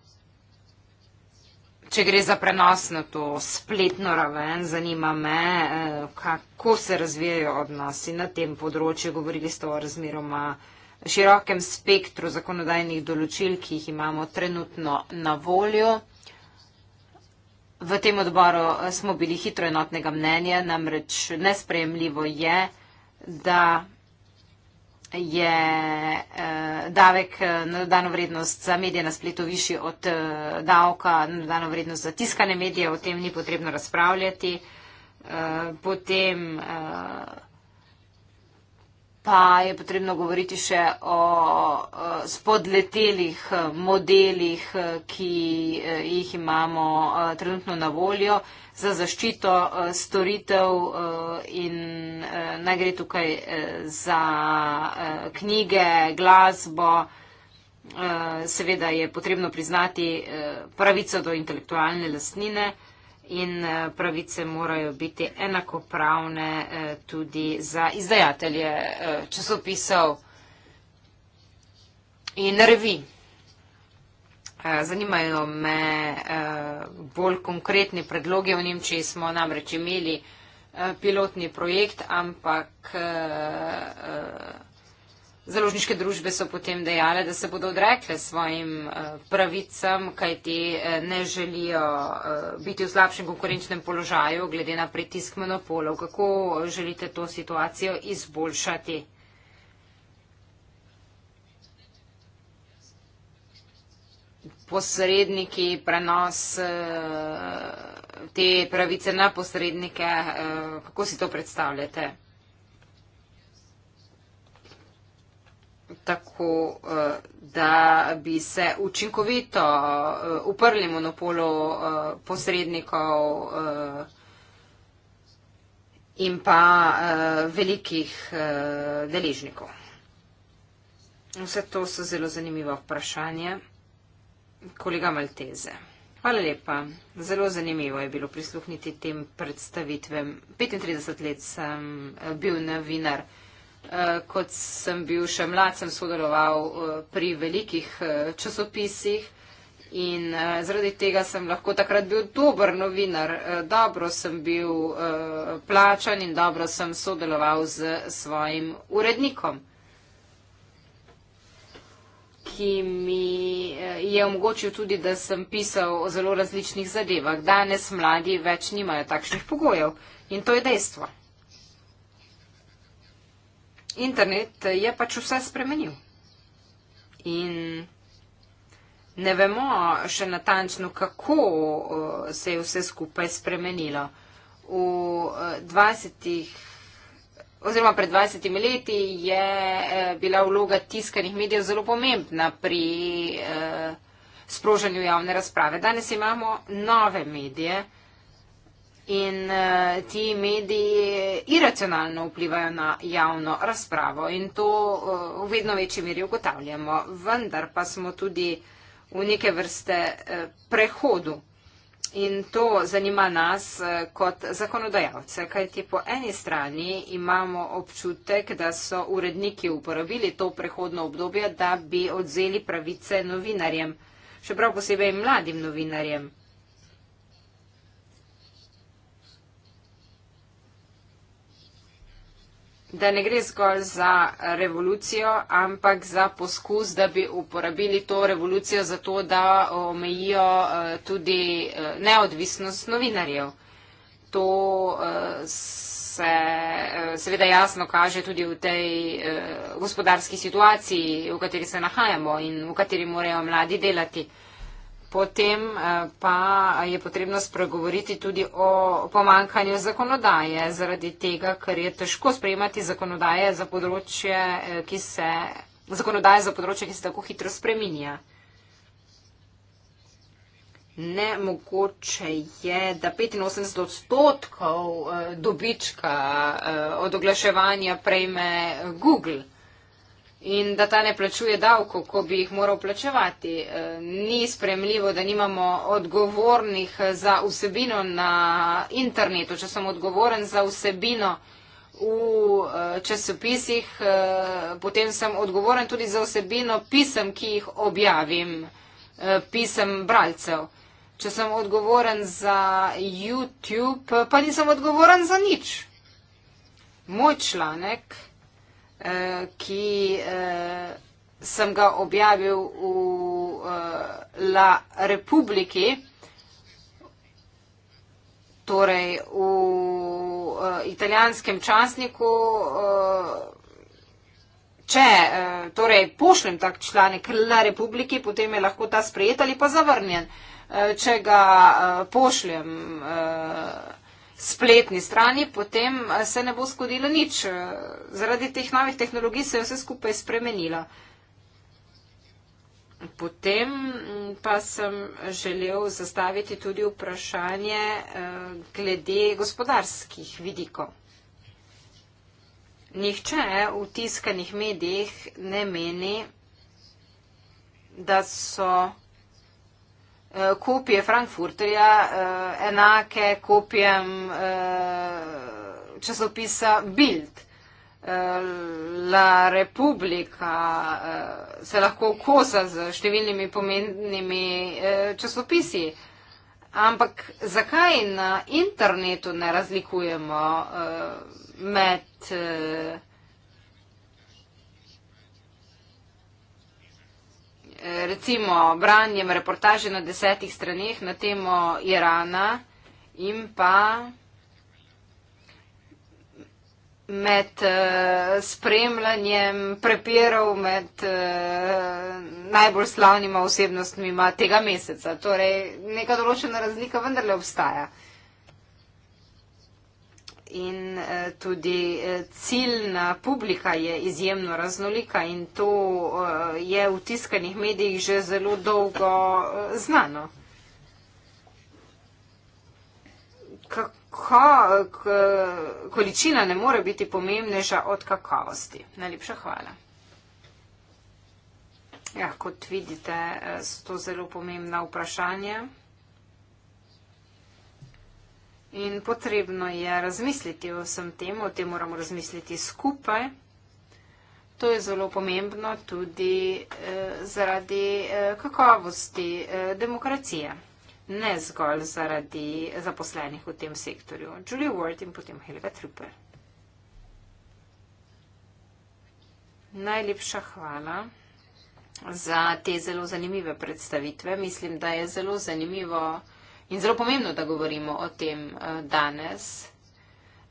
če gre za prenos na to spletno raven, zanima me, eh, kako se razvijajo odnosi na tem področju. Govorili ste o razmeroma širokem spektru zakonodajnih določil, ki jih imamo trenutno na voljo. V tem odboru eh, smo bili hitro enotnega mnenja, namreč nespremljivo je, da je eh, davek eh, na dodano vrednost za medije na spletu višji od eh, davka na dodano vrednost za tiskane medije, o tem ni potrebno razpravljati. Potem pa je potrebno govoriti še o spodletelih eh, modelih, eh, ki eh, jih imamo trenutno na voljo za zaščito storitev in naj gre tukaj za knjige, glasbo. Seveda je potrebno priznati pravico do intelektualne lastnine in eh, pravice morajo biti enakopravne eh, tudi za izdajatelje eh, časopisov in revij. Zanimajo me bolj konkretni predloge. V Nemčiji smo namreč imeli pilotni projekt, ampak Založniške družbe so potem dejale, da se bodo odrekle svojim eh, pravicam, kajti eh, ne želijo eh, biti v slabšem konkurenčnem položaju glede na pritisk monopolov. Kako želite to situacijo izboljšati? Posredniki, prenos te pravice na posrednike, kako si to predstavljate? tako eh, da bi se učinkovito eh, uprli monopolu eh, posrednikov in pa velikih deležnikov. Vse to so zelo zanimiva vprašanja. Kolega Malteze. Hvala lepa. Zelo zanimivo je bilo prisluhniti tem predstavitvem. 35 let sem bil novinar. Eh, kot sem bil še mlad, sem sodeloval eh, pri velikih eh, časopisih in zaradi tega sem lahko takrat bil dober novinar. Dobro sem bil plačan in dobro sem sodeloval z svojim urednikom, ki mi je omogočil tudi, da sem pisal o zelo različnih zadevah. Danes mladi več nimajo takšnih pogojev in to je dejstvo internet je pač vse spremenil. In ne vemo še natančno, kako se je vse skupaj spremenilo. V 20. oziroma pred 20 leti je e, bila vloga tiskanih medijev zelo pomembna pri e, sprožanju javne razprave. Danes imamo nove medije, In uh, ti mediji iracionalno vplivajo na javno razpravo in to uh, v vedno večji meri ugotavljamo. Vendar pa smo tudi v neke vrste uh, prehodu in to zanima nas uh, kot zakonodajalce, kajti po eni strani imamo občutek, da so uredniki uporabili to prehodno obdobje, da bi odzeli pravice novinarjem, še prav posebej mladim novinarjem. da ne gre zgolj za revolucijo, ampak za poskus, da bi uporabili to revolucijo za to, da omejijo eh, tudi eh, neodvisnost novinarjev. To eh, se seveda jasno kaže tudi v tej gospodarski situaciji, v kateri se nahajamo in v kateri morajo mladi delati. Potem eh, pa je potrebno spregovoriti tudi o pomankanju zakonodaje, zaradi tega, ker je težko sprejemati zakonodaje za področje, eh, ki se, zakonodaje za področje, ki se tako hitro spreminja. Nemogoče je, da 85 odstotkov eh, dobička od oglaševanja prejme Google in da ta ne plačuje davko, ko bi jih moral plačevati. Eh, ni spremljivo, da nimamo odgovornih eh, za vsebino na internetu. Če sem odgovoren za vsebino v eh, časopisih, potem sem odgovoren tudi za vsebino pisem, ki jih objavim, pisem bralcev. Če sem odgovoren za YouTube, pa nisem odgovoren za nič. Moj članek ki eh, sem ga objavil v eh, La Republiki, torej v eh, italijanskem časniku. Če torej, pošljem tak članek La Republiki, potem je lahko ta sprejet ali pa zavrnjen. Če ga pošljem spletni strani, potem eh, se ne bo zgodilo nič. Eh, zaradi teh novih tehnologij se je vse skupaj spremenilo. Potem mm, pa sem želel zastaviti tudi vprašanje eh, glede gospodarskih vidikov. Nihče v tiskanih medijih ne meni, da so kopije Frankfurterja uh, enake kopijam uh, eh, časopisa Bild. Uh, La Republika uh, se lahko kosa z številnimi pomembnimi uh, časopisi. Ampak zakaj na internetu ne razlikujemo uh, med uh, recimo branjem reportaže na desetih straneh na temo Irana in pa med uh, spremljanjem prepirov med uh, najbolj slavnima osebnostmi tega meseca. Torej, neka določena razlika vendarle obstaja in eh, tudi eh, ciljna publika je izjemno raznolika in to eh, je v tiskanih medijih že zelo dolgo znano. Kako, količina ne more biti pomembnejša od kakovosti. Najlepša hvala. Ja, kot vidite, so to zelo pomembna vprašanja. In potrebno je razmisliti o vsem tem, o tem moramo razmisliti skupaj. To je zelo pomembno tudi eh, zaradi eh, kakovosti eh, demokracije, ne zgolj zaradi zaposlenih v tem sektorju. Julie Ward in potem Helga Trupper. Najlepša hvala za te zelo zanimive predstavitve. Mislim, da je zelo zanimivo. In zelo pomembno, da govorimo o tem eh, danes.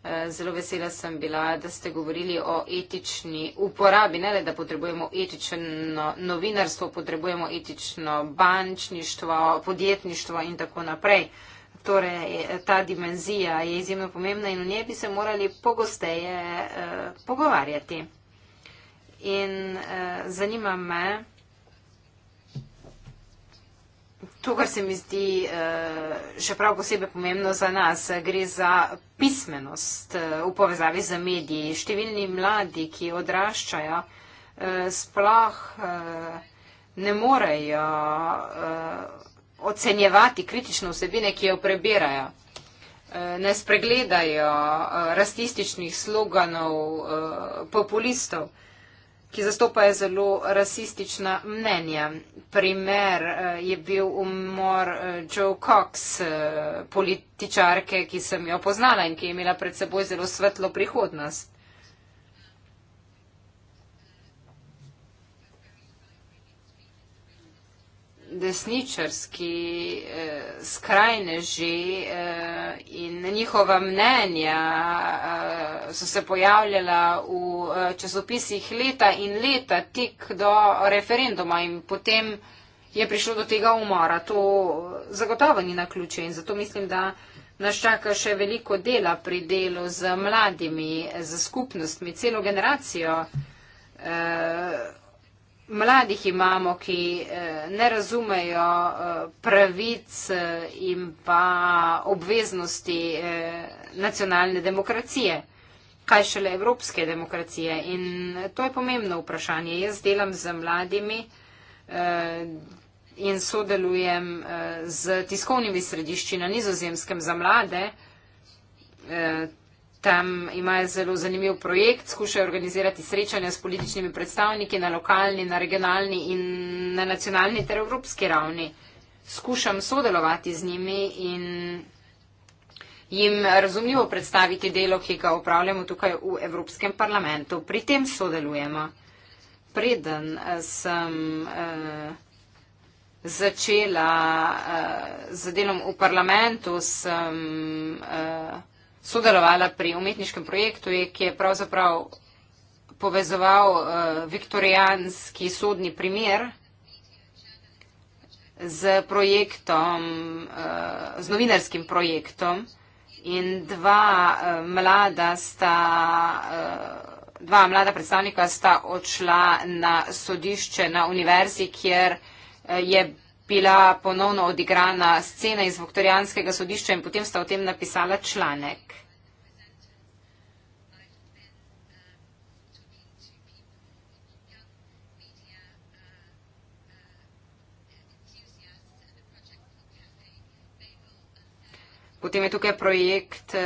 Eh, zelo vesela sem bila, da ste govorili o etični uporabi, ne le, da potrebujemo etično novinarstvo, potrebujemo etično bančništvo, podjetništvo in tako naprej. Torej, eh, ta dimenzija je izjemno pomembna in o njej bi se morali pogosteje eh, pogovarjati. In eh, zanima me, To, kar se mi zdi eh, še prav posebej pomembno za nas, gre za pismenost eh, v povezavi z mediji. Številni mladi, ki odraščajo, eh, sploh ne morejo ocenjevati kritično vsebine, ki jo prebirajo. Ne spregledajo rasističnih sloganov populistov ki zastopajo zelo rasistična mnenja. Primer eh, je bil umor eh, Joe Cox, eh, političarke, ki sem jo poznala in ki je imela pred seboj zelo svetlo prihodnost. desničarski eh, skrajneži eh, in njihova mnenja eh, so se pojavljala v eh, časopisih leta in leta tik do referenduma in potem je prišlo do tega umora. To zagotovo ni na ključe in zato mislim, da nas čaka še veliko dela pri delu z mladimi, z skupnostmi, celo generacijo. Eh, mladih imamo, ki eh, ne razumejo eh, pravic eh, in pa obveznosti nacionalne demokracije, kaj šele evropske demokracije. In to je pomembno vprašanje. Jaz delam z mladimi in sodelujem z tiskovnimi središči na nizozemskem za mlade. Tam imajo zelo zanimiv projekt, skušajo organizirati srečanja s političnimi predstavniki na lokalni, na regionalni in na nacionalni ter evropski ravni. Skušam sodelovati z njimi in jim razumljivo predstaviti delo, ki ga upravljamo tukaj v Evropskem parlamentu. Pri tem sodelujemo. Preden eh, sem eh, začela eh, z delom v parlamentu, sem. Eh, sodelovala pri umetniškem projektu, ki je pravzaprav povezoval uh, viktorijanski sodni primer z projektom, uh, z novinarskim projektom in dva uh, mlada sta. Uh, Dva mlada predstavnika sta odšla na sodišče na univerzi, kjer je bila ponovno odigrana scena iz Voktorijanskega sodišča in potem sta o tem napisala članek. Potem je tukaj projekt uh,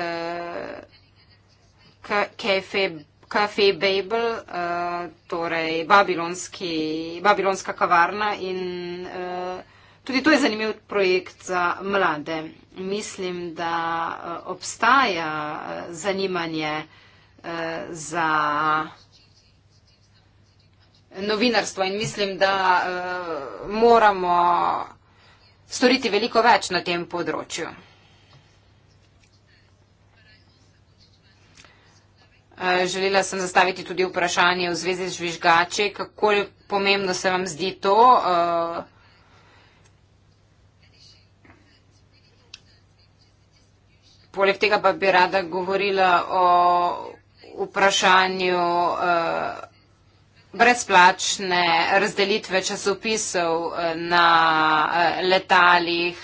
eh, Cafe Café Babel, uh, torej Babilonska kavarna in uh, tudi to je zanimiv projekt za mlade. Mislim, da uh, obstaja uh, zanimanje uh, za novinarstvo in mislim, da uh, moramo storiti veliko več na tem področju. Eh, želela sem zastaviti tudi vprašanje v zvezi z žvižgači, kako pomembno se vam zdi to. Eh, poleg tega pa bi rada govorila o vprašanju eh, brezplačne razdelitve časopisov na letalih,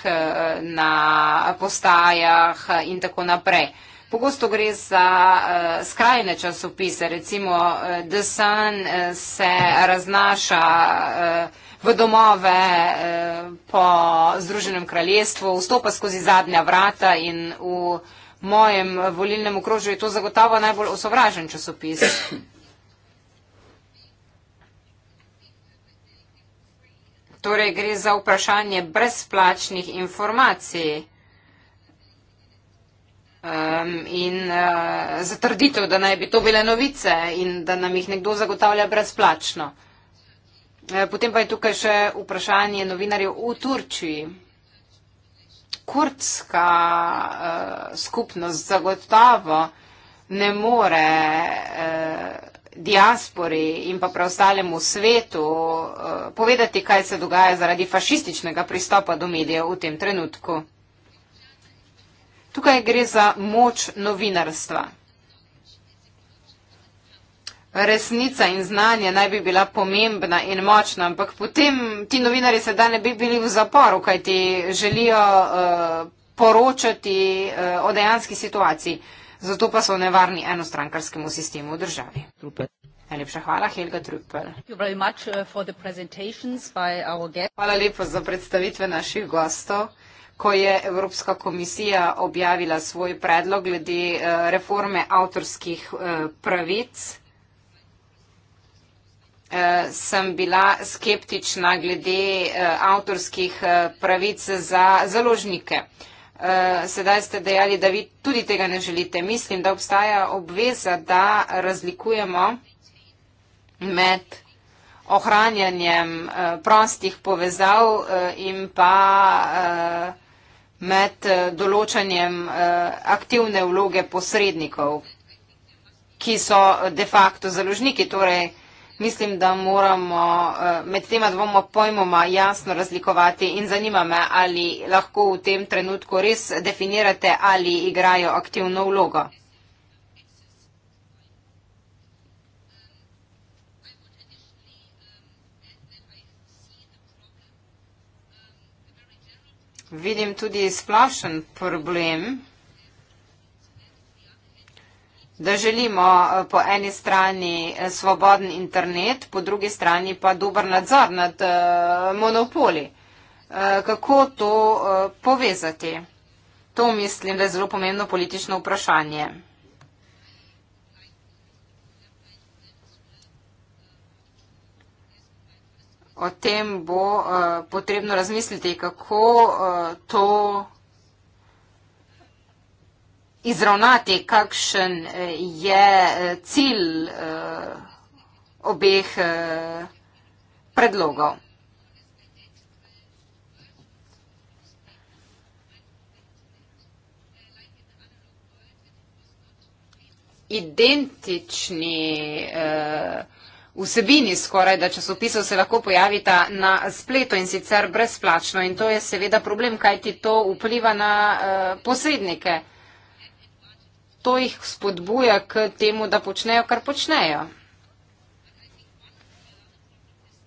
na postajah in tako naprej. Pogosto gre za uh, skrajne časopise, recimo uh, The Sun uh, se raznaša uh, v domove uh, po Združenem kraljestvu, vstopa skozi zadnja vrata in v mojem volilnem okrožju je to zagotovo najbolj osovražen časopis. Torej gre za vprašanje brezplačnih informacij. Um, in uh, zatrditev, da naj bi to bile novice in da nam jih nekdo zagotavlja brezplačno. E, potem pa je tukaj še vprašanje novinarjev v Turčiji. Kurdska uh, skupnost zagotavo ne more uh, diaspori in pa preostalemu svetu uh, povedati, kaj se dogaja zaradi fašističnega pristopa do medijev v tem trenutku. Tukaj gre za moč novinarstva. Resnica in znanje naj bi bila pomembna in močna, ampak potem ti novinari sedaj ne bi bili v zaporu, kaj ti želijo uh, poročati uh, o dejanski situaciji. Zato pa so nevarni enostrankarskemu sistemu v državi. Najlepša hvala, Helga Trupel. Eh, hvala lepa za predstavitve naših gostov ko je Evropska komisija objavila svoj predlog glede eh, reforme avtorskih eh, pravic, eh, sem bila skeptična glede avtorskih pravic za založnike. Sedaj ste dejali, da vi tudi tega ne želite. Mislim, da obstaja obveza, da razlikujemo med ohranjanjem eh, prostih povezav eh, in pa eh, med določanjem aktivne vloge posrednikov, ki so de facto založniki. Torej, mislim, da moramo med tema dvoma pojmoma jasno razlikovati in zanima me, ali lahko v tem trenutku res definirate, ali igrajo aktivno vlogo. vidim tudi splošen problem, da želimo eh, po eni strani eh, svoboden internet, po drugi strani pa dober nadzor nad eh, monopoli. Kako to povezati? To mislim, da je zelo pomembno politično vprašanje. o tem bo uh, potrebno razmisliti, kako uh, to izravnati, kakšen uh, je cilj uh, obeh uh, predlogov. identični uh, vsebini skoraj, da časopisov se lahko pojavita na spletu in sicer brezplačno. In to je seveda problem, kaj ti to vpliva na eh, posrednike. To jih spodbuja k temu, da počnejo, kar počnejo.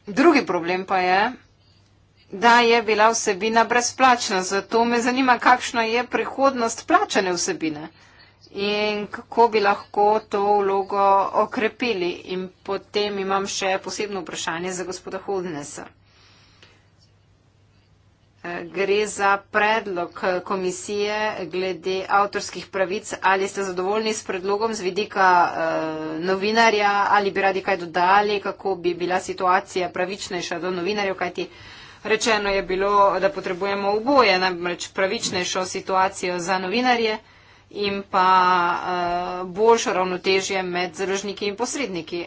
Drugi problem pa je, da je bila vsebina brezplačna. Zato me zanima, kakšna je prihodnost plačane vsebine in kako bi lahko to vlogo okrepili. In potem imam še posebno vprašanje za gospoda Holdnesa. Eh, gre za predlog komisije glede avtorskih pravic. Ali ste zadovoljni s predlogom z vidika eh, novinarja ali bi radi kaj dodali, kako bi bila situacija pravičnejša do novinarjev, kajti rečeno je bilo, da potrebujemo oboje, namreč pravičnejšo situacijo za novinarje. Eh, in pa uh, boljšo ravnotežje med založniki in posredniki.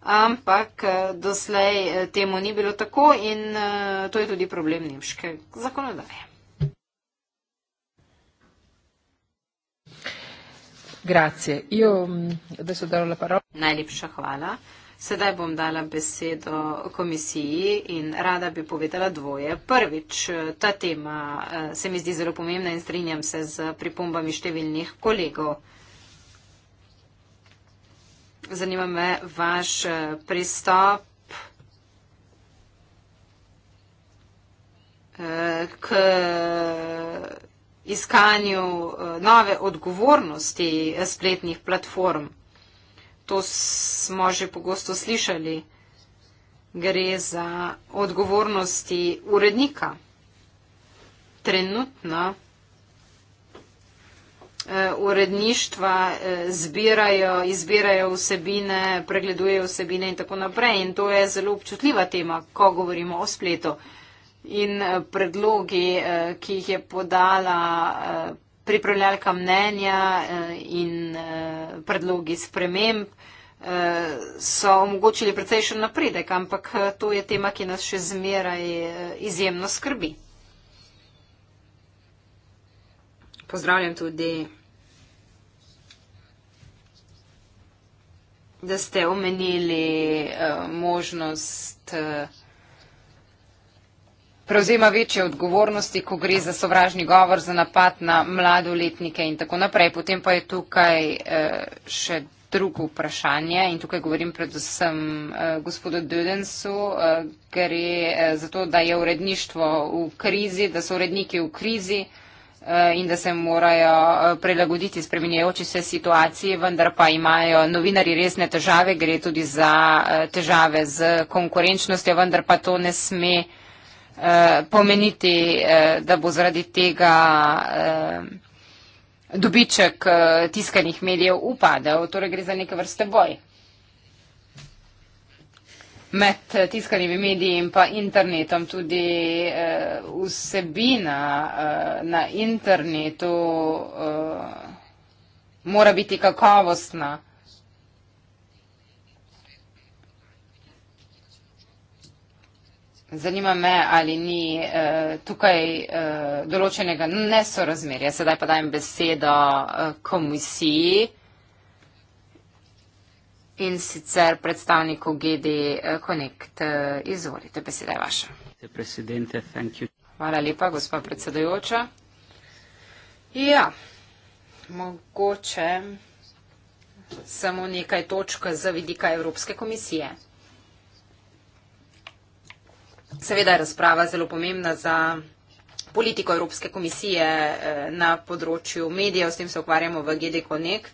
Ampak eh, doslej eh, temu ni bilo tako in uh, to je tudi problem nemške zakonodaje. Grazie. Io mm, adesso darò la parola. Najlepša hvala. Sedaj bom dala besedo komisiji in rada bi povedala dvoje. Prvič, ta tema eh, se mi zdi zelo pomembna in strinjam se z pripombami številnih kolegov. Zanima me vaš eh, pristop eh, k iskanju nove odgovornosti spletnih platform to smo že pogosto slišali, gre za odgovornosti urednika. Trenutno eh, uredništva eh, zbirajo, izbirajo vsebine, pregledujejo vsebine in tako naprej. In to je zelo občutljiva tema, ko govorimo o spletu. In eh, predlogi, ki jih je podala pripravljalka mnenja eh, in eh, predlogi sprememb eh, so omogočili precejšen napredek, ampak to je tema, ki nas še zmeraj izjemno skrbi. Pozdravljam tudi, da ste omenili možnost prevzema večje odgovornosti, ko gre za sovražni govor, za napad na mladoletnike in tako naprej. Potem pa je tukaj eh, še drugo vprašanje in tukaj govorim predvsem eh, gospodu Dödensu, eh, ker je eh, zato, da je uredništvo v krizi, da so uredniki v krizi eh, in da se morajo eh, prilagoditi spremenjajoči se situaciji, vendar pa imajo novinari resne težave, gre tudi za eh, težave z konkurenčnostjo, vendar pa to ne sme uh, Eh, pomeniti, eh, da bo zaradi tega eh, dobiček tiskanih medijev upadel. Torej gre za neke vrste boj med tiskanimi mediji in pa internetom. Tudi vsebina na internetu mora biti kakovostna. Zanima me, ali ni eh, tukaj eh, določenega nesorazmerja. Sedaj pa dajem besedo eh, komisiji in sicer predstavniku GD eh, Connect. Eh, izvolite, beseda je vaša. Hvala lepa, gospa predsedajoča. Ja, mogoče samo nekaj točk za vidika Evropske komisije. Seveda je razprava zelo pomembna za politiko Evropske komisije eh, na področju medijev, s tem se ukvarjamo v GD Connect,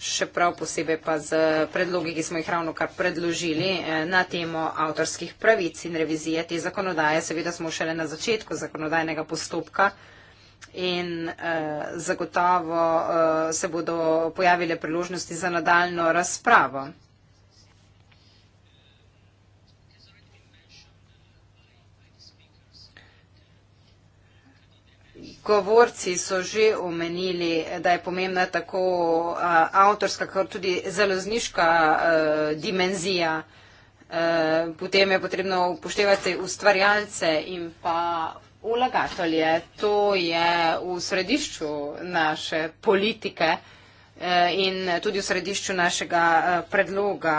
še prav posebej pa z predlogi, ki smo jih ravno kar predložili eh, na temo avtorskih pravic in revizije te zakonodaje. Seveda smo šele na začetku zakonodajnega postopka in eh, zagotovo se bodo pojavile priložnosti za nadaljno razpravo. govorci so že omenili, da je pomembna tako avtorska, kot tudi založniška dimenzija. Potem je potrebno upoštevati ustvarjalce in pa ulagatelje. To je v središču naše politike e, in tudi v središču našega predloga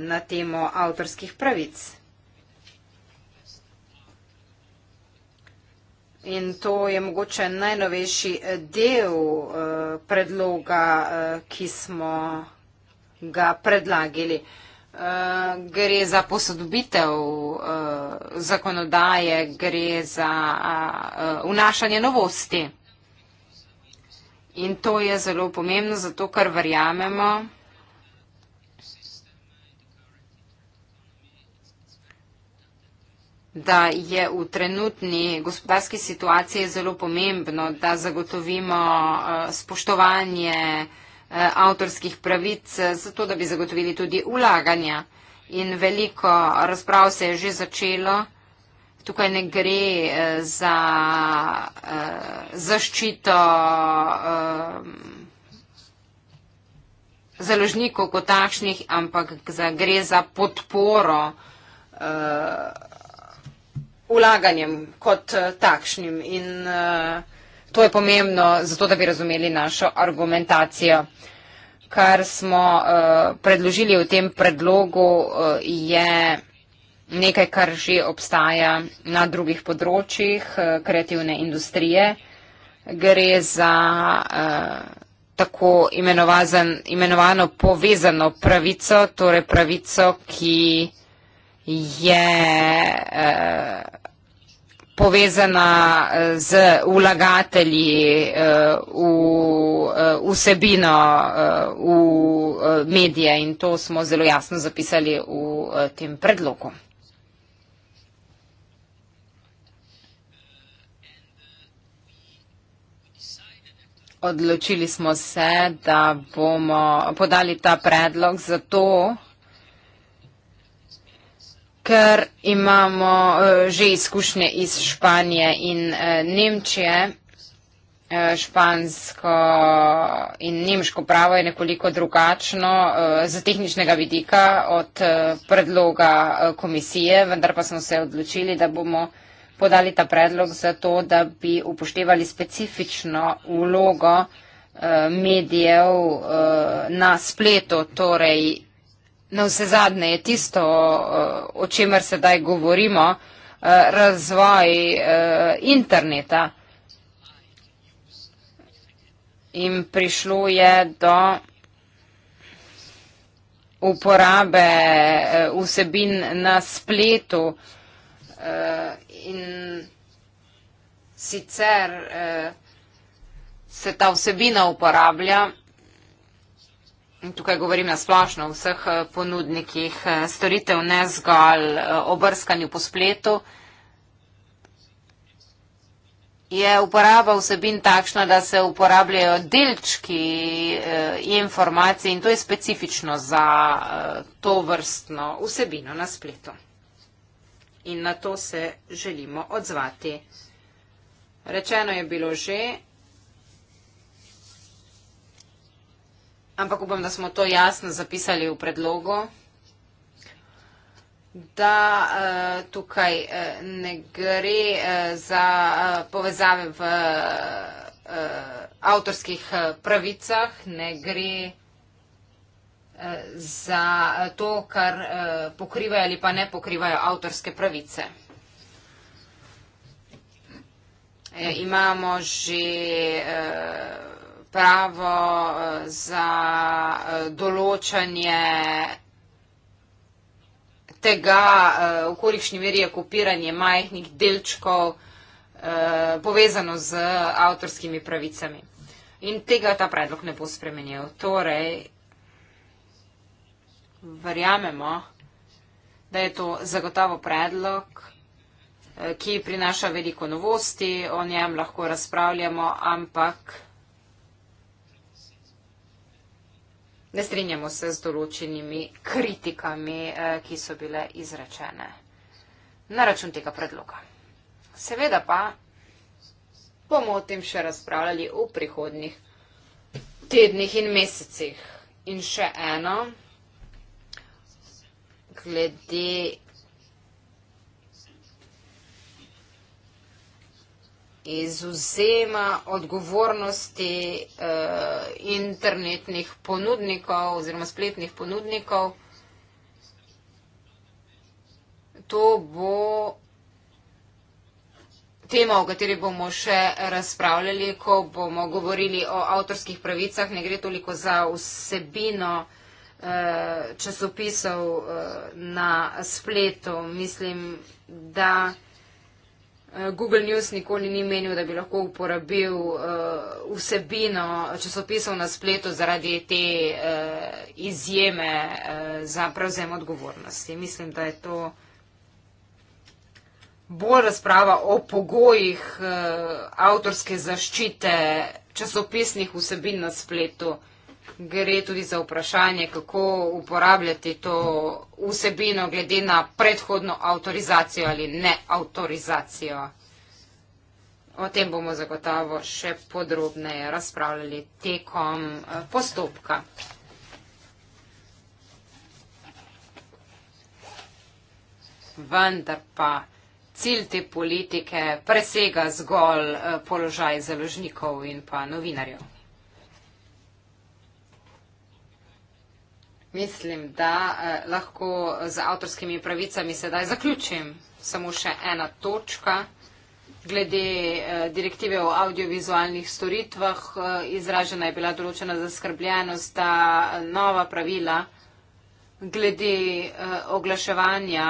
na temo avtorskih pravic. In to je mogoče najnovejši eh, del eh, predloga, eh, ki smo ga predlagili. Gre za posodobitev zakonodaje, gre za vnašanje novosti. In to je zelo pomembno, zato ker verjamemo, da je v trenutni gospodarski situaciji zelo pomembno, da zagotovimo eh, spoštovanje eh, avtorskih pravic, eh, zato da bi zagotovili tudi ulaganja. In veliko razprav se je že začelo. Tukaj ne gre za zaščito založnikov kot takšnih, ampak gre za podporo vlaganjem kot eh, takšnim. In eh, to je pomembno, zato da bi razumeli našo argumentacijo. Kar smo eh, predložili v tem predlogu je nekaj, kar že obstaja na drugih področjih kreativne industrije. Gre za tako imenovano povezano pravico, torej pravico, ki je eh, povezana eh, z vlagatelji eh, v vsebino v medije in to smo zelo jasno zapisali v tem predlogu. Odločili smo se, da bomo podali ta predlog za to, da bomo podali ta predlog za to, ker imamo uh, že izkušnje iz Španije in uh, Nemčije. Uh, špansko in nemško pravo je nekoliko drugačno uh, z tehničnega vidika od uh, predloga uh, komisije, vendar pa smo se odločili, da bomo podali ta predlog za to, da bi upoštevali specifično vlogo medijev na spletu, torej Na vse zadnje je tisto, eh, o čemer sedaj govorimo, eh, razvoj eh, interneta. In prišlo je do uporabe vsebin na spletu in sicer se ta vsebina uporablja. Tukaj govorim na splošno o vseh eh, ponudnikih eh, storitev, ne zgolj eh, obrskanju po spletu. Je uporaba vsebin takšna, da se uporabljajo delčki informacij in to je specifično za to vrstno vsebino na spletu. In na to se želimo odzvati. Rečeno je bilo že, ampak upam, da smo to jasno zapisali v predlogu, da uh, tukaj uh, ne gre uh, za uh, povezave v uh, avtorskih pravicah, ne gre za to, kar pokrivajo ali pa ne pokrivajo avtorske pravice. E, imamo že. Uh, pravo eh, za eh, določanje tega, eh, v kolikšni veri je kopiranje majhnih delčkov povezano z avtorskimi pravicami. In tega ta predlog ne bo spremenil. Torej, verjamemo, da je to zagotovo predlog, ki prinaša veliko novosti, o njem lahko razpravljamo, ampak. ne strinjamo se z določenimi kritikami, eh, ki so bile izrečene na račun tega predloga. Seveda pa bomo o tem še razpravljali v prihodnih tednih in mesecih. In še eno, glede izuzema odgovornosti uh, internetnih ponudnikov oziroma spletnih ponudnikov. To bo tema, o kateri bomo še razpravljali, ko bomo govorili o avtorskih pravicah. Ne gre toliko za vsebino uh, časopisov uh, na spletu. Mislim, da. Eh, Google News nikoli ni menil, da bi lahko uporabil uh, vsebino časopisov na spletu zaradi te uh, izjeme uh, za prevzem odgovornosti. Mislim, da je to bolj razprava o pogojih uh, avtorske zaščite časopisnih vsebin na spletu gre tudi za vprašanje, kako uporabljati to vsebino glede na predhodno avtorizacijo ali neautorizacijo. O tem bomo zagotovo še podrobneje razpravljali tekom eh, postopka. Vendar pa cilj te politike presega zgolj eh, položaj založnikov in pa novinarjev. Mislim, da eh, lahko z avtorskimi pravicami sedaj zaključim. Samo še ena točka. Glede eh, direktive o audiovizualnih storitvah eh, izražena je bila določena zaskrbljenost, da eh, nova pravila glede eh, oglaševanja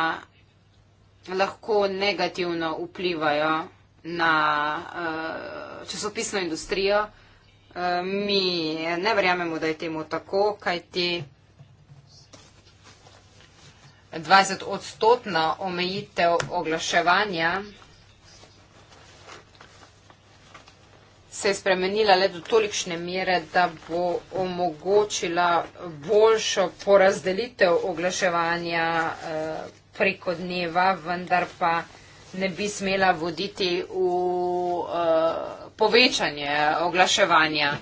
lahko negativno vplivajo na eh, časopisno industrijo. Eh, mi ne verjamemo, da je temu tako, kaj ti. Te 20 odstotna omejitev oglaševanja se je spremenila le do tolikšne mere, da bo omogočila boljšo porazdelitev oglaševanja eh, preko dneva, vendar pa ne bi smela voditi v eh, povečanje oglaševanja.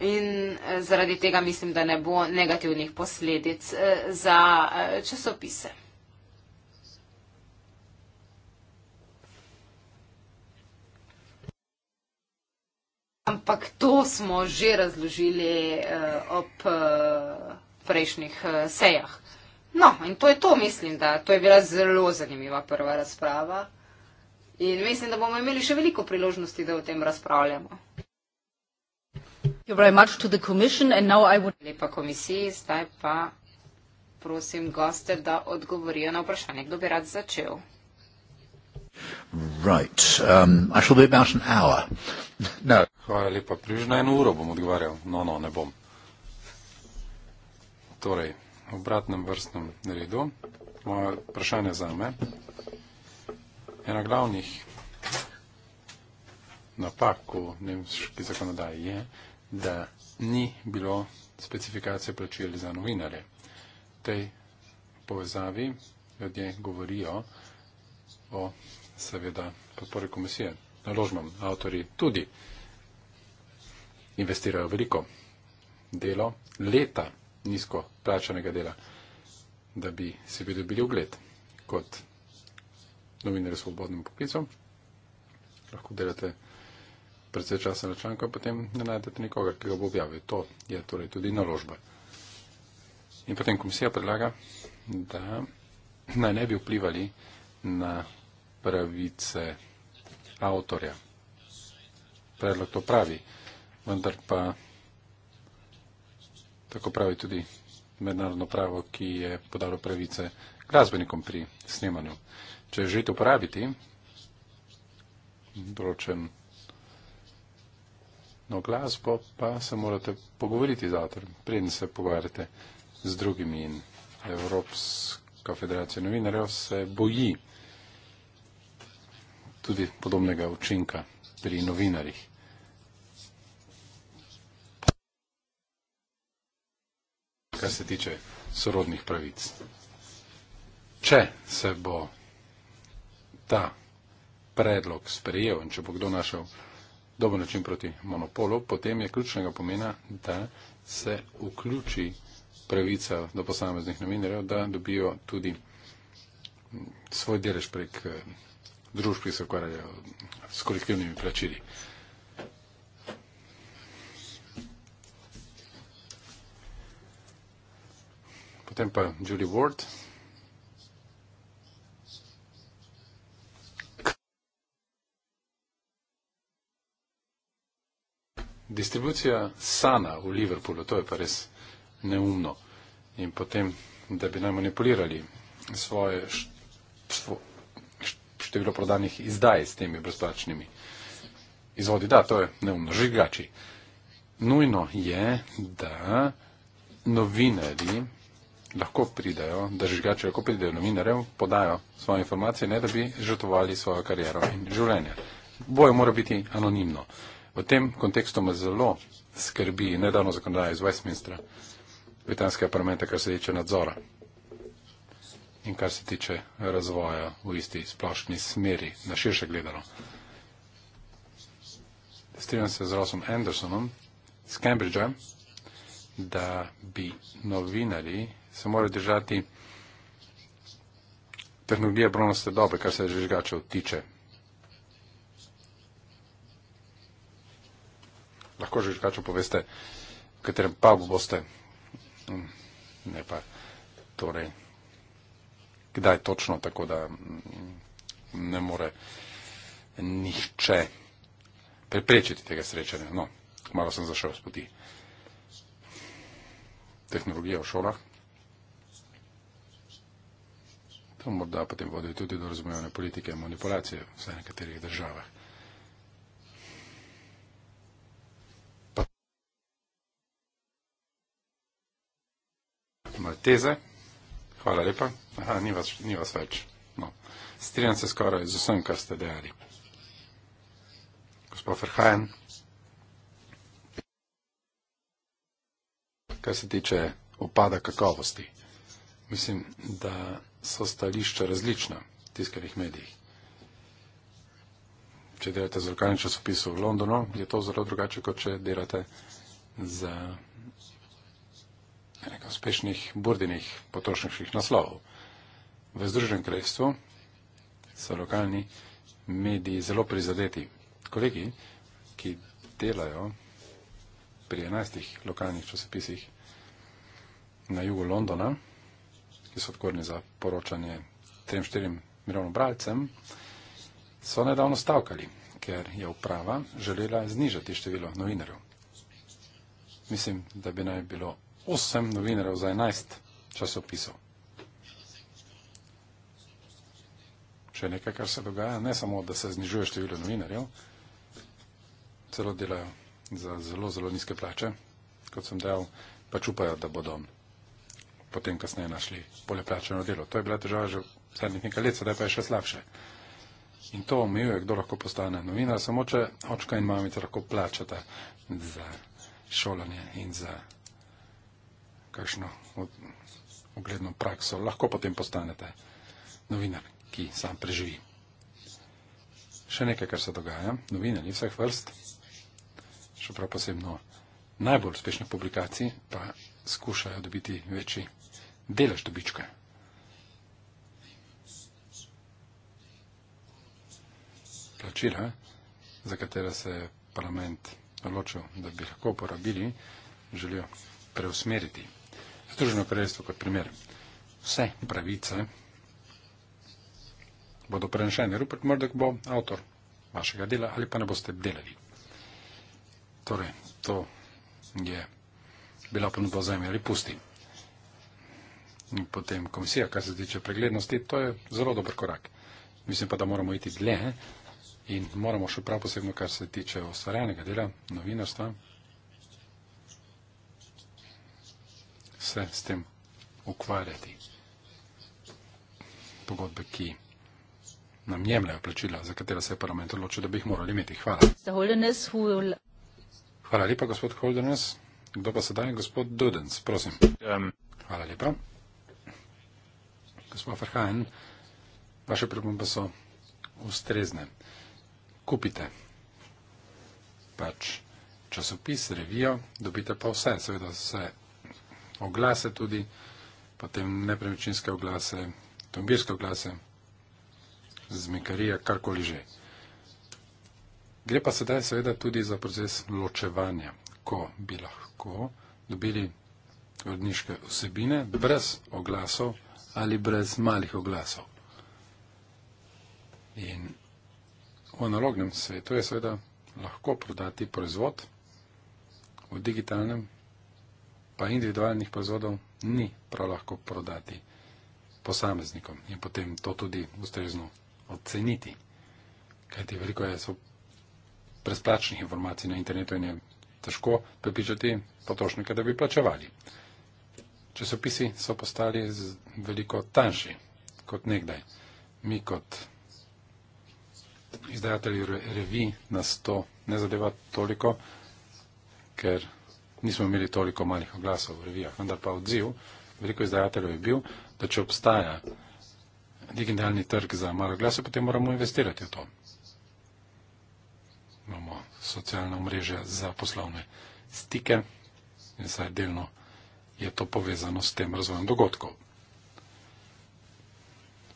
In eh, zaradi tega mislim, da ne bo negativnih posledic eh, za eh, časopise. Ampak to smo že razložili ob prejšnjih sejah. No, in to je to, mislim, da to je bila zelo zanimiva prva razprava. In mislim, da bomo imeli še veliko priložnosti, da o tem razpravljamo. Lepa komisiji, zdaj pa prosim goste, da odgovorijo na vprašanje. Kdo bi rad začel? Right. Um, no. Hvala lepa. Približno eno uro bom odgovarjal. No, no, ne bom. Torej, v obratnem vrstnem redu. Moje vprašanje za me. Ena glavnih napak v nemški zakonodaji je, da ni bilo specifikacije plačil za novinare. V tej povezavi ljudje govorijo o seveda podpori komisije. Naložbam, avtori tudi investirajo veliko delo, leta nizko plačanega dela, da bi se bi dobili ugled kot novinar s svobodnim poklicom. Lahko delate precej časa račun, ko potem ne najdete nikogar, ki ga bo objavil. To je torej tudi naložba. In potem komisija predlaga, da naj ne bi vplivali na pravice avtorja. Predlog to pravi, vendar pa tako pravi tudi mednarodno pravo, ki je podalo pravice glasbenikom pri snemanju. Če želite uporabiti določen no glasbo pa se morate pogovoriti z avtorjem, preden se pogovarjate z drugimi in Evropska federacija novinarjev se boji tudi podobnega učinka pri novinarjih. kar se tiče sorodnih pravic. Če se bo ta predlog sprejel in če bo kdo našel dober način proti monopolu, potem je ključnega pomena, da se vključi pravica do posameznih novinarjev, da dobijo tudi svoj delež prek eh, družb, ki se ukvarjajo s kolektivnimi plačili. Potem pa Julie Ward. distribucija Sana v Liverpoolu, to je pa res neumno. In potem, da bi naj manipulirali svoje število prodanih izdaj s temi brezplačnimi izvodi. Da, to je neumno, žigači. Nujno je, da novinari lahko pridajo, da žigači lahko pridajo novinarjem, podajo svoje informacije, ne da bi žrtovali svojo kariero in življenje. Boje mora biti anonimno. V tem kontekstu me zelo skrbi nedavno zakonodaja iz Westminstra, britanskega parlamenta, kar se tiče nadzora in kar se tiče razvoja v isti splošni smeri, na širše gledano. Strinjam se z Rossom Andersonom iz Cambridgea, da bi novinari se morali držati tehnologije bronaste dobe, kar se žvižgačev tiče. lahko že kakšno poveste, v katerem pa boste. Mm, ne pa torej, kdaj točno, tako da mm, ne more nihče preprečiti tega srečanja. No, malo sem zašel s poti. Tehnologija v šolah. To morda potem vodi tudi do razumevanja politike in manipulacije v vseh nekaterih državah. Malteze. Hvala lepa. Aha, ni vas, ni vas več. No. Strinjam se skoraj z vsem, kar ste dejali. Gospod Ferhajen. Kar se tiče upada kakovosti, mislim, da so stališča različna v tiskanih medijih. Če delate za lokalni časopis v Londonu, je to zelo drugače, kot če delate za enega uspešnih burdinih potrošniških naslovov. V Združenem kraljestvu so lokalni mediji zelo prizadeti. Kolegi, ki delajo pri enajstih lokalnih časopisih na jugu Londona, ki so odgovorni za poročanje trem, štirim milijonom bralcem, so nedavno stavkali, ker je uprava želela znižati število novinarjev. Mislim, da bi naj bilo osem novinarjev za enajst časopisov. Če je nekaj, kar se dogaja, ne samo, da se znižuje število novinarjev, celo delajo za zelo, zelo nizke plače, kot sem dejal, pa čupajo, da bodo potem kasneje našli bolje plačeno delo. To je bila težava že zadnjih nekaj let, sedaj pa je še slabše. In to omejuje, kdo lahko postane novinar, samo če očka in mamica lahko plačata za šolanje in za kakšno ogledno prakso, lahko potem postanete novinar, ki sam preživi. Še nekaj, kar se dogaja, novinarji vseh vrst, še prav posebno najbolj uspešnih publikacij, pa skušajo dobiti večji delež dobička. Plačila, za katera se je parlament odločil, da bi lahko uporabili, želijo preusmeriti. Združeno kraljestvo kot primer. Vse pravice bodo prenešene. Rupert Murdoch bo avtor vašega dela ali pa ne boste delali. Torej, to je bila ponudba zemlje ali pusti. In potem komisija, kar se tiče preglednosti, to je zelo dober korak. Mislim pa, da moramo iti dlje in moramo še prav posebno, kar se tiče ustvarjanega dela, novinarstva. se s tem ukvarjati. Pogodbe, ki nam jemljajo plačila, za katera se je parlament odločil, da bi jih morali imeti. Hvala. Hvala lepa, gospod Holdenes. Kdo pa sedaj? Gospod Dudens, prosim. Um. Hvala lepa. Gospod Farhajen, vaše pripombe so ustrezne. Kupite pač časopis, revijo, dobite pa vse, seveda vse oglase tudi, potem nepremičninske oglase, tombirske oglase, zmikarija, karkoli že. Gre pa sedaj seveda tudi za proces ločevanja, ko bi lahko dobili vrdniške vsebine brez oglasov ali brez malih oglasov. In v analognem svetu je seveda lahko prodati proizvod v digitalnem pa individualnih proizvodov ni prav lahko prodati posameznikom in potem to tudi ustrezno oceniti. Kajti veliko je so presplačnih informacij na internetu in je težko prepričati potrošnike, da bi plačevali. Časopisi so postali veliko tanjši kot nekdaj. Mi kot izdajatelji revij nas to ne zadeva toliko, ker nismo imeli toliko malih oglasov v revijah, vendar pa odziv veliko izdajateljev je bil, da če obstaja digitalni trg za malo oglasov, potem moramo investirati v to. Imamo socialna mreža za poslovne stike in saj delno je to povezano s tem razvojem dogodkov.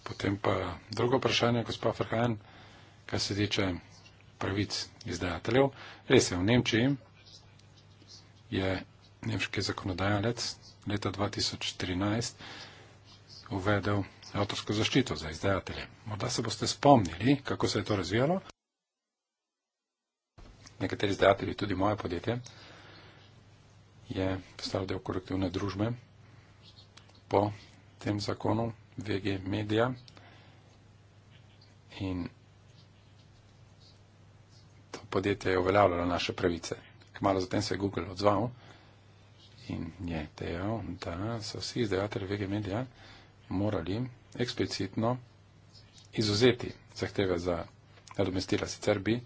Potem pa drugo vprašanje, gospod Ferhajn, kar se tiče pravic izdajateljev. Res je, v Nemčiji je nemški zakonodajalec leta 2013 uvedel avtorsko zaščito za izdajatelje. Morda se boste spomnili, kako se je to razvijalo. Nekateri izdajatelji, tudi moje podjetje, je postalo del kolektivne družbe po tem zakonu VG Media in to podjetje je uveljavljalo naše pravice kmalo zatem se je Google odzval in je dejal, da so vsi izdajatelji VG Media morali eksplicitno izuzeti zahteve za nadomestila. Sicer bi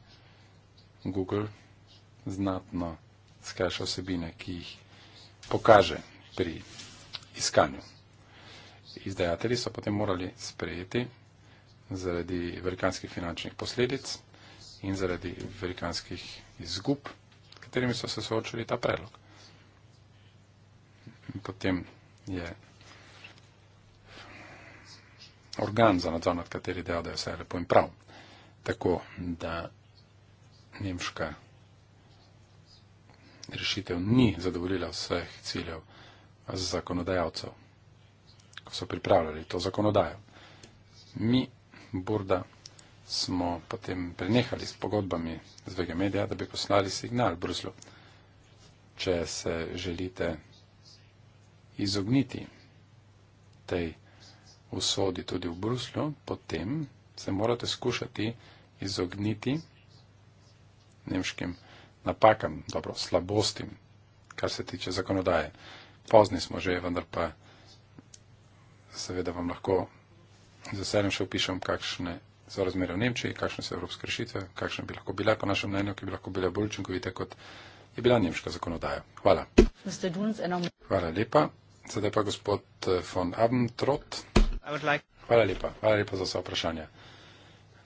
Google znatno skrajšal vsebine, ki jih pokaže pri iskanju. Izdajatelji so potem morali sprejeti zaradi velikanskih finančnih posledic in zaradi velikanskih izgub katerimi so se soočili ta predlog. Potem je organ za nadzor, nad kateri dejal, da je vse lepo in prav. Tako, da nemška rešitev ni zadovoljila vseh ciljev zakonodajalcev, ko so pripravljali to zakonodajo. Mi, Burda, smo potem prenehali s pogodbami z VG Media, da bi poslali signal Bruslu, če se želite izogniti tej usodi tudi v Bruslu, potem se morate skušati izogniti nemškim napakam, dobro, slabostim, kar se tiče zakonodaje. Pozni smo že, vendar pa seveda vam lahko z veseljem še upišem, kakšne so razmere v Nemčiji, kakšne so evropske rešitve, kakšne bi lahko bile po našem mnenju, ki bi lahko bile bolj učinkovite, kot je bila nemška zakonodaja. Hvala. Hvala lepa. Sedaj pa gospod eh, von Abentrot. Hvala lepa. Hvala lepa za vse vprašanja.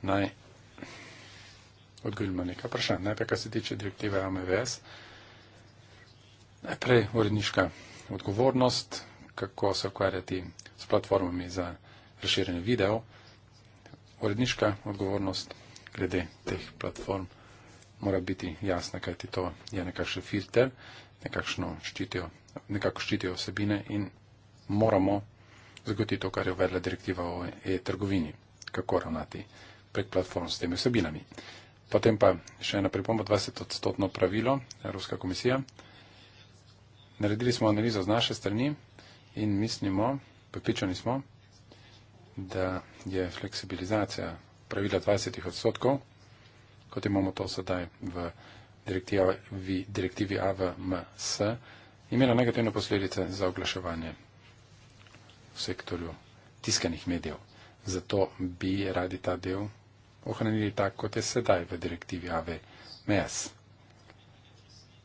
Naj odgovorimo nekaj vprašanj. Najprej, kar se tiče direktive AMVS. Najprej uredniška odgovornost, kako se ukvarjati s platformami za razširjanje videov uredniška odgovornost glede teh platform mora biti jasna, kajti to je nekakšen filter, nekakšno ščitijo, nekako ščitijo osebine in moramo zagotiti to, kar je uvedla direktiva o e-trgovini, kako ravnati prek platform s temi osebinami. Potem pa še ena pripomba, 20 odstotno pravilo, Evropska komisija. Naredili smo analizo z naše strani in mislimo, pripričani smo, da je fleksibilizacija pravila 20 odstotkov, kot imamo to sedaj v direktivi, direktivi AVMS, imela negativne posledice za oglaševanje v sektorju tiskanih medijev. Zato bi radi ta del ohranili tako, kot je sedaj v direktivi AVMS.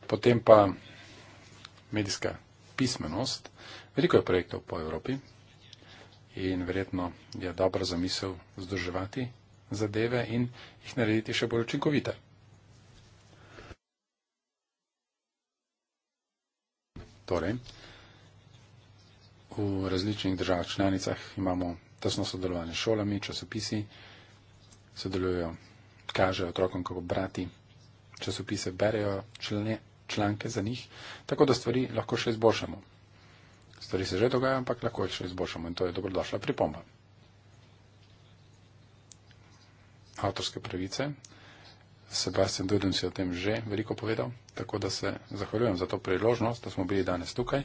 Potem pa medijska pismenost. Veliko je projektov po Evropi, in verjetno je dobro zamisel združevati zadeve in jih narediti še bolj učinkovite. Torej, v različnih državah članicah imamo tesno sodelovanje s šolami, časopisi, sodelujejo, kažejo otrokom, kako brati časopise, berejo člane, članke za njih, tako da stvari lahko še izboljšamo stvari se že dogajajo, ampak lahko jih še izboljšamo in to je dobrodošla pripomba. Avtorske pravice. Sebastian Duden si o tem že veliko povedal, tako da se zahvaljujem za to priložnost, da smo bili danes tukaj,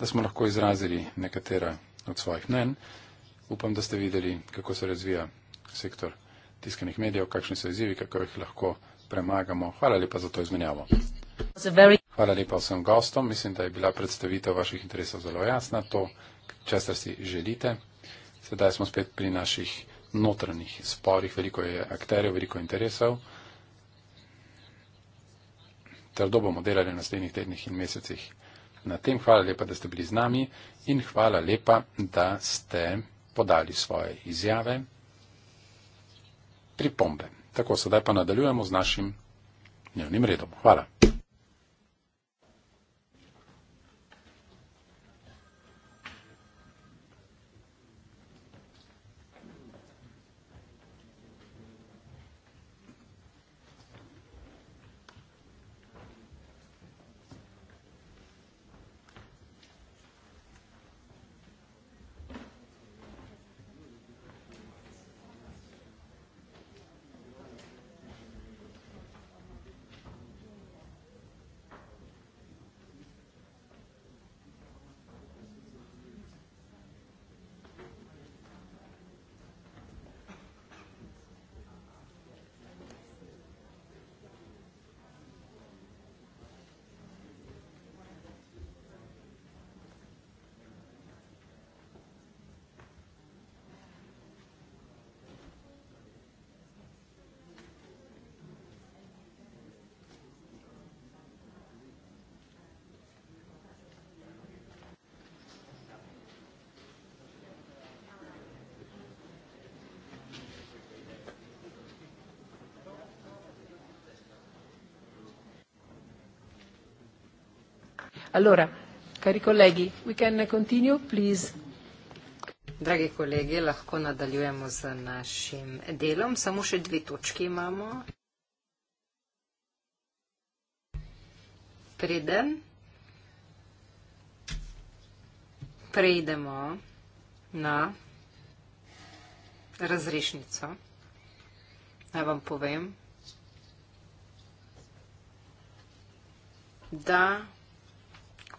da smo lahko izrazili nekatera od svojih mnen. Upam, da ste videli, kako se razvija sektor tiskanih medijev, kakšni so izzivi, kako jih lahko premagamo. Hvala lepa za to izmenjavo. Hvala lepa vsem gostom. Mislim, da je bila predstavitev vaših interesov zelo jasna. To, česar si želite. Sedaj smo spet pri naših notranjih sporih. Veliko je akterjev, veliko interesov. Trdo bomo delali v naslednjih tednih in mesecih na tem. Hvala lepa, da ste bili z nami in hvala lepa, da ste podali svoje izjave, pripombe. Tako, sedaj pa nadaljujemo z našim dnevnim redom. Hvala. Dragi kolegi, lahko nadaljujemo z našim delom. Samo še dve točki imamo. Preden preidemo na razrešnico, naj vam povem, da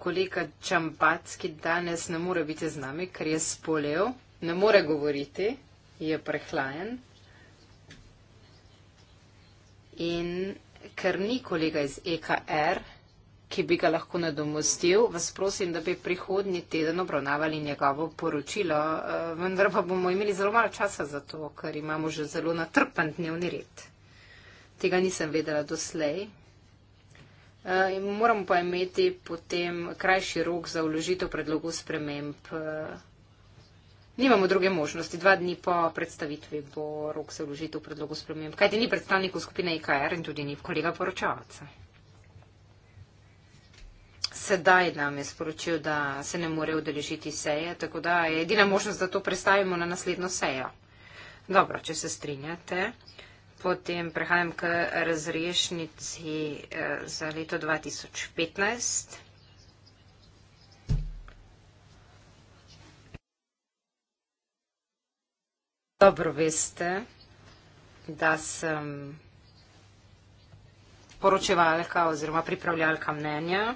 kolega Čampac, ki danes ne more biti z nami, ker je spolev, ne more govoriti, je prehlajen. In ker ni kolega iz EKR, ki bi ga lahko nadomostil, vas prosim, da bi prihodnji teden obravnavali njegovo poročilo, eh, vendar pa bomo imeli zelo malo časa za to, ker imamo že zelo natrpan dnevni red. Tega nisem vedela doslej, Eh, moramo pa imeti potem krajši rok za uložitev predlogov sprememb. Eh, nimamo druge možnosti. Dva dni po predstavitvi bo rok za uložitev predlogov sprememb. Kaj ti ni predstavnikov skupine IKR e in tudi ni kolega poročavca? Sedaj nam je sporočil, da se ne more udeležiti seje, tako da je edina možnost, da to predstavimo na naslednjo sejo. Dobro, če se strinjate. Uh, Potem prehajam k razrešnici eh, za leto 2015. Dobro veste, da sem poročevalka oziroma pripravljalka mnenja.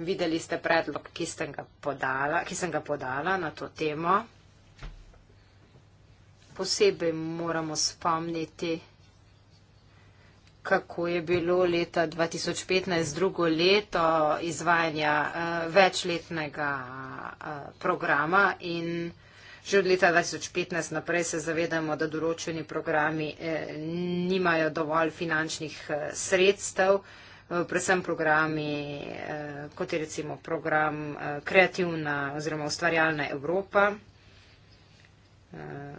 videli ste predlog, ki, podala, ki sem ga podala na to temo. Posebej moramo spomniti, kako je bilo leta 2015 drugo leto izvajanja uh, večletnega uh, programa in že od leta 2015 naprej se zavedamo, da določeni programi uh, nimajo dovolj finančnih uh, sredstev. Uh, Eh, predvsem programi, eh, kot je recimo program eh, Kreativna oziroma Ustvarjalna Evropa.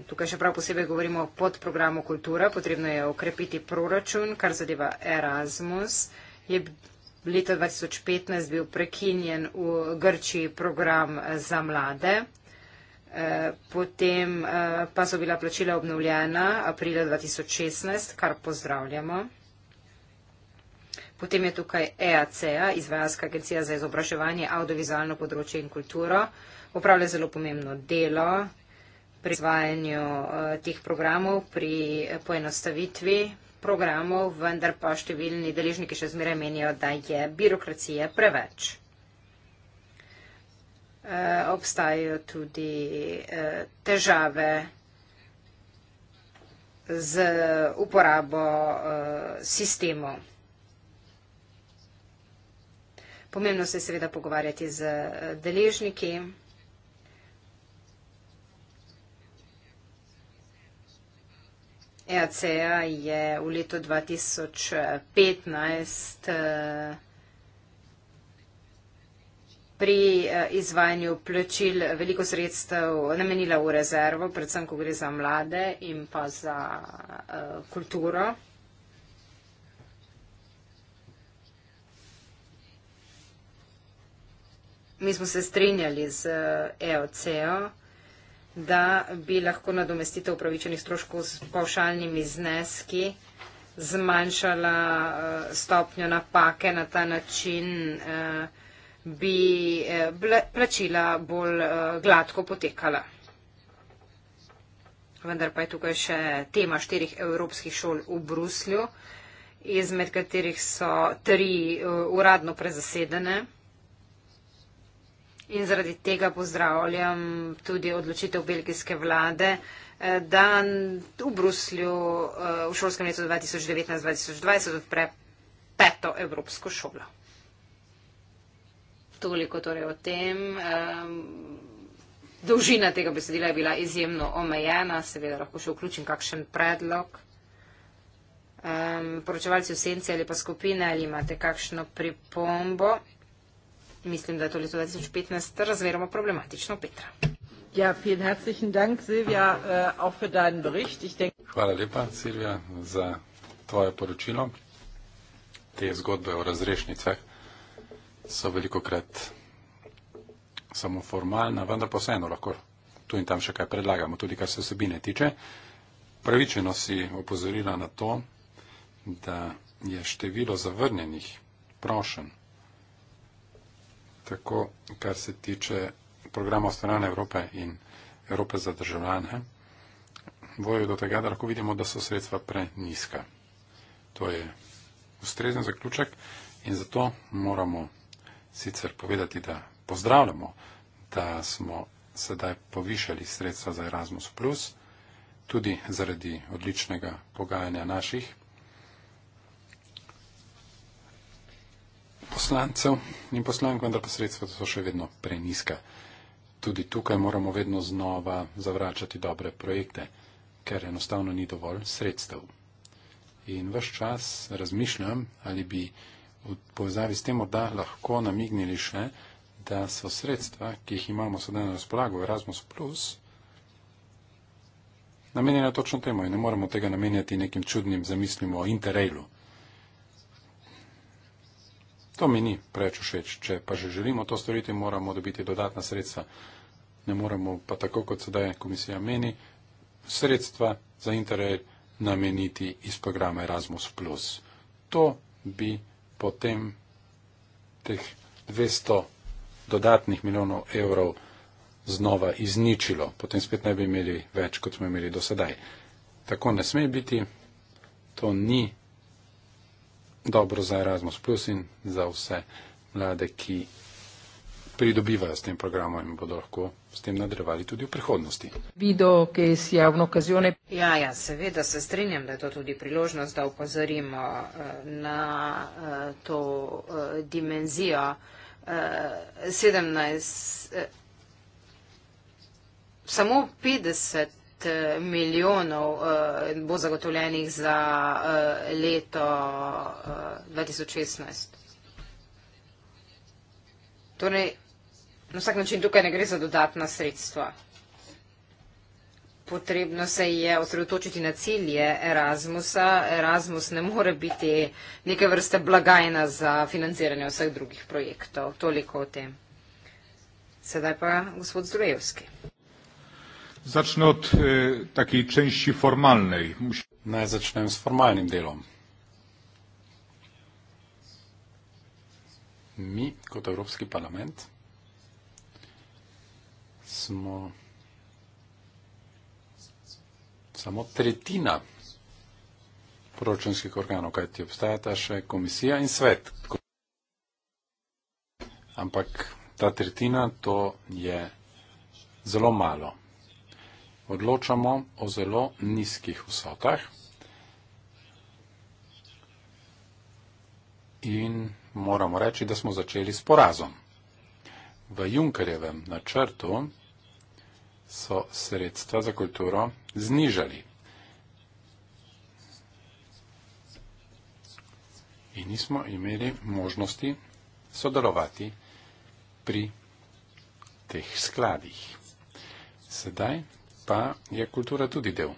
Tukaj še prav posebej govorimo o podprogramu kultura, potrebno je okrepiti proračun, kar zadeva Erasmus. Je leta 2015 bil prekinjen v Grčiji program za mlade, potem pa so bila plačila obnovljena aprila 2016, kar pozdravljamo. Potem je tukaj EAC, Izvajalska agencija za izobraževanje, audiovizualno področje in kulturo. Opravlja zelo pomembno delo pri izvajanju uh, teh programov, pri poenostavitvi programov, vendar pa številni deležniki še zmeraj menijo, da je birokracije preveč. E, obstajajo tudi e, težave z uporabo e, sistemov. Pomembno se je seveda pogovarjati z eh, deležniki. EACA je v letu 2015 eh, pri eh, izvajanju plačil veliko sredstev namenila v rezervo, predvsem ko gre za mlade in pa za kulturo. Mi smo se strinjali z EOC-o, eh, e da bi lahko nadomestitev upravičenih stroškov s pavšalnimi zneski zmanjšala eh, stopnjo napake na ta način, eh, bi plačila bolj gladko potekala. Vendar pa je tukaj še tema štirih evropskih šol v Bruslju, izmed katerih so tri uradno prezasedene in zaradi tega pozdravljam tudi odločitev belgijske vlade, eh, da v Bruslju eh, v šolskem letu 2019-2020 odpre peto evropsko šolo. Toliko torej o tem. Ehm, dolžina tega besedila je bila izjemno omejena, seveda lahko še vključim kakšen predlog. Um, poročevalci v senci ali pa skupine, ali imate kakšno pripombo? mislim, da je to leto 2015 razmeroma problematično, Petra. Ja, vielen herzlichen Dank, Silvia, uh, auch für deinen Bericht. Ich denk... Hvala lepa, Silvia, za tvoje poročilo. Te zgodbe o razrešnicah so veliko krat samo formalna, vendar pa vseeno lahko tu in tam še kaj predlagamo, tudi kar se vsebine tiče. Pravičeno si opozorila na to, da je število zavrnjenih prošenj tako, kar se tiče programa Ostanane Evrope in Evrope za državljane, vojo do tega, da lahko vidimo, da so sredstva preniska. To je ustrezen zaključek in zato moramo sicer povedati, da pozdravljamo, da smo sedaj povišali sredstva za Erasmus+, tudi zaradi odličnega pogajanja naših poslancev in poslank, vendar pa sredstva so še vedno preniska. Tudi tukaj moramo vedno znova zavračati dobre projekte, ker enostavno ni dovolj sredstev. In vaš čas razmišljam, ali bi v povezavi s tem morda lahko namignili še, da so sredstva, ki jih imamo sedaj na razpolago v Erasmus Plus, namenjena točno temu in ne moremo tega namenjati nekim čudnim zamislim o interrailu. To mi ni preveč všeč. Če pa že želimo to storiti, moramo dobiti dodatna sredstva. Ne moremo pa tako, kot sedaj komisija meni, sredstva za interrej nameniti iz programa Erasmus. To bi potem teh 200 dodatnih milijonov evrov znova izničilo. Potem spet ne bi imeli več, kot smo imeli do sedaj. Tako ne sme biti. To ni dobro za Erasmus Plus in za vse mlade, ki pridobivajo s tem programom in bodo lahko s tem nadrevali tudi v prihodnosti. Video, ki je s javno okazione. Ja, ja, seveda se strinjam, da je to tudi priložnost, da upozorimo eh, na eh, to eh, dimenzijo 17. Samo 50 Eh, milijonov uh, bo zagotovljenih za uh, leto uh, 2016. Torej, na vsak način tukaj ne gre za dodatna sredstva. Potrebno se je osredotočiti na cilje Erasmusa. Erasmus ne more biti neke vrste blagajna za financiranje vseh drugih projektov. Toliko o tem. Sedaj pa gospod Zdrojevski. Začnę od y, e, takiej części formalnej. Musi... No ja zacznę z formalnym delom. My, jako Europejski Parlament, jesteśmy samo tretina proračunskih organov, kajti obstajata še komisija in svet. Ampak ta tretjina to je zelo malo odločamo o zelo nizkih vsotah in moramo reči, da smo začeli s porazom. V Junkerjevem načrtu so sredstva za kulturo znižali. In nismo imeli možnosti sodelovati pri teh skladih. Sedaj pa je kultura tudi del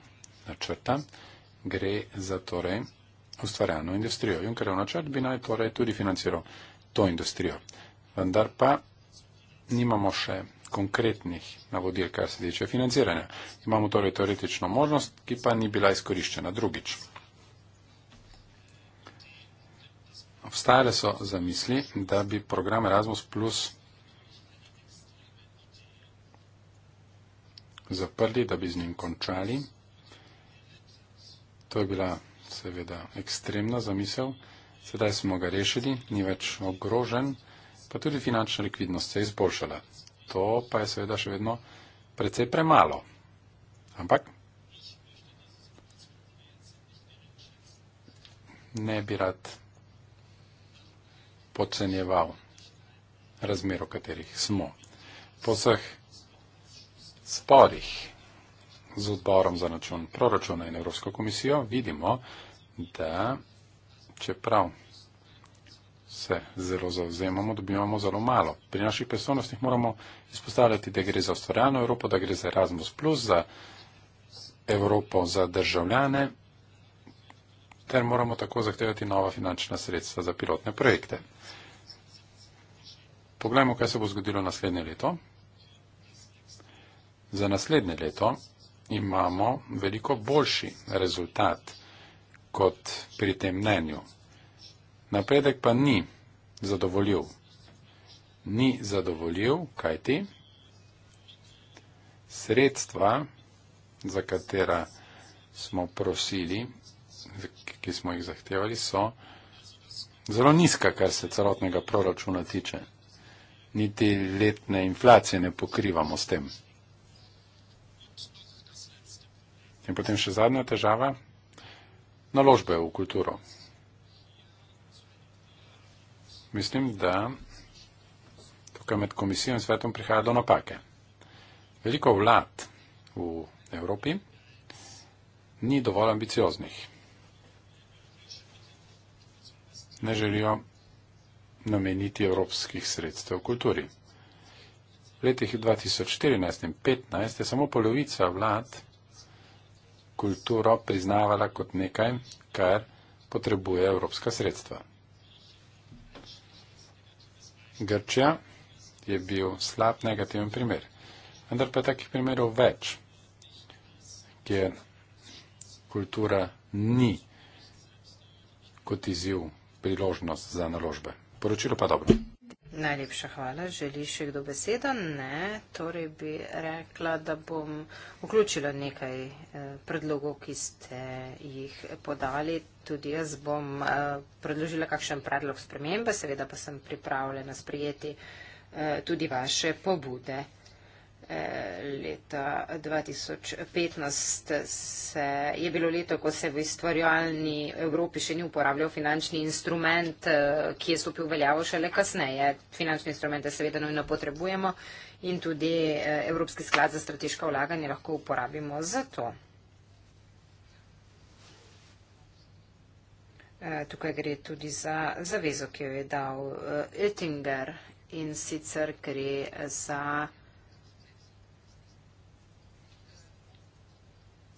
načrta, gre za torej ustvarjalno industrijo. Junkerov načrt bi naj torej tudi financiral to industrijo. Vendar pa nimamo še konkretnih navodil, kar se tiče financiranja. Imamo torej teoretično možnost, ki pa ni bila izkoriščena drugič. Obstajale so zamisli, da bi program Erasmus Plus zaprli, da bi z njim končali. To je bila seveda ekstremna zamisel. Sedaj smo ga rešili, ni več ogrožen, pa tudi finančna likvidnost se je izboljšala. To pa je seveda še vedno precej premalo. Ampak ne bi rad podcenjeval razmer, v katerih smo. Po vseh sporih z odborom za račun proračuna in Evropsko komisijo, vidimo, da čeprav se zelo zauzemamo, dobivamo zelo malo. Pri naših predstavnostih moramo izpostavljati, da gre za ustvarjalno Evropo, da gre za Erasmus, za Evropo za državljane, ter moramo tako zahtevati nova finančna sredstva za pilotne projekte. Poglejmo, kaj se bo zgodilo naslednje leto. Za naslednje leto imamo veliko boljši rezultat kot pri tem mnenju. Napredek pa ni zadovoljiv. Ni zadovoljiv, kaj ti? Sredstva, za katera smo prosili, ki smo jih zahtevali, so zelo nizka, kar se celotnega proračuna tiče. Niti letne inflacije ne pokrivamo s tem. In potem še zadnja težava, naložbe v kulturo. Mislim, da tukaj med komisijo in svetom prihaja do napake. Veliko vlad v Evropi ni dovolj ambicioznih. Ne želijo nameniti evropskih sredstev kulturi. V letih 2014 in 2015 je samo polovica vlad kulturo priznavala kot nekaj, kar potrebuje evropska sredstva. Grčija je bil slab negativen primer, vendar pa je takih primerov več, kjer kultura ni kot izjiv priložnost za naložbe. Poročilo pa dobro. Najlepša hvala. Želi še kdo besedo? Ne. Torej bi rekla, da bom vključila nekaj eh, predlogov, ki ste jih podali. Tudi jaz bom eh, predložila kakšen predlog spremembe, seveda pa sem pripravljena sprijeti eh, tudi vaše pobude leta 2015 se, je bilo leto, ko se v ustvarjalni Evropi še ni uporabljal finančni instrument, eh, ki je stopil veljavo šele kasneje. Finančne instrumente seveda nujno potrebujemo in tudi eh, Evropski sklad za strateška vlaganja lahko uporabimo za to. Eh, tukaj gre tudi za zavezo, ki jo je dal Ettinger in sicer gre za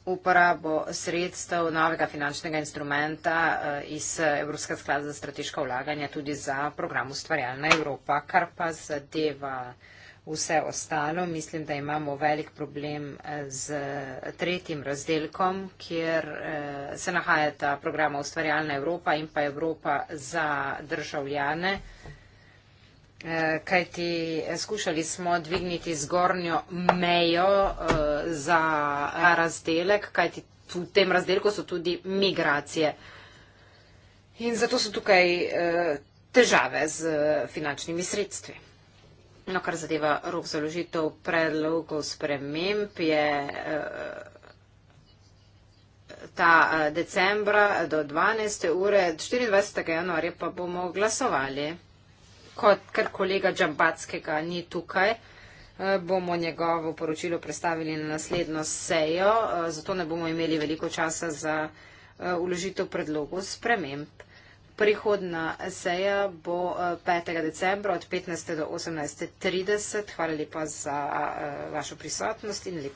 uporabo sredstev novega finančnega instrumenta eh, iz Evropskega sklada za strateško vlaganje tudi za program Ustvarjalna Evropa, kar pa zadeva vse ostalo. Mislim, da imamo velik problem eh, z tretjim razdelkom, kjer eh, se nahajata programa Ustvarjalna Evropa in pa Evropa za državljane. Eh, kajti eh, skušali smo dvigniti zgornjo mejo eh, za razdelek, kajti v tem razdelku so tudi migracije. In zato so tukaj težave z finančnimi sredstvi. No, kar zadeva rok založitev predlogov sprememb, je ta decembra do 12. ure, 24. januarja pa bomo glasovali kot kar kolega Džambackega ni tukaj, eh, bomo njegovo poročilo predstavili na naslednjo sejo, eh, zato ne bomo imeli veliko časa za eh, uložitev predlogov sprememb. Prihodna seja bo 5. decembra od 15. do 18.30. Hvala lepa za vašo prisotnost in lep.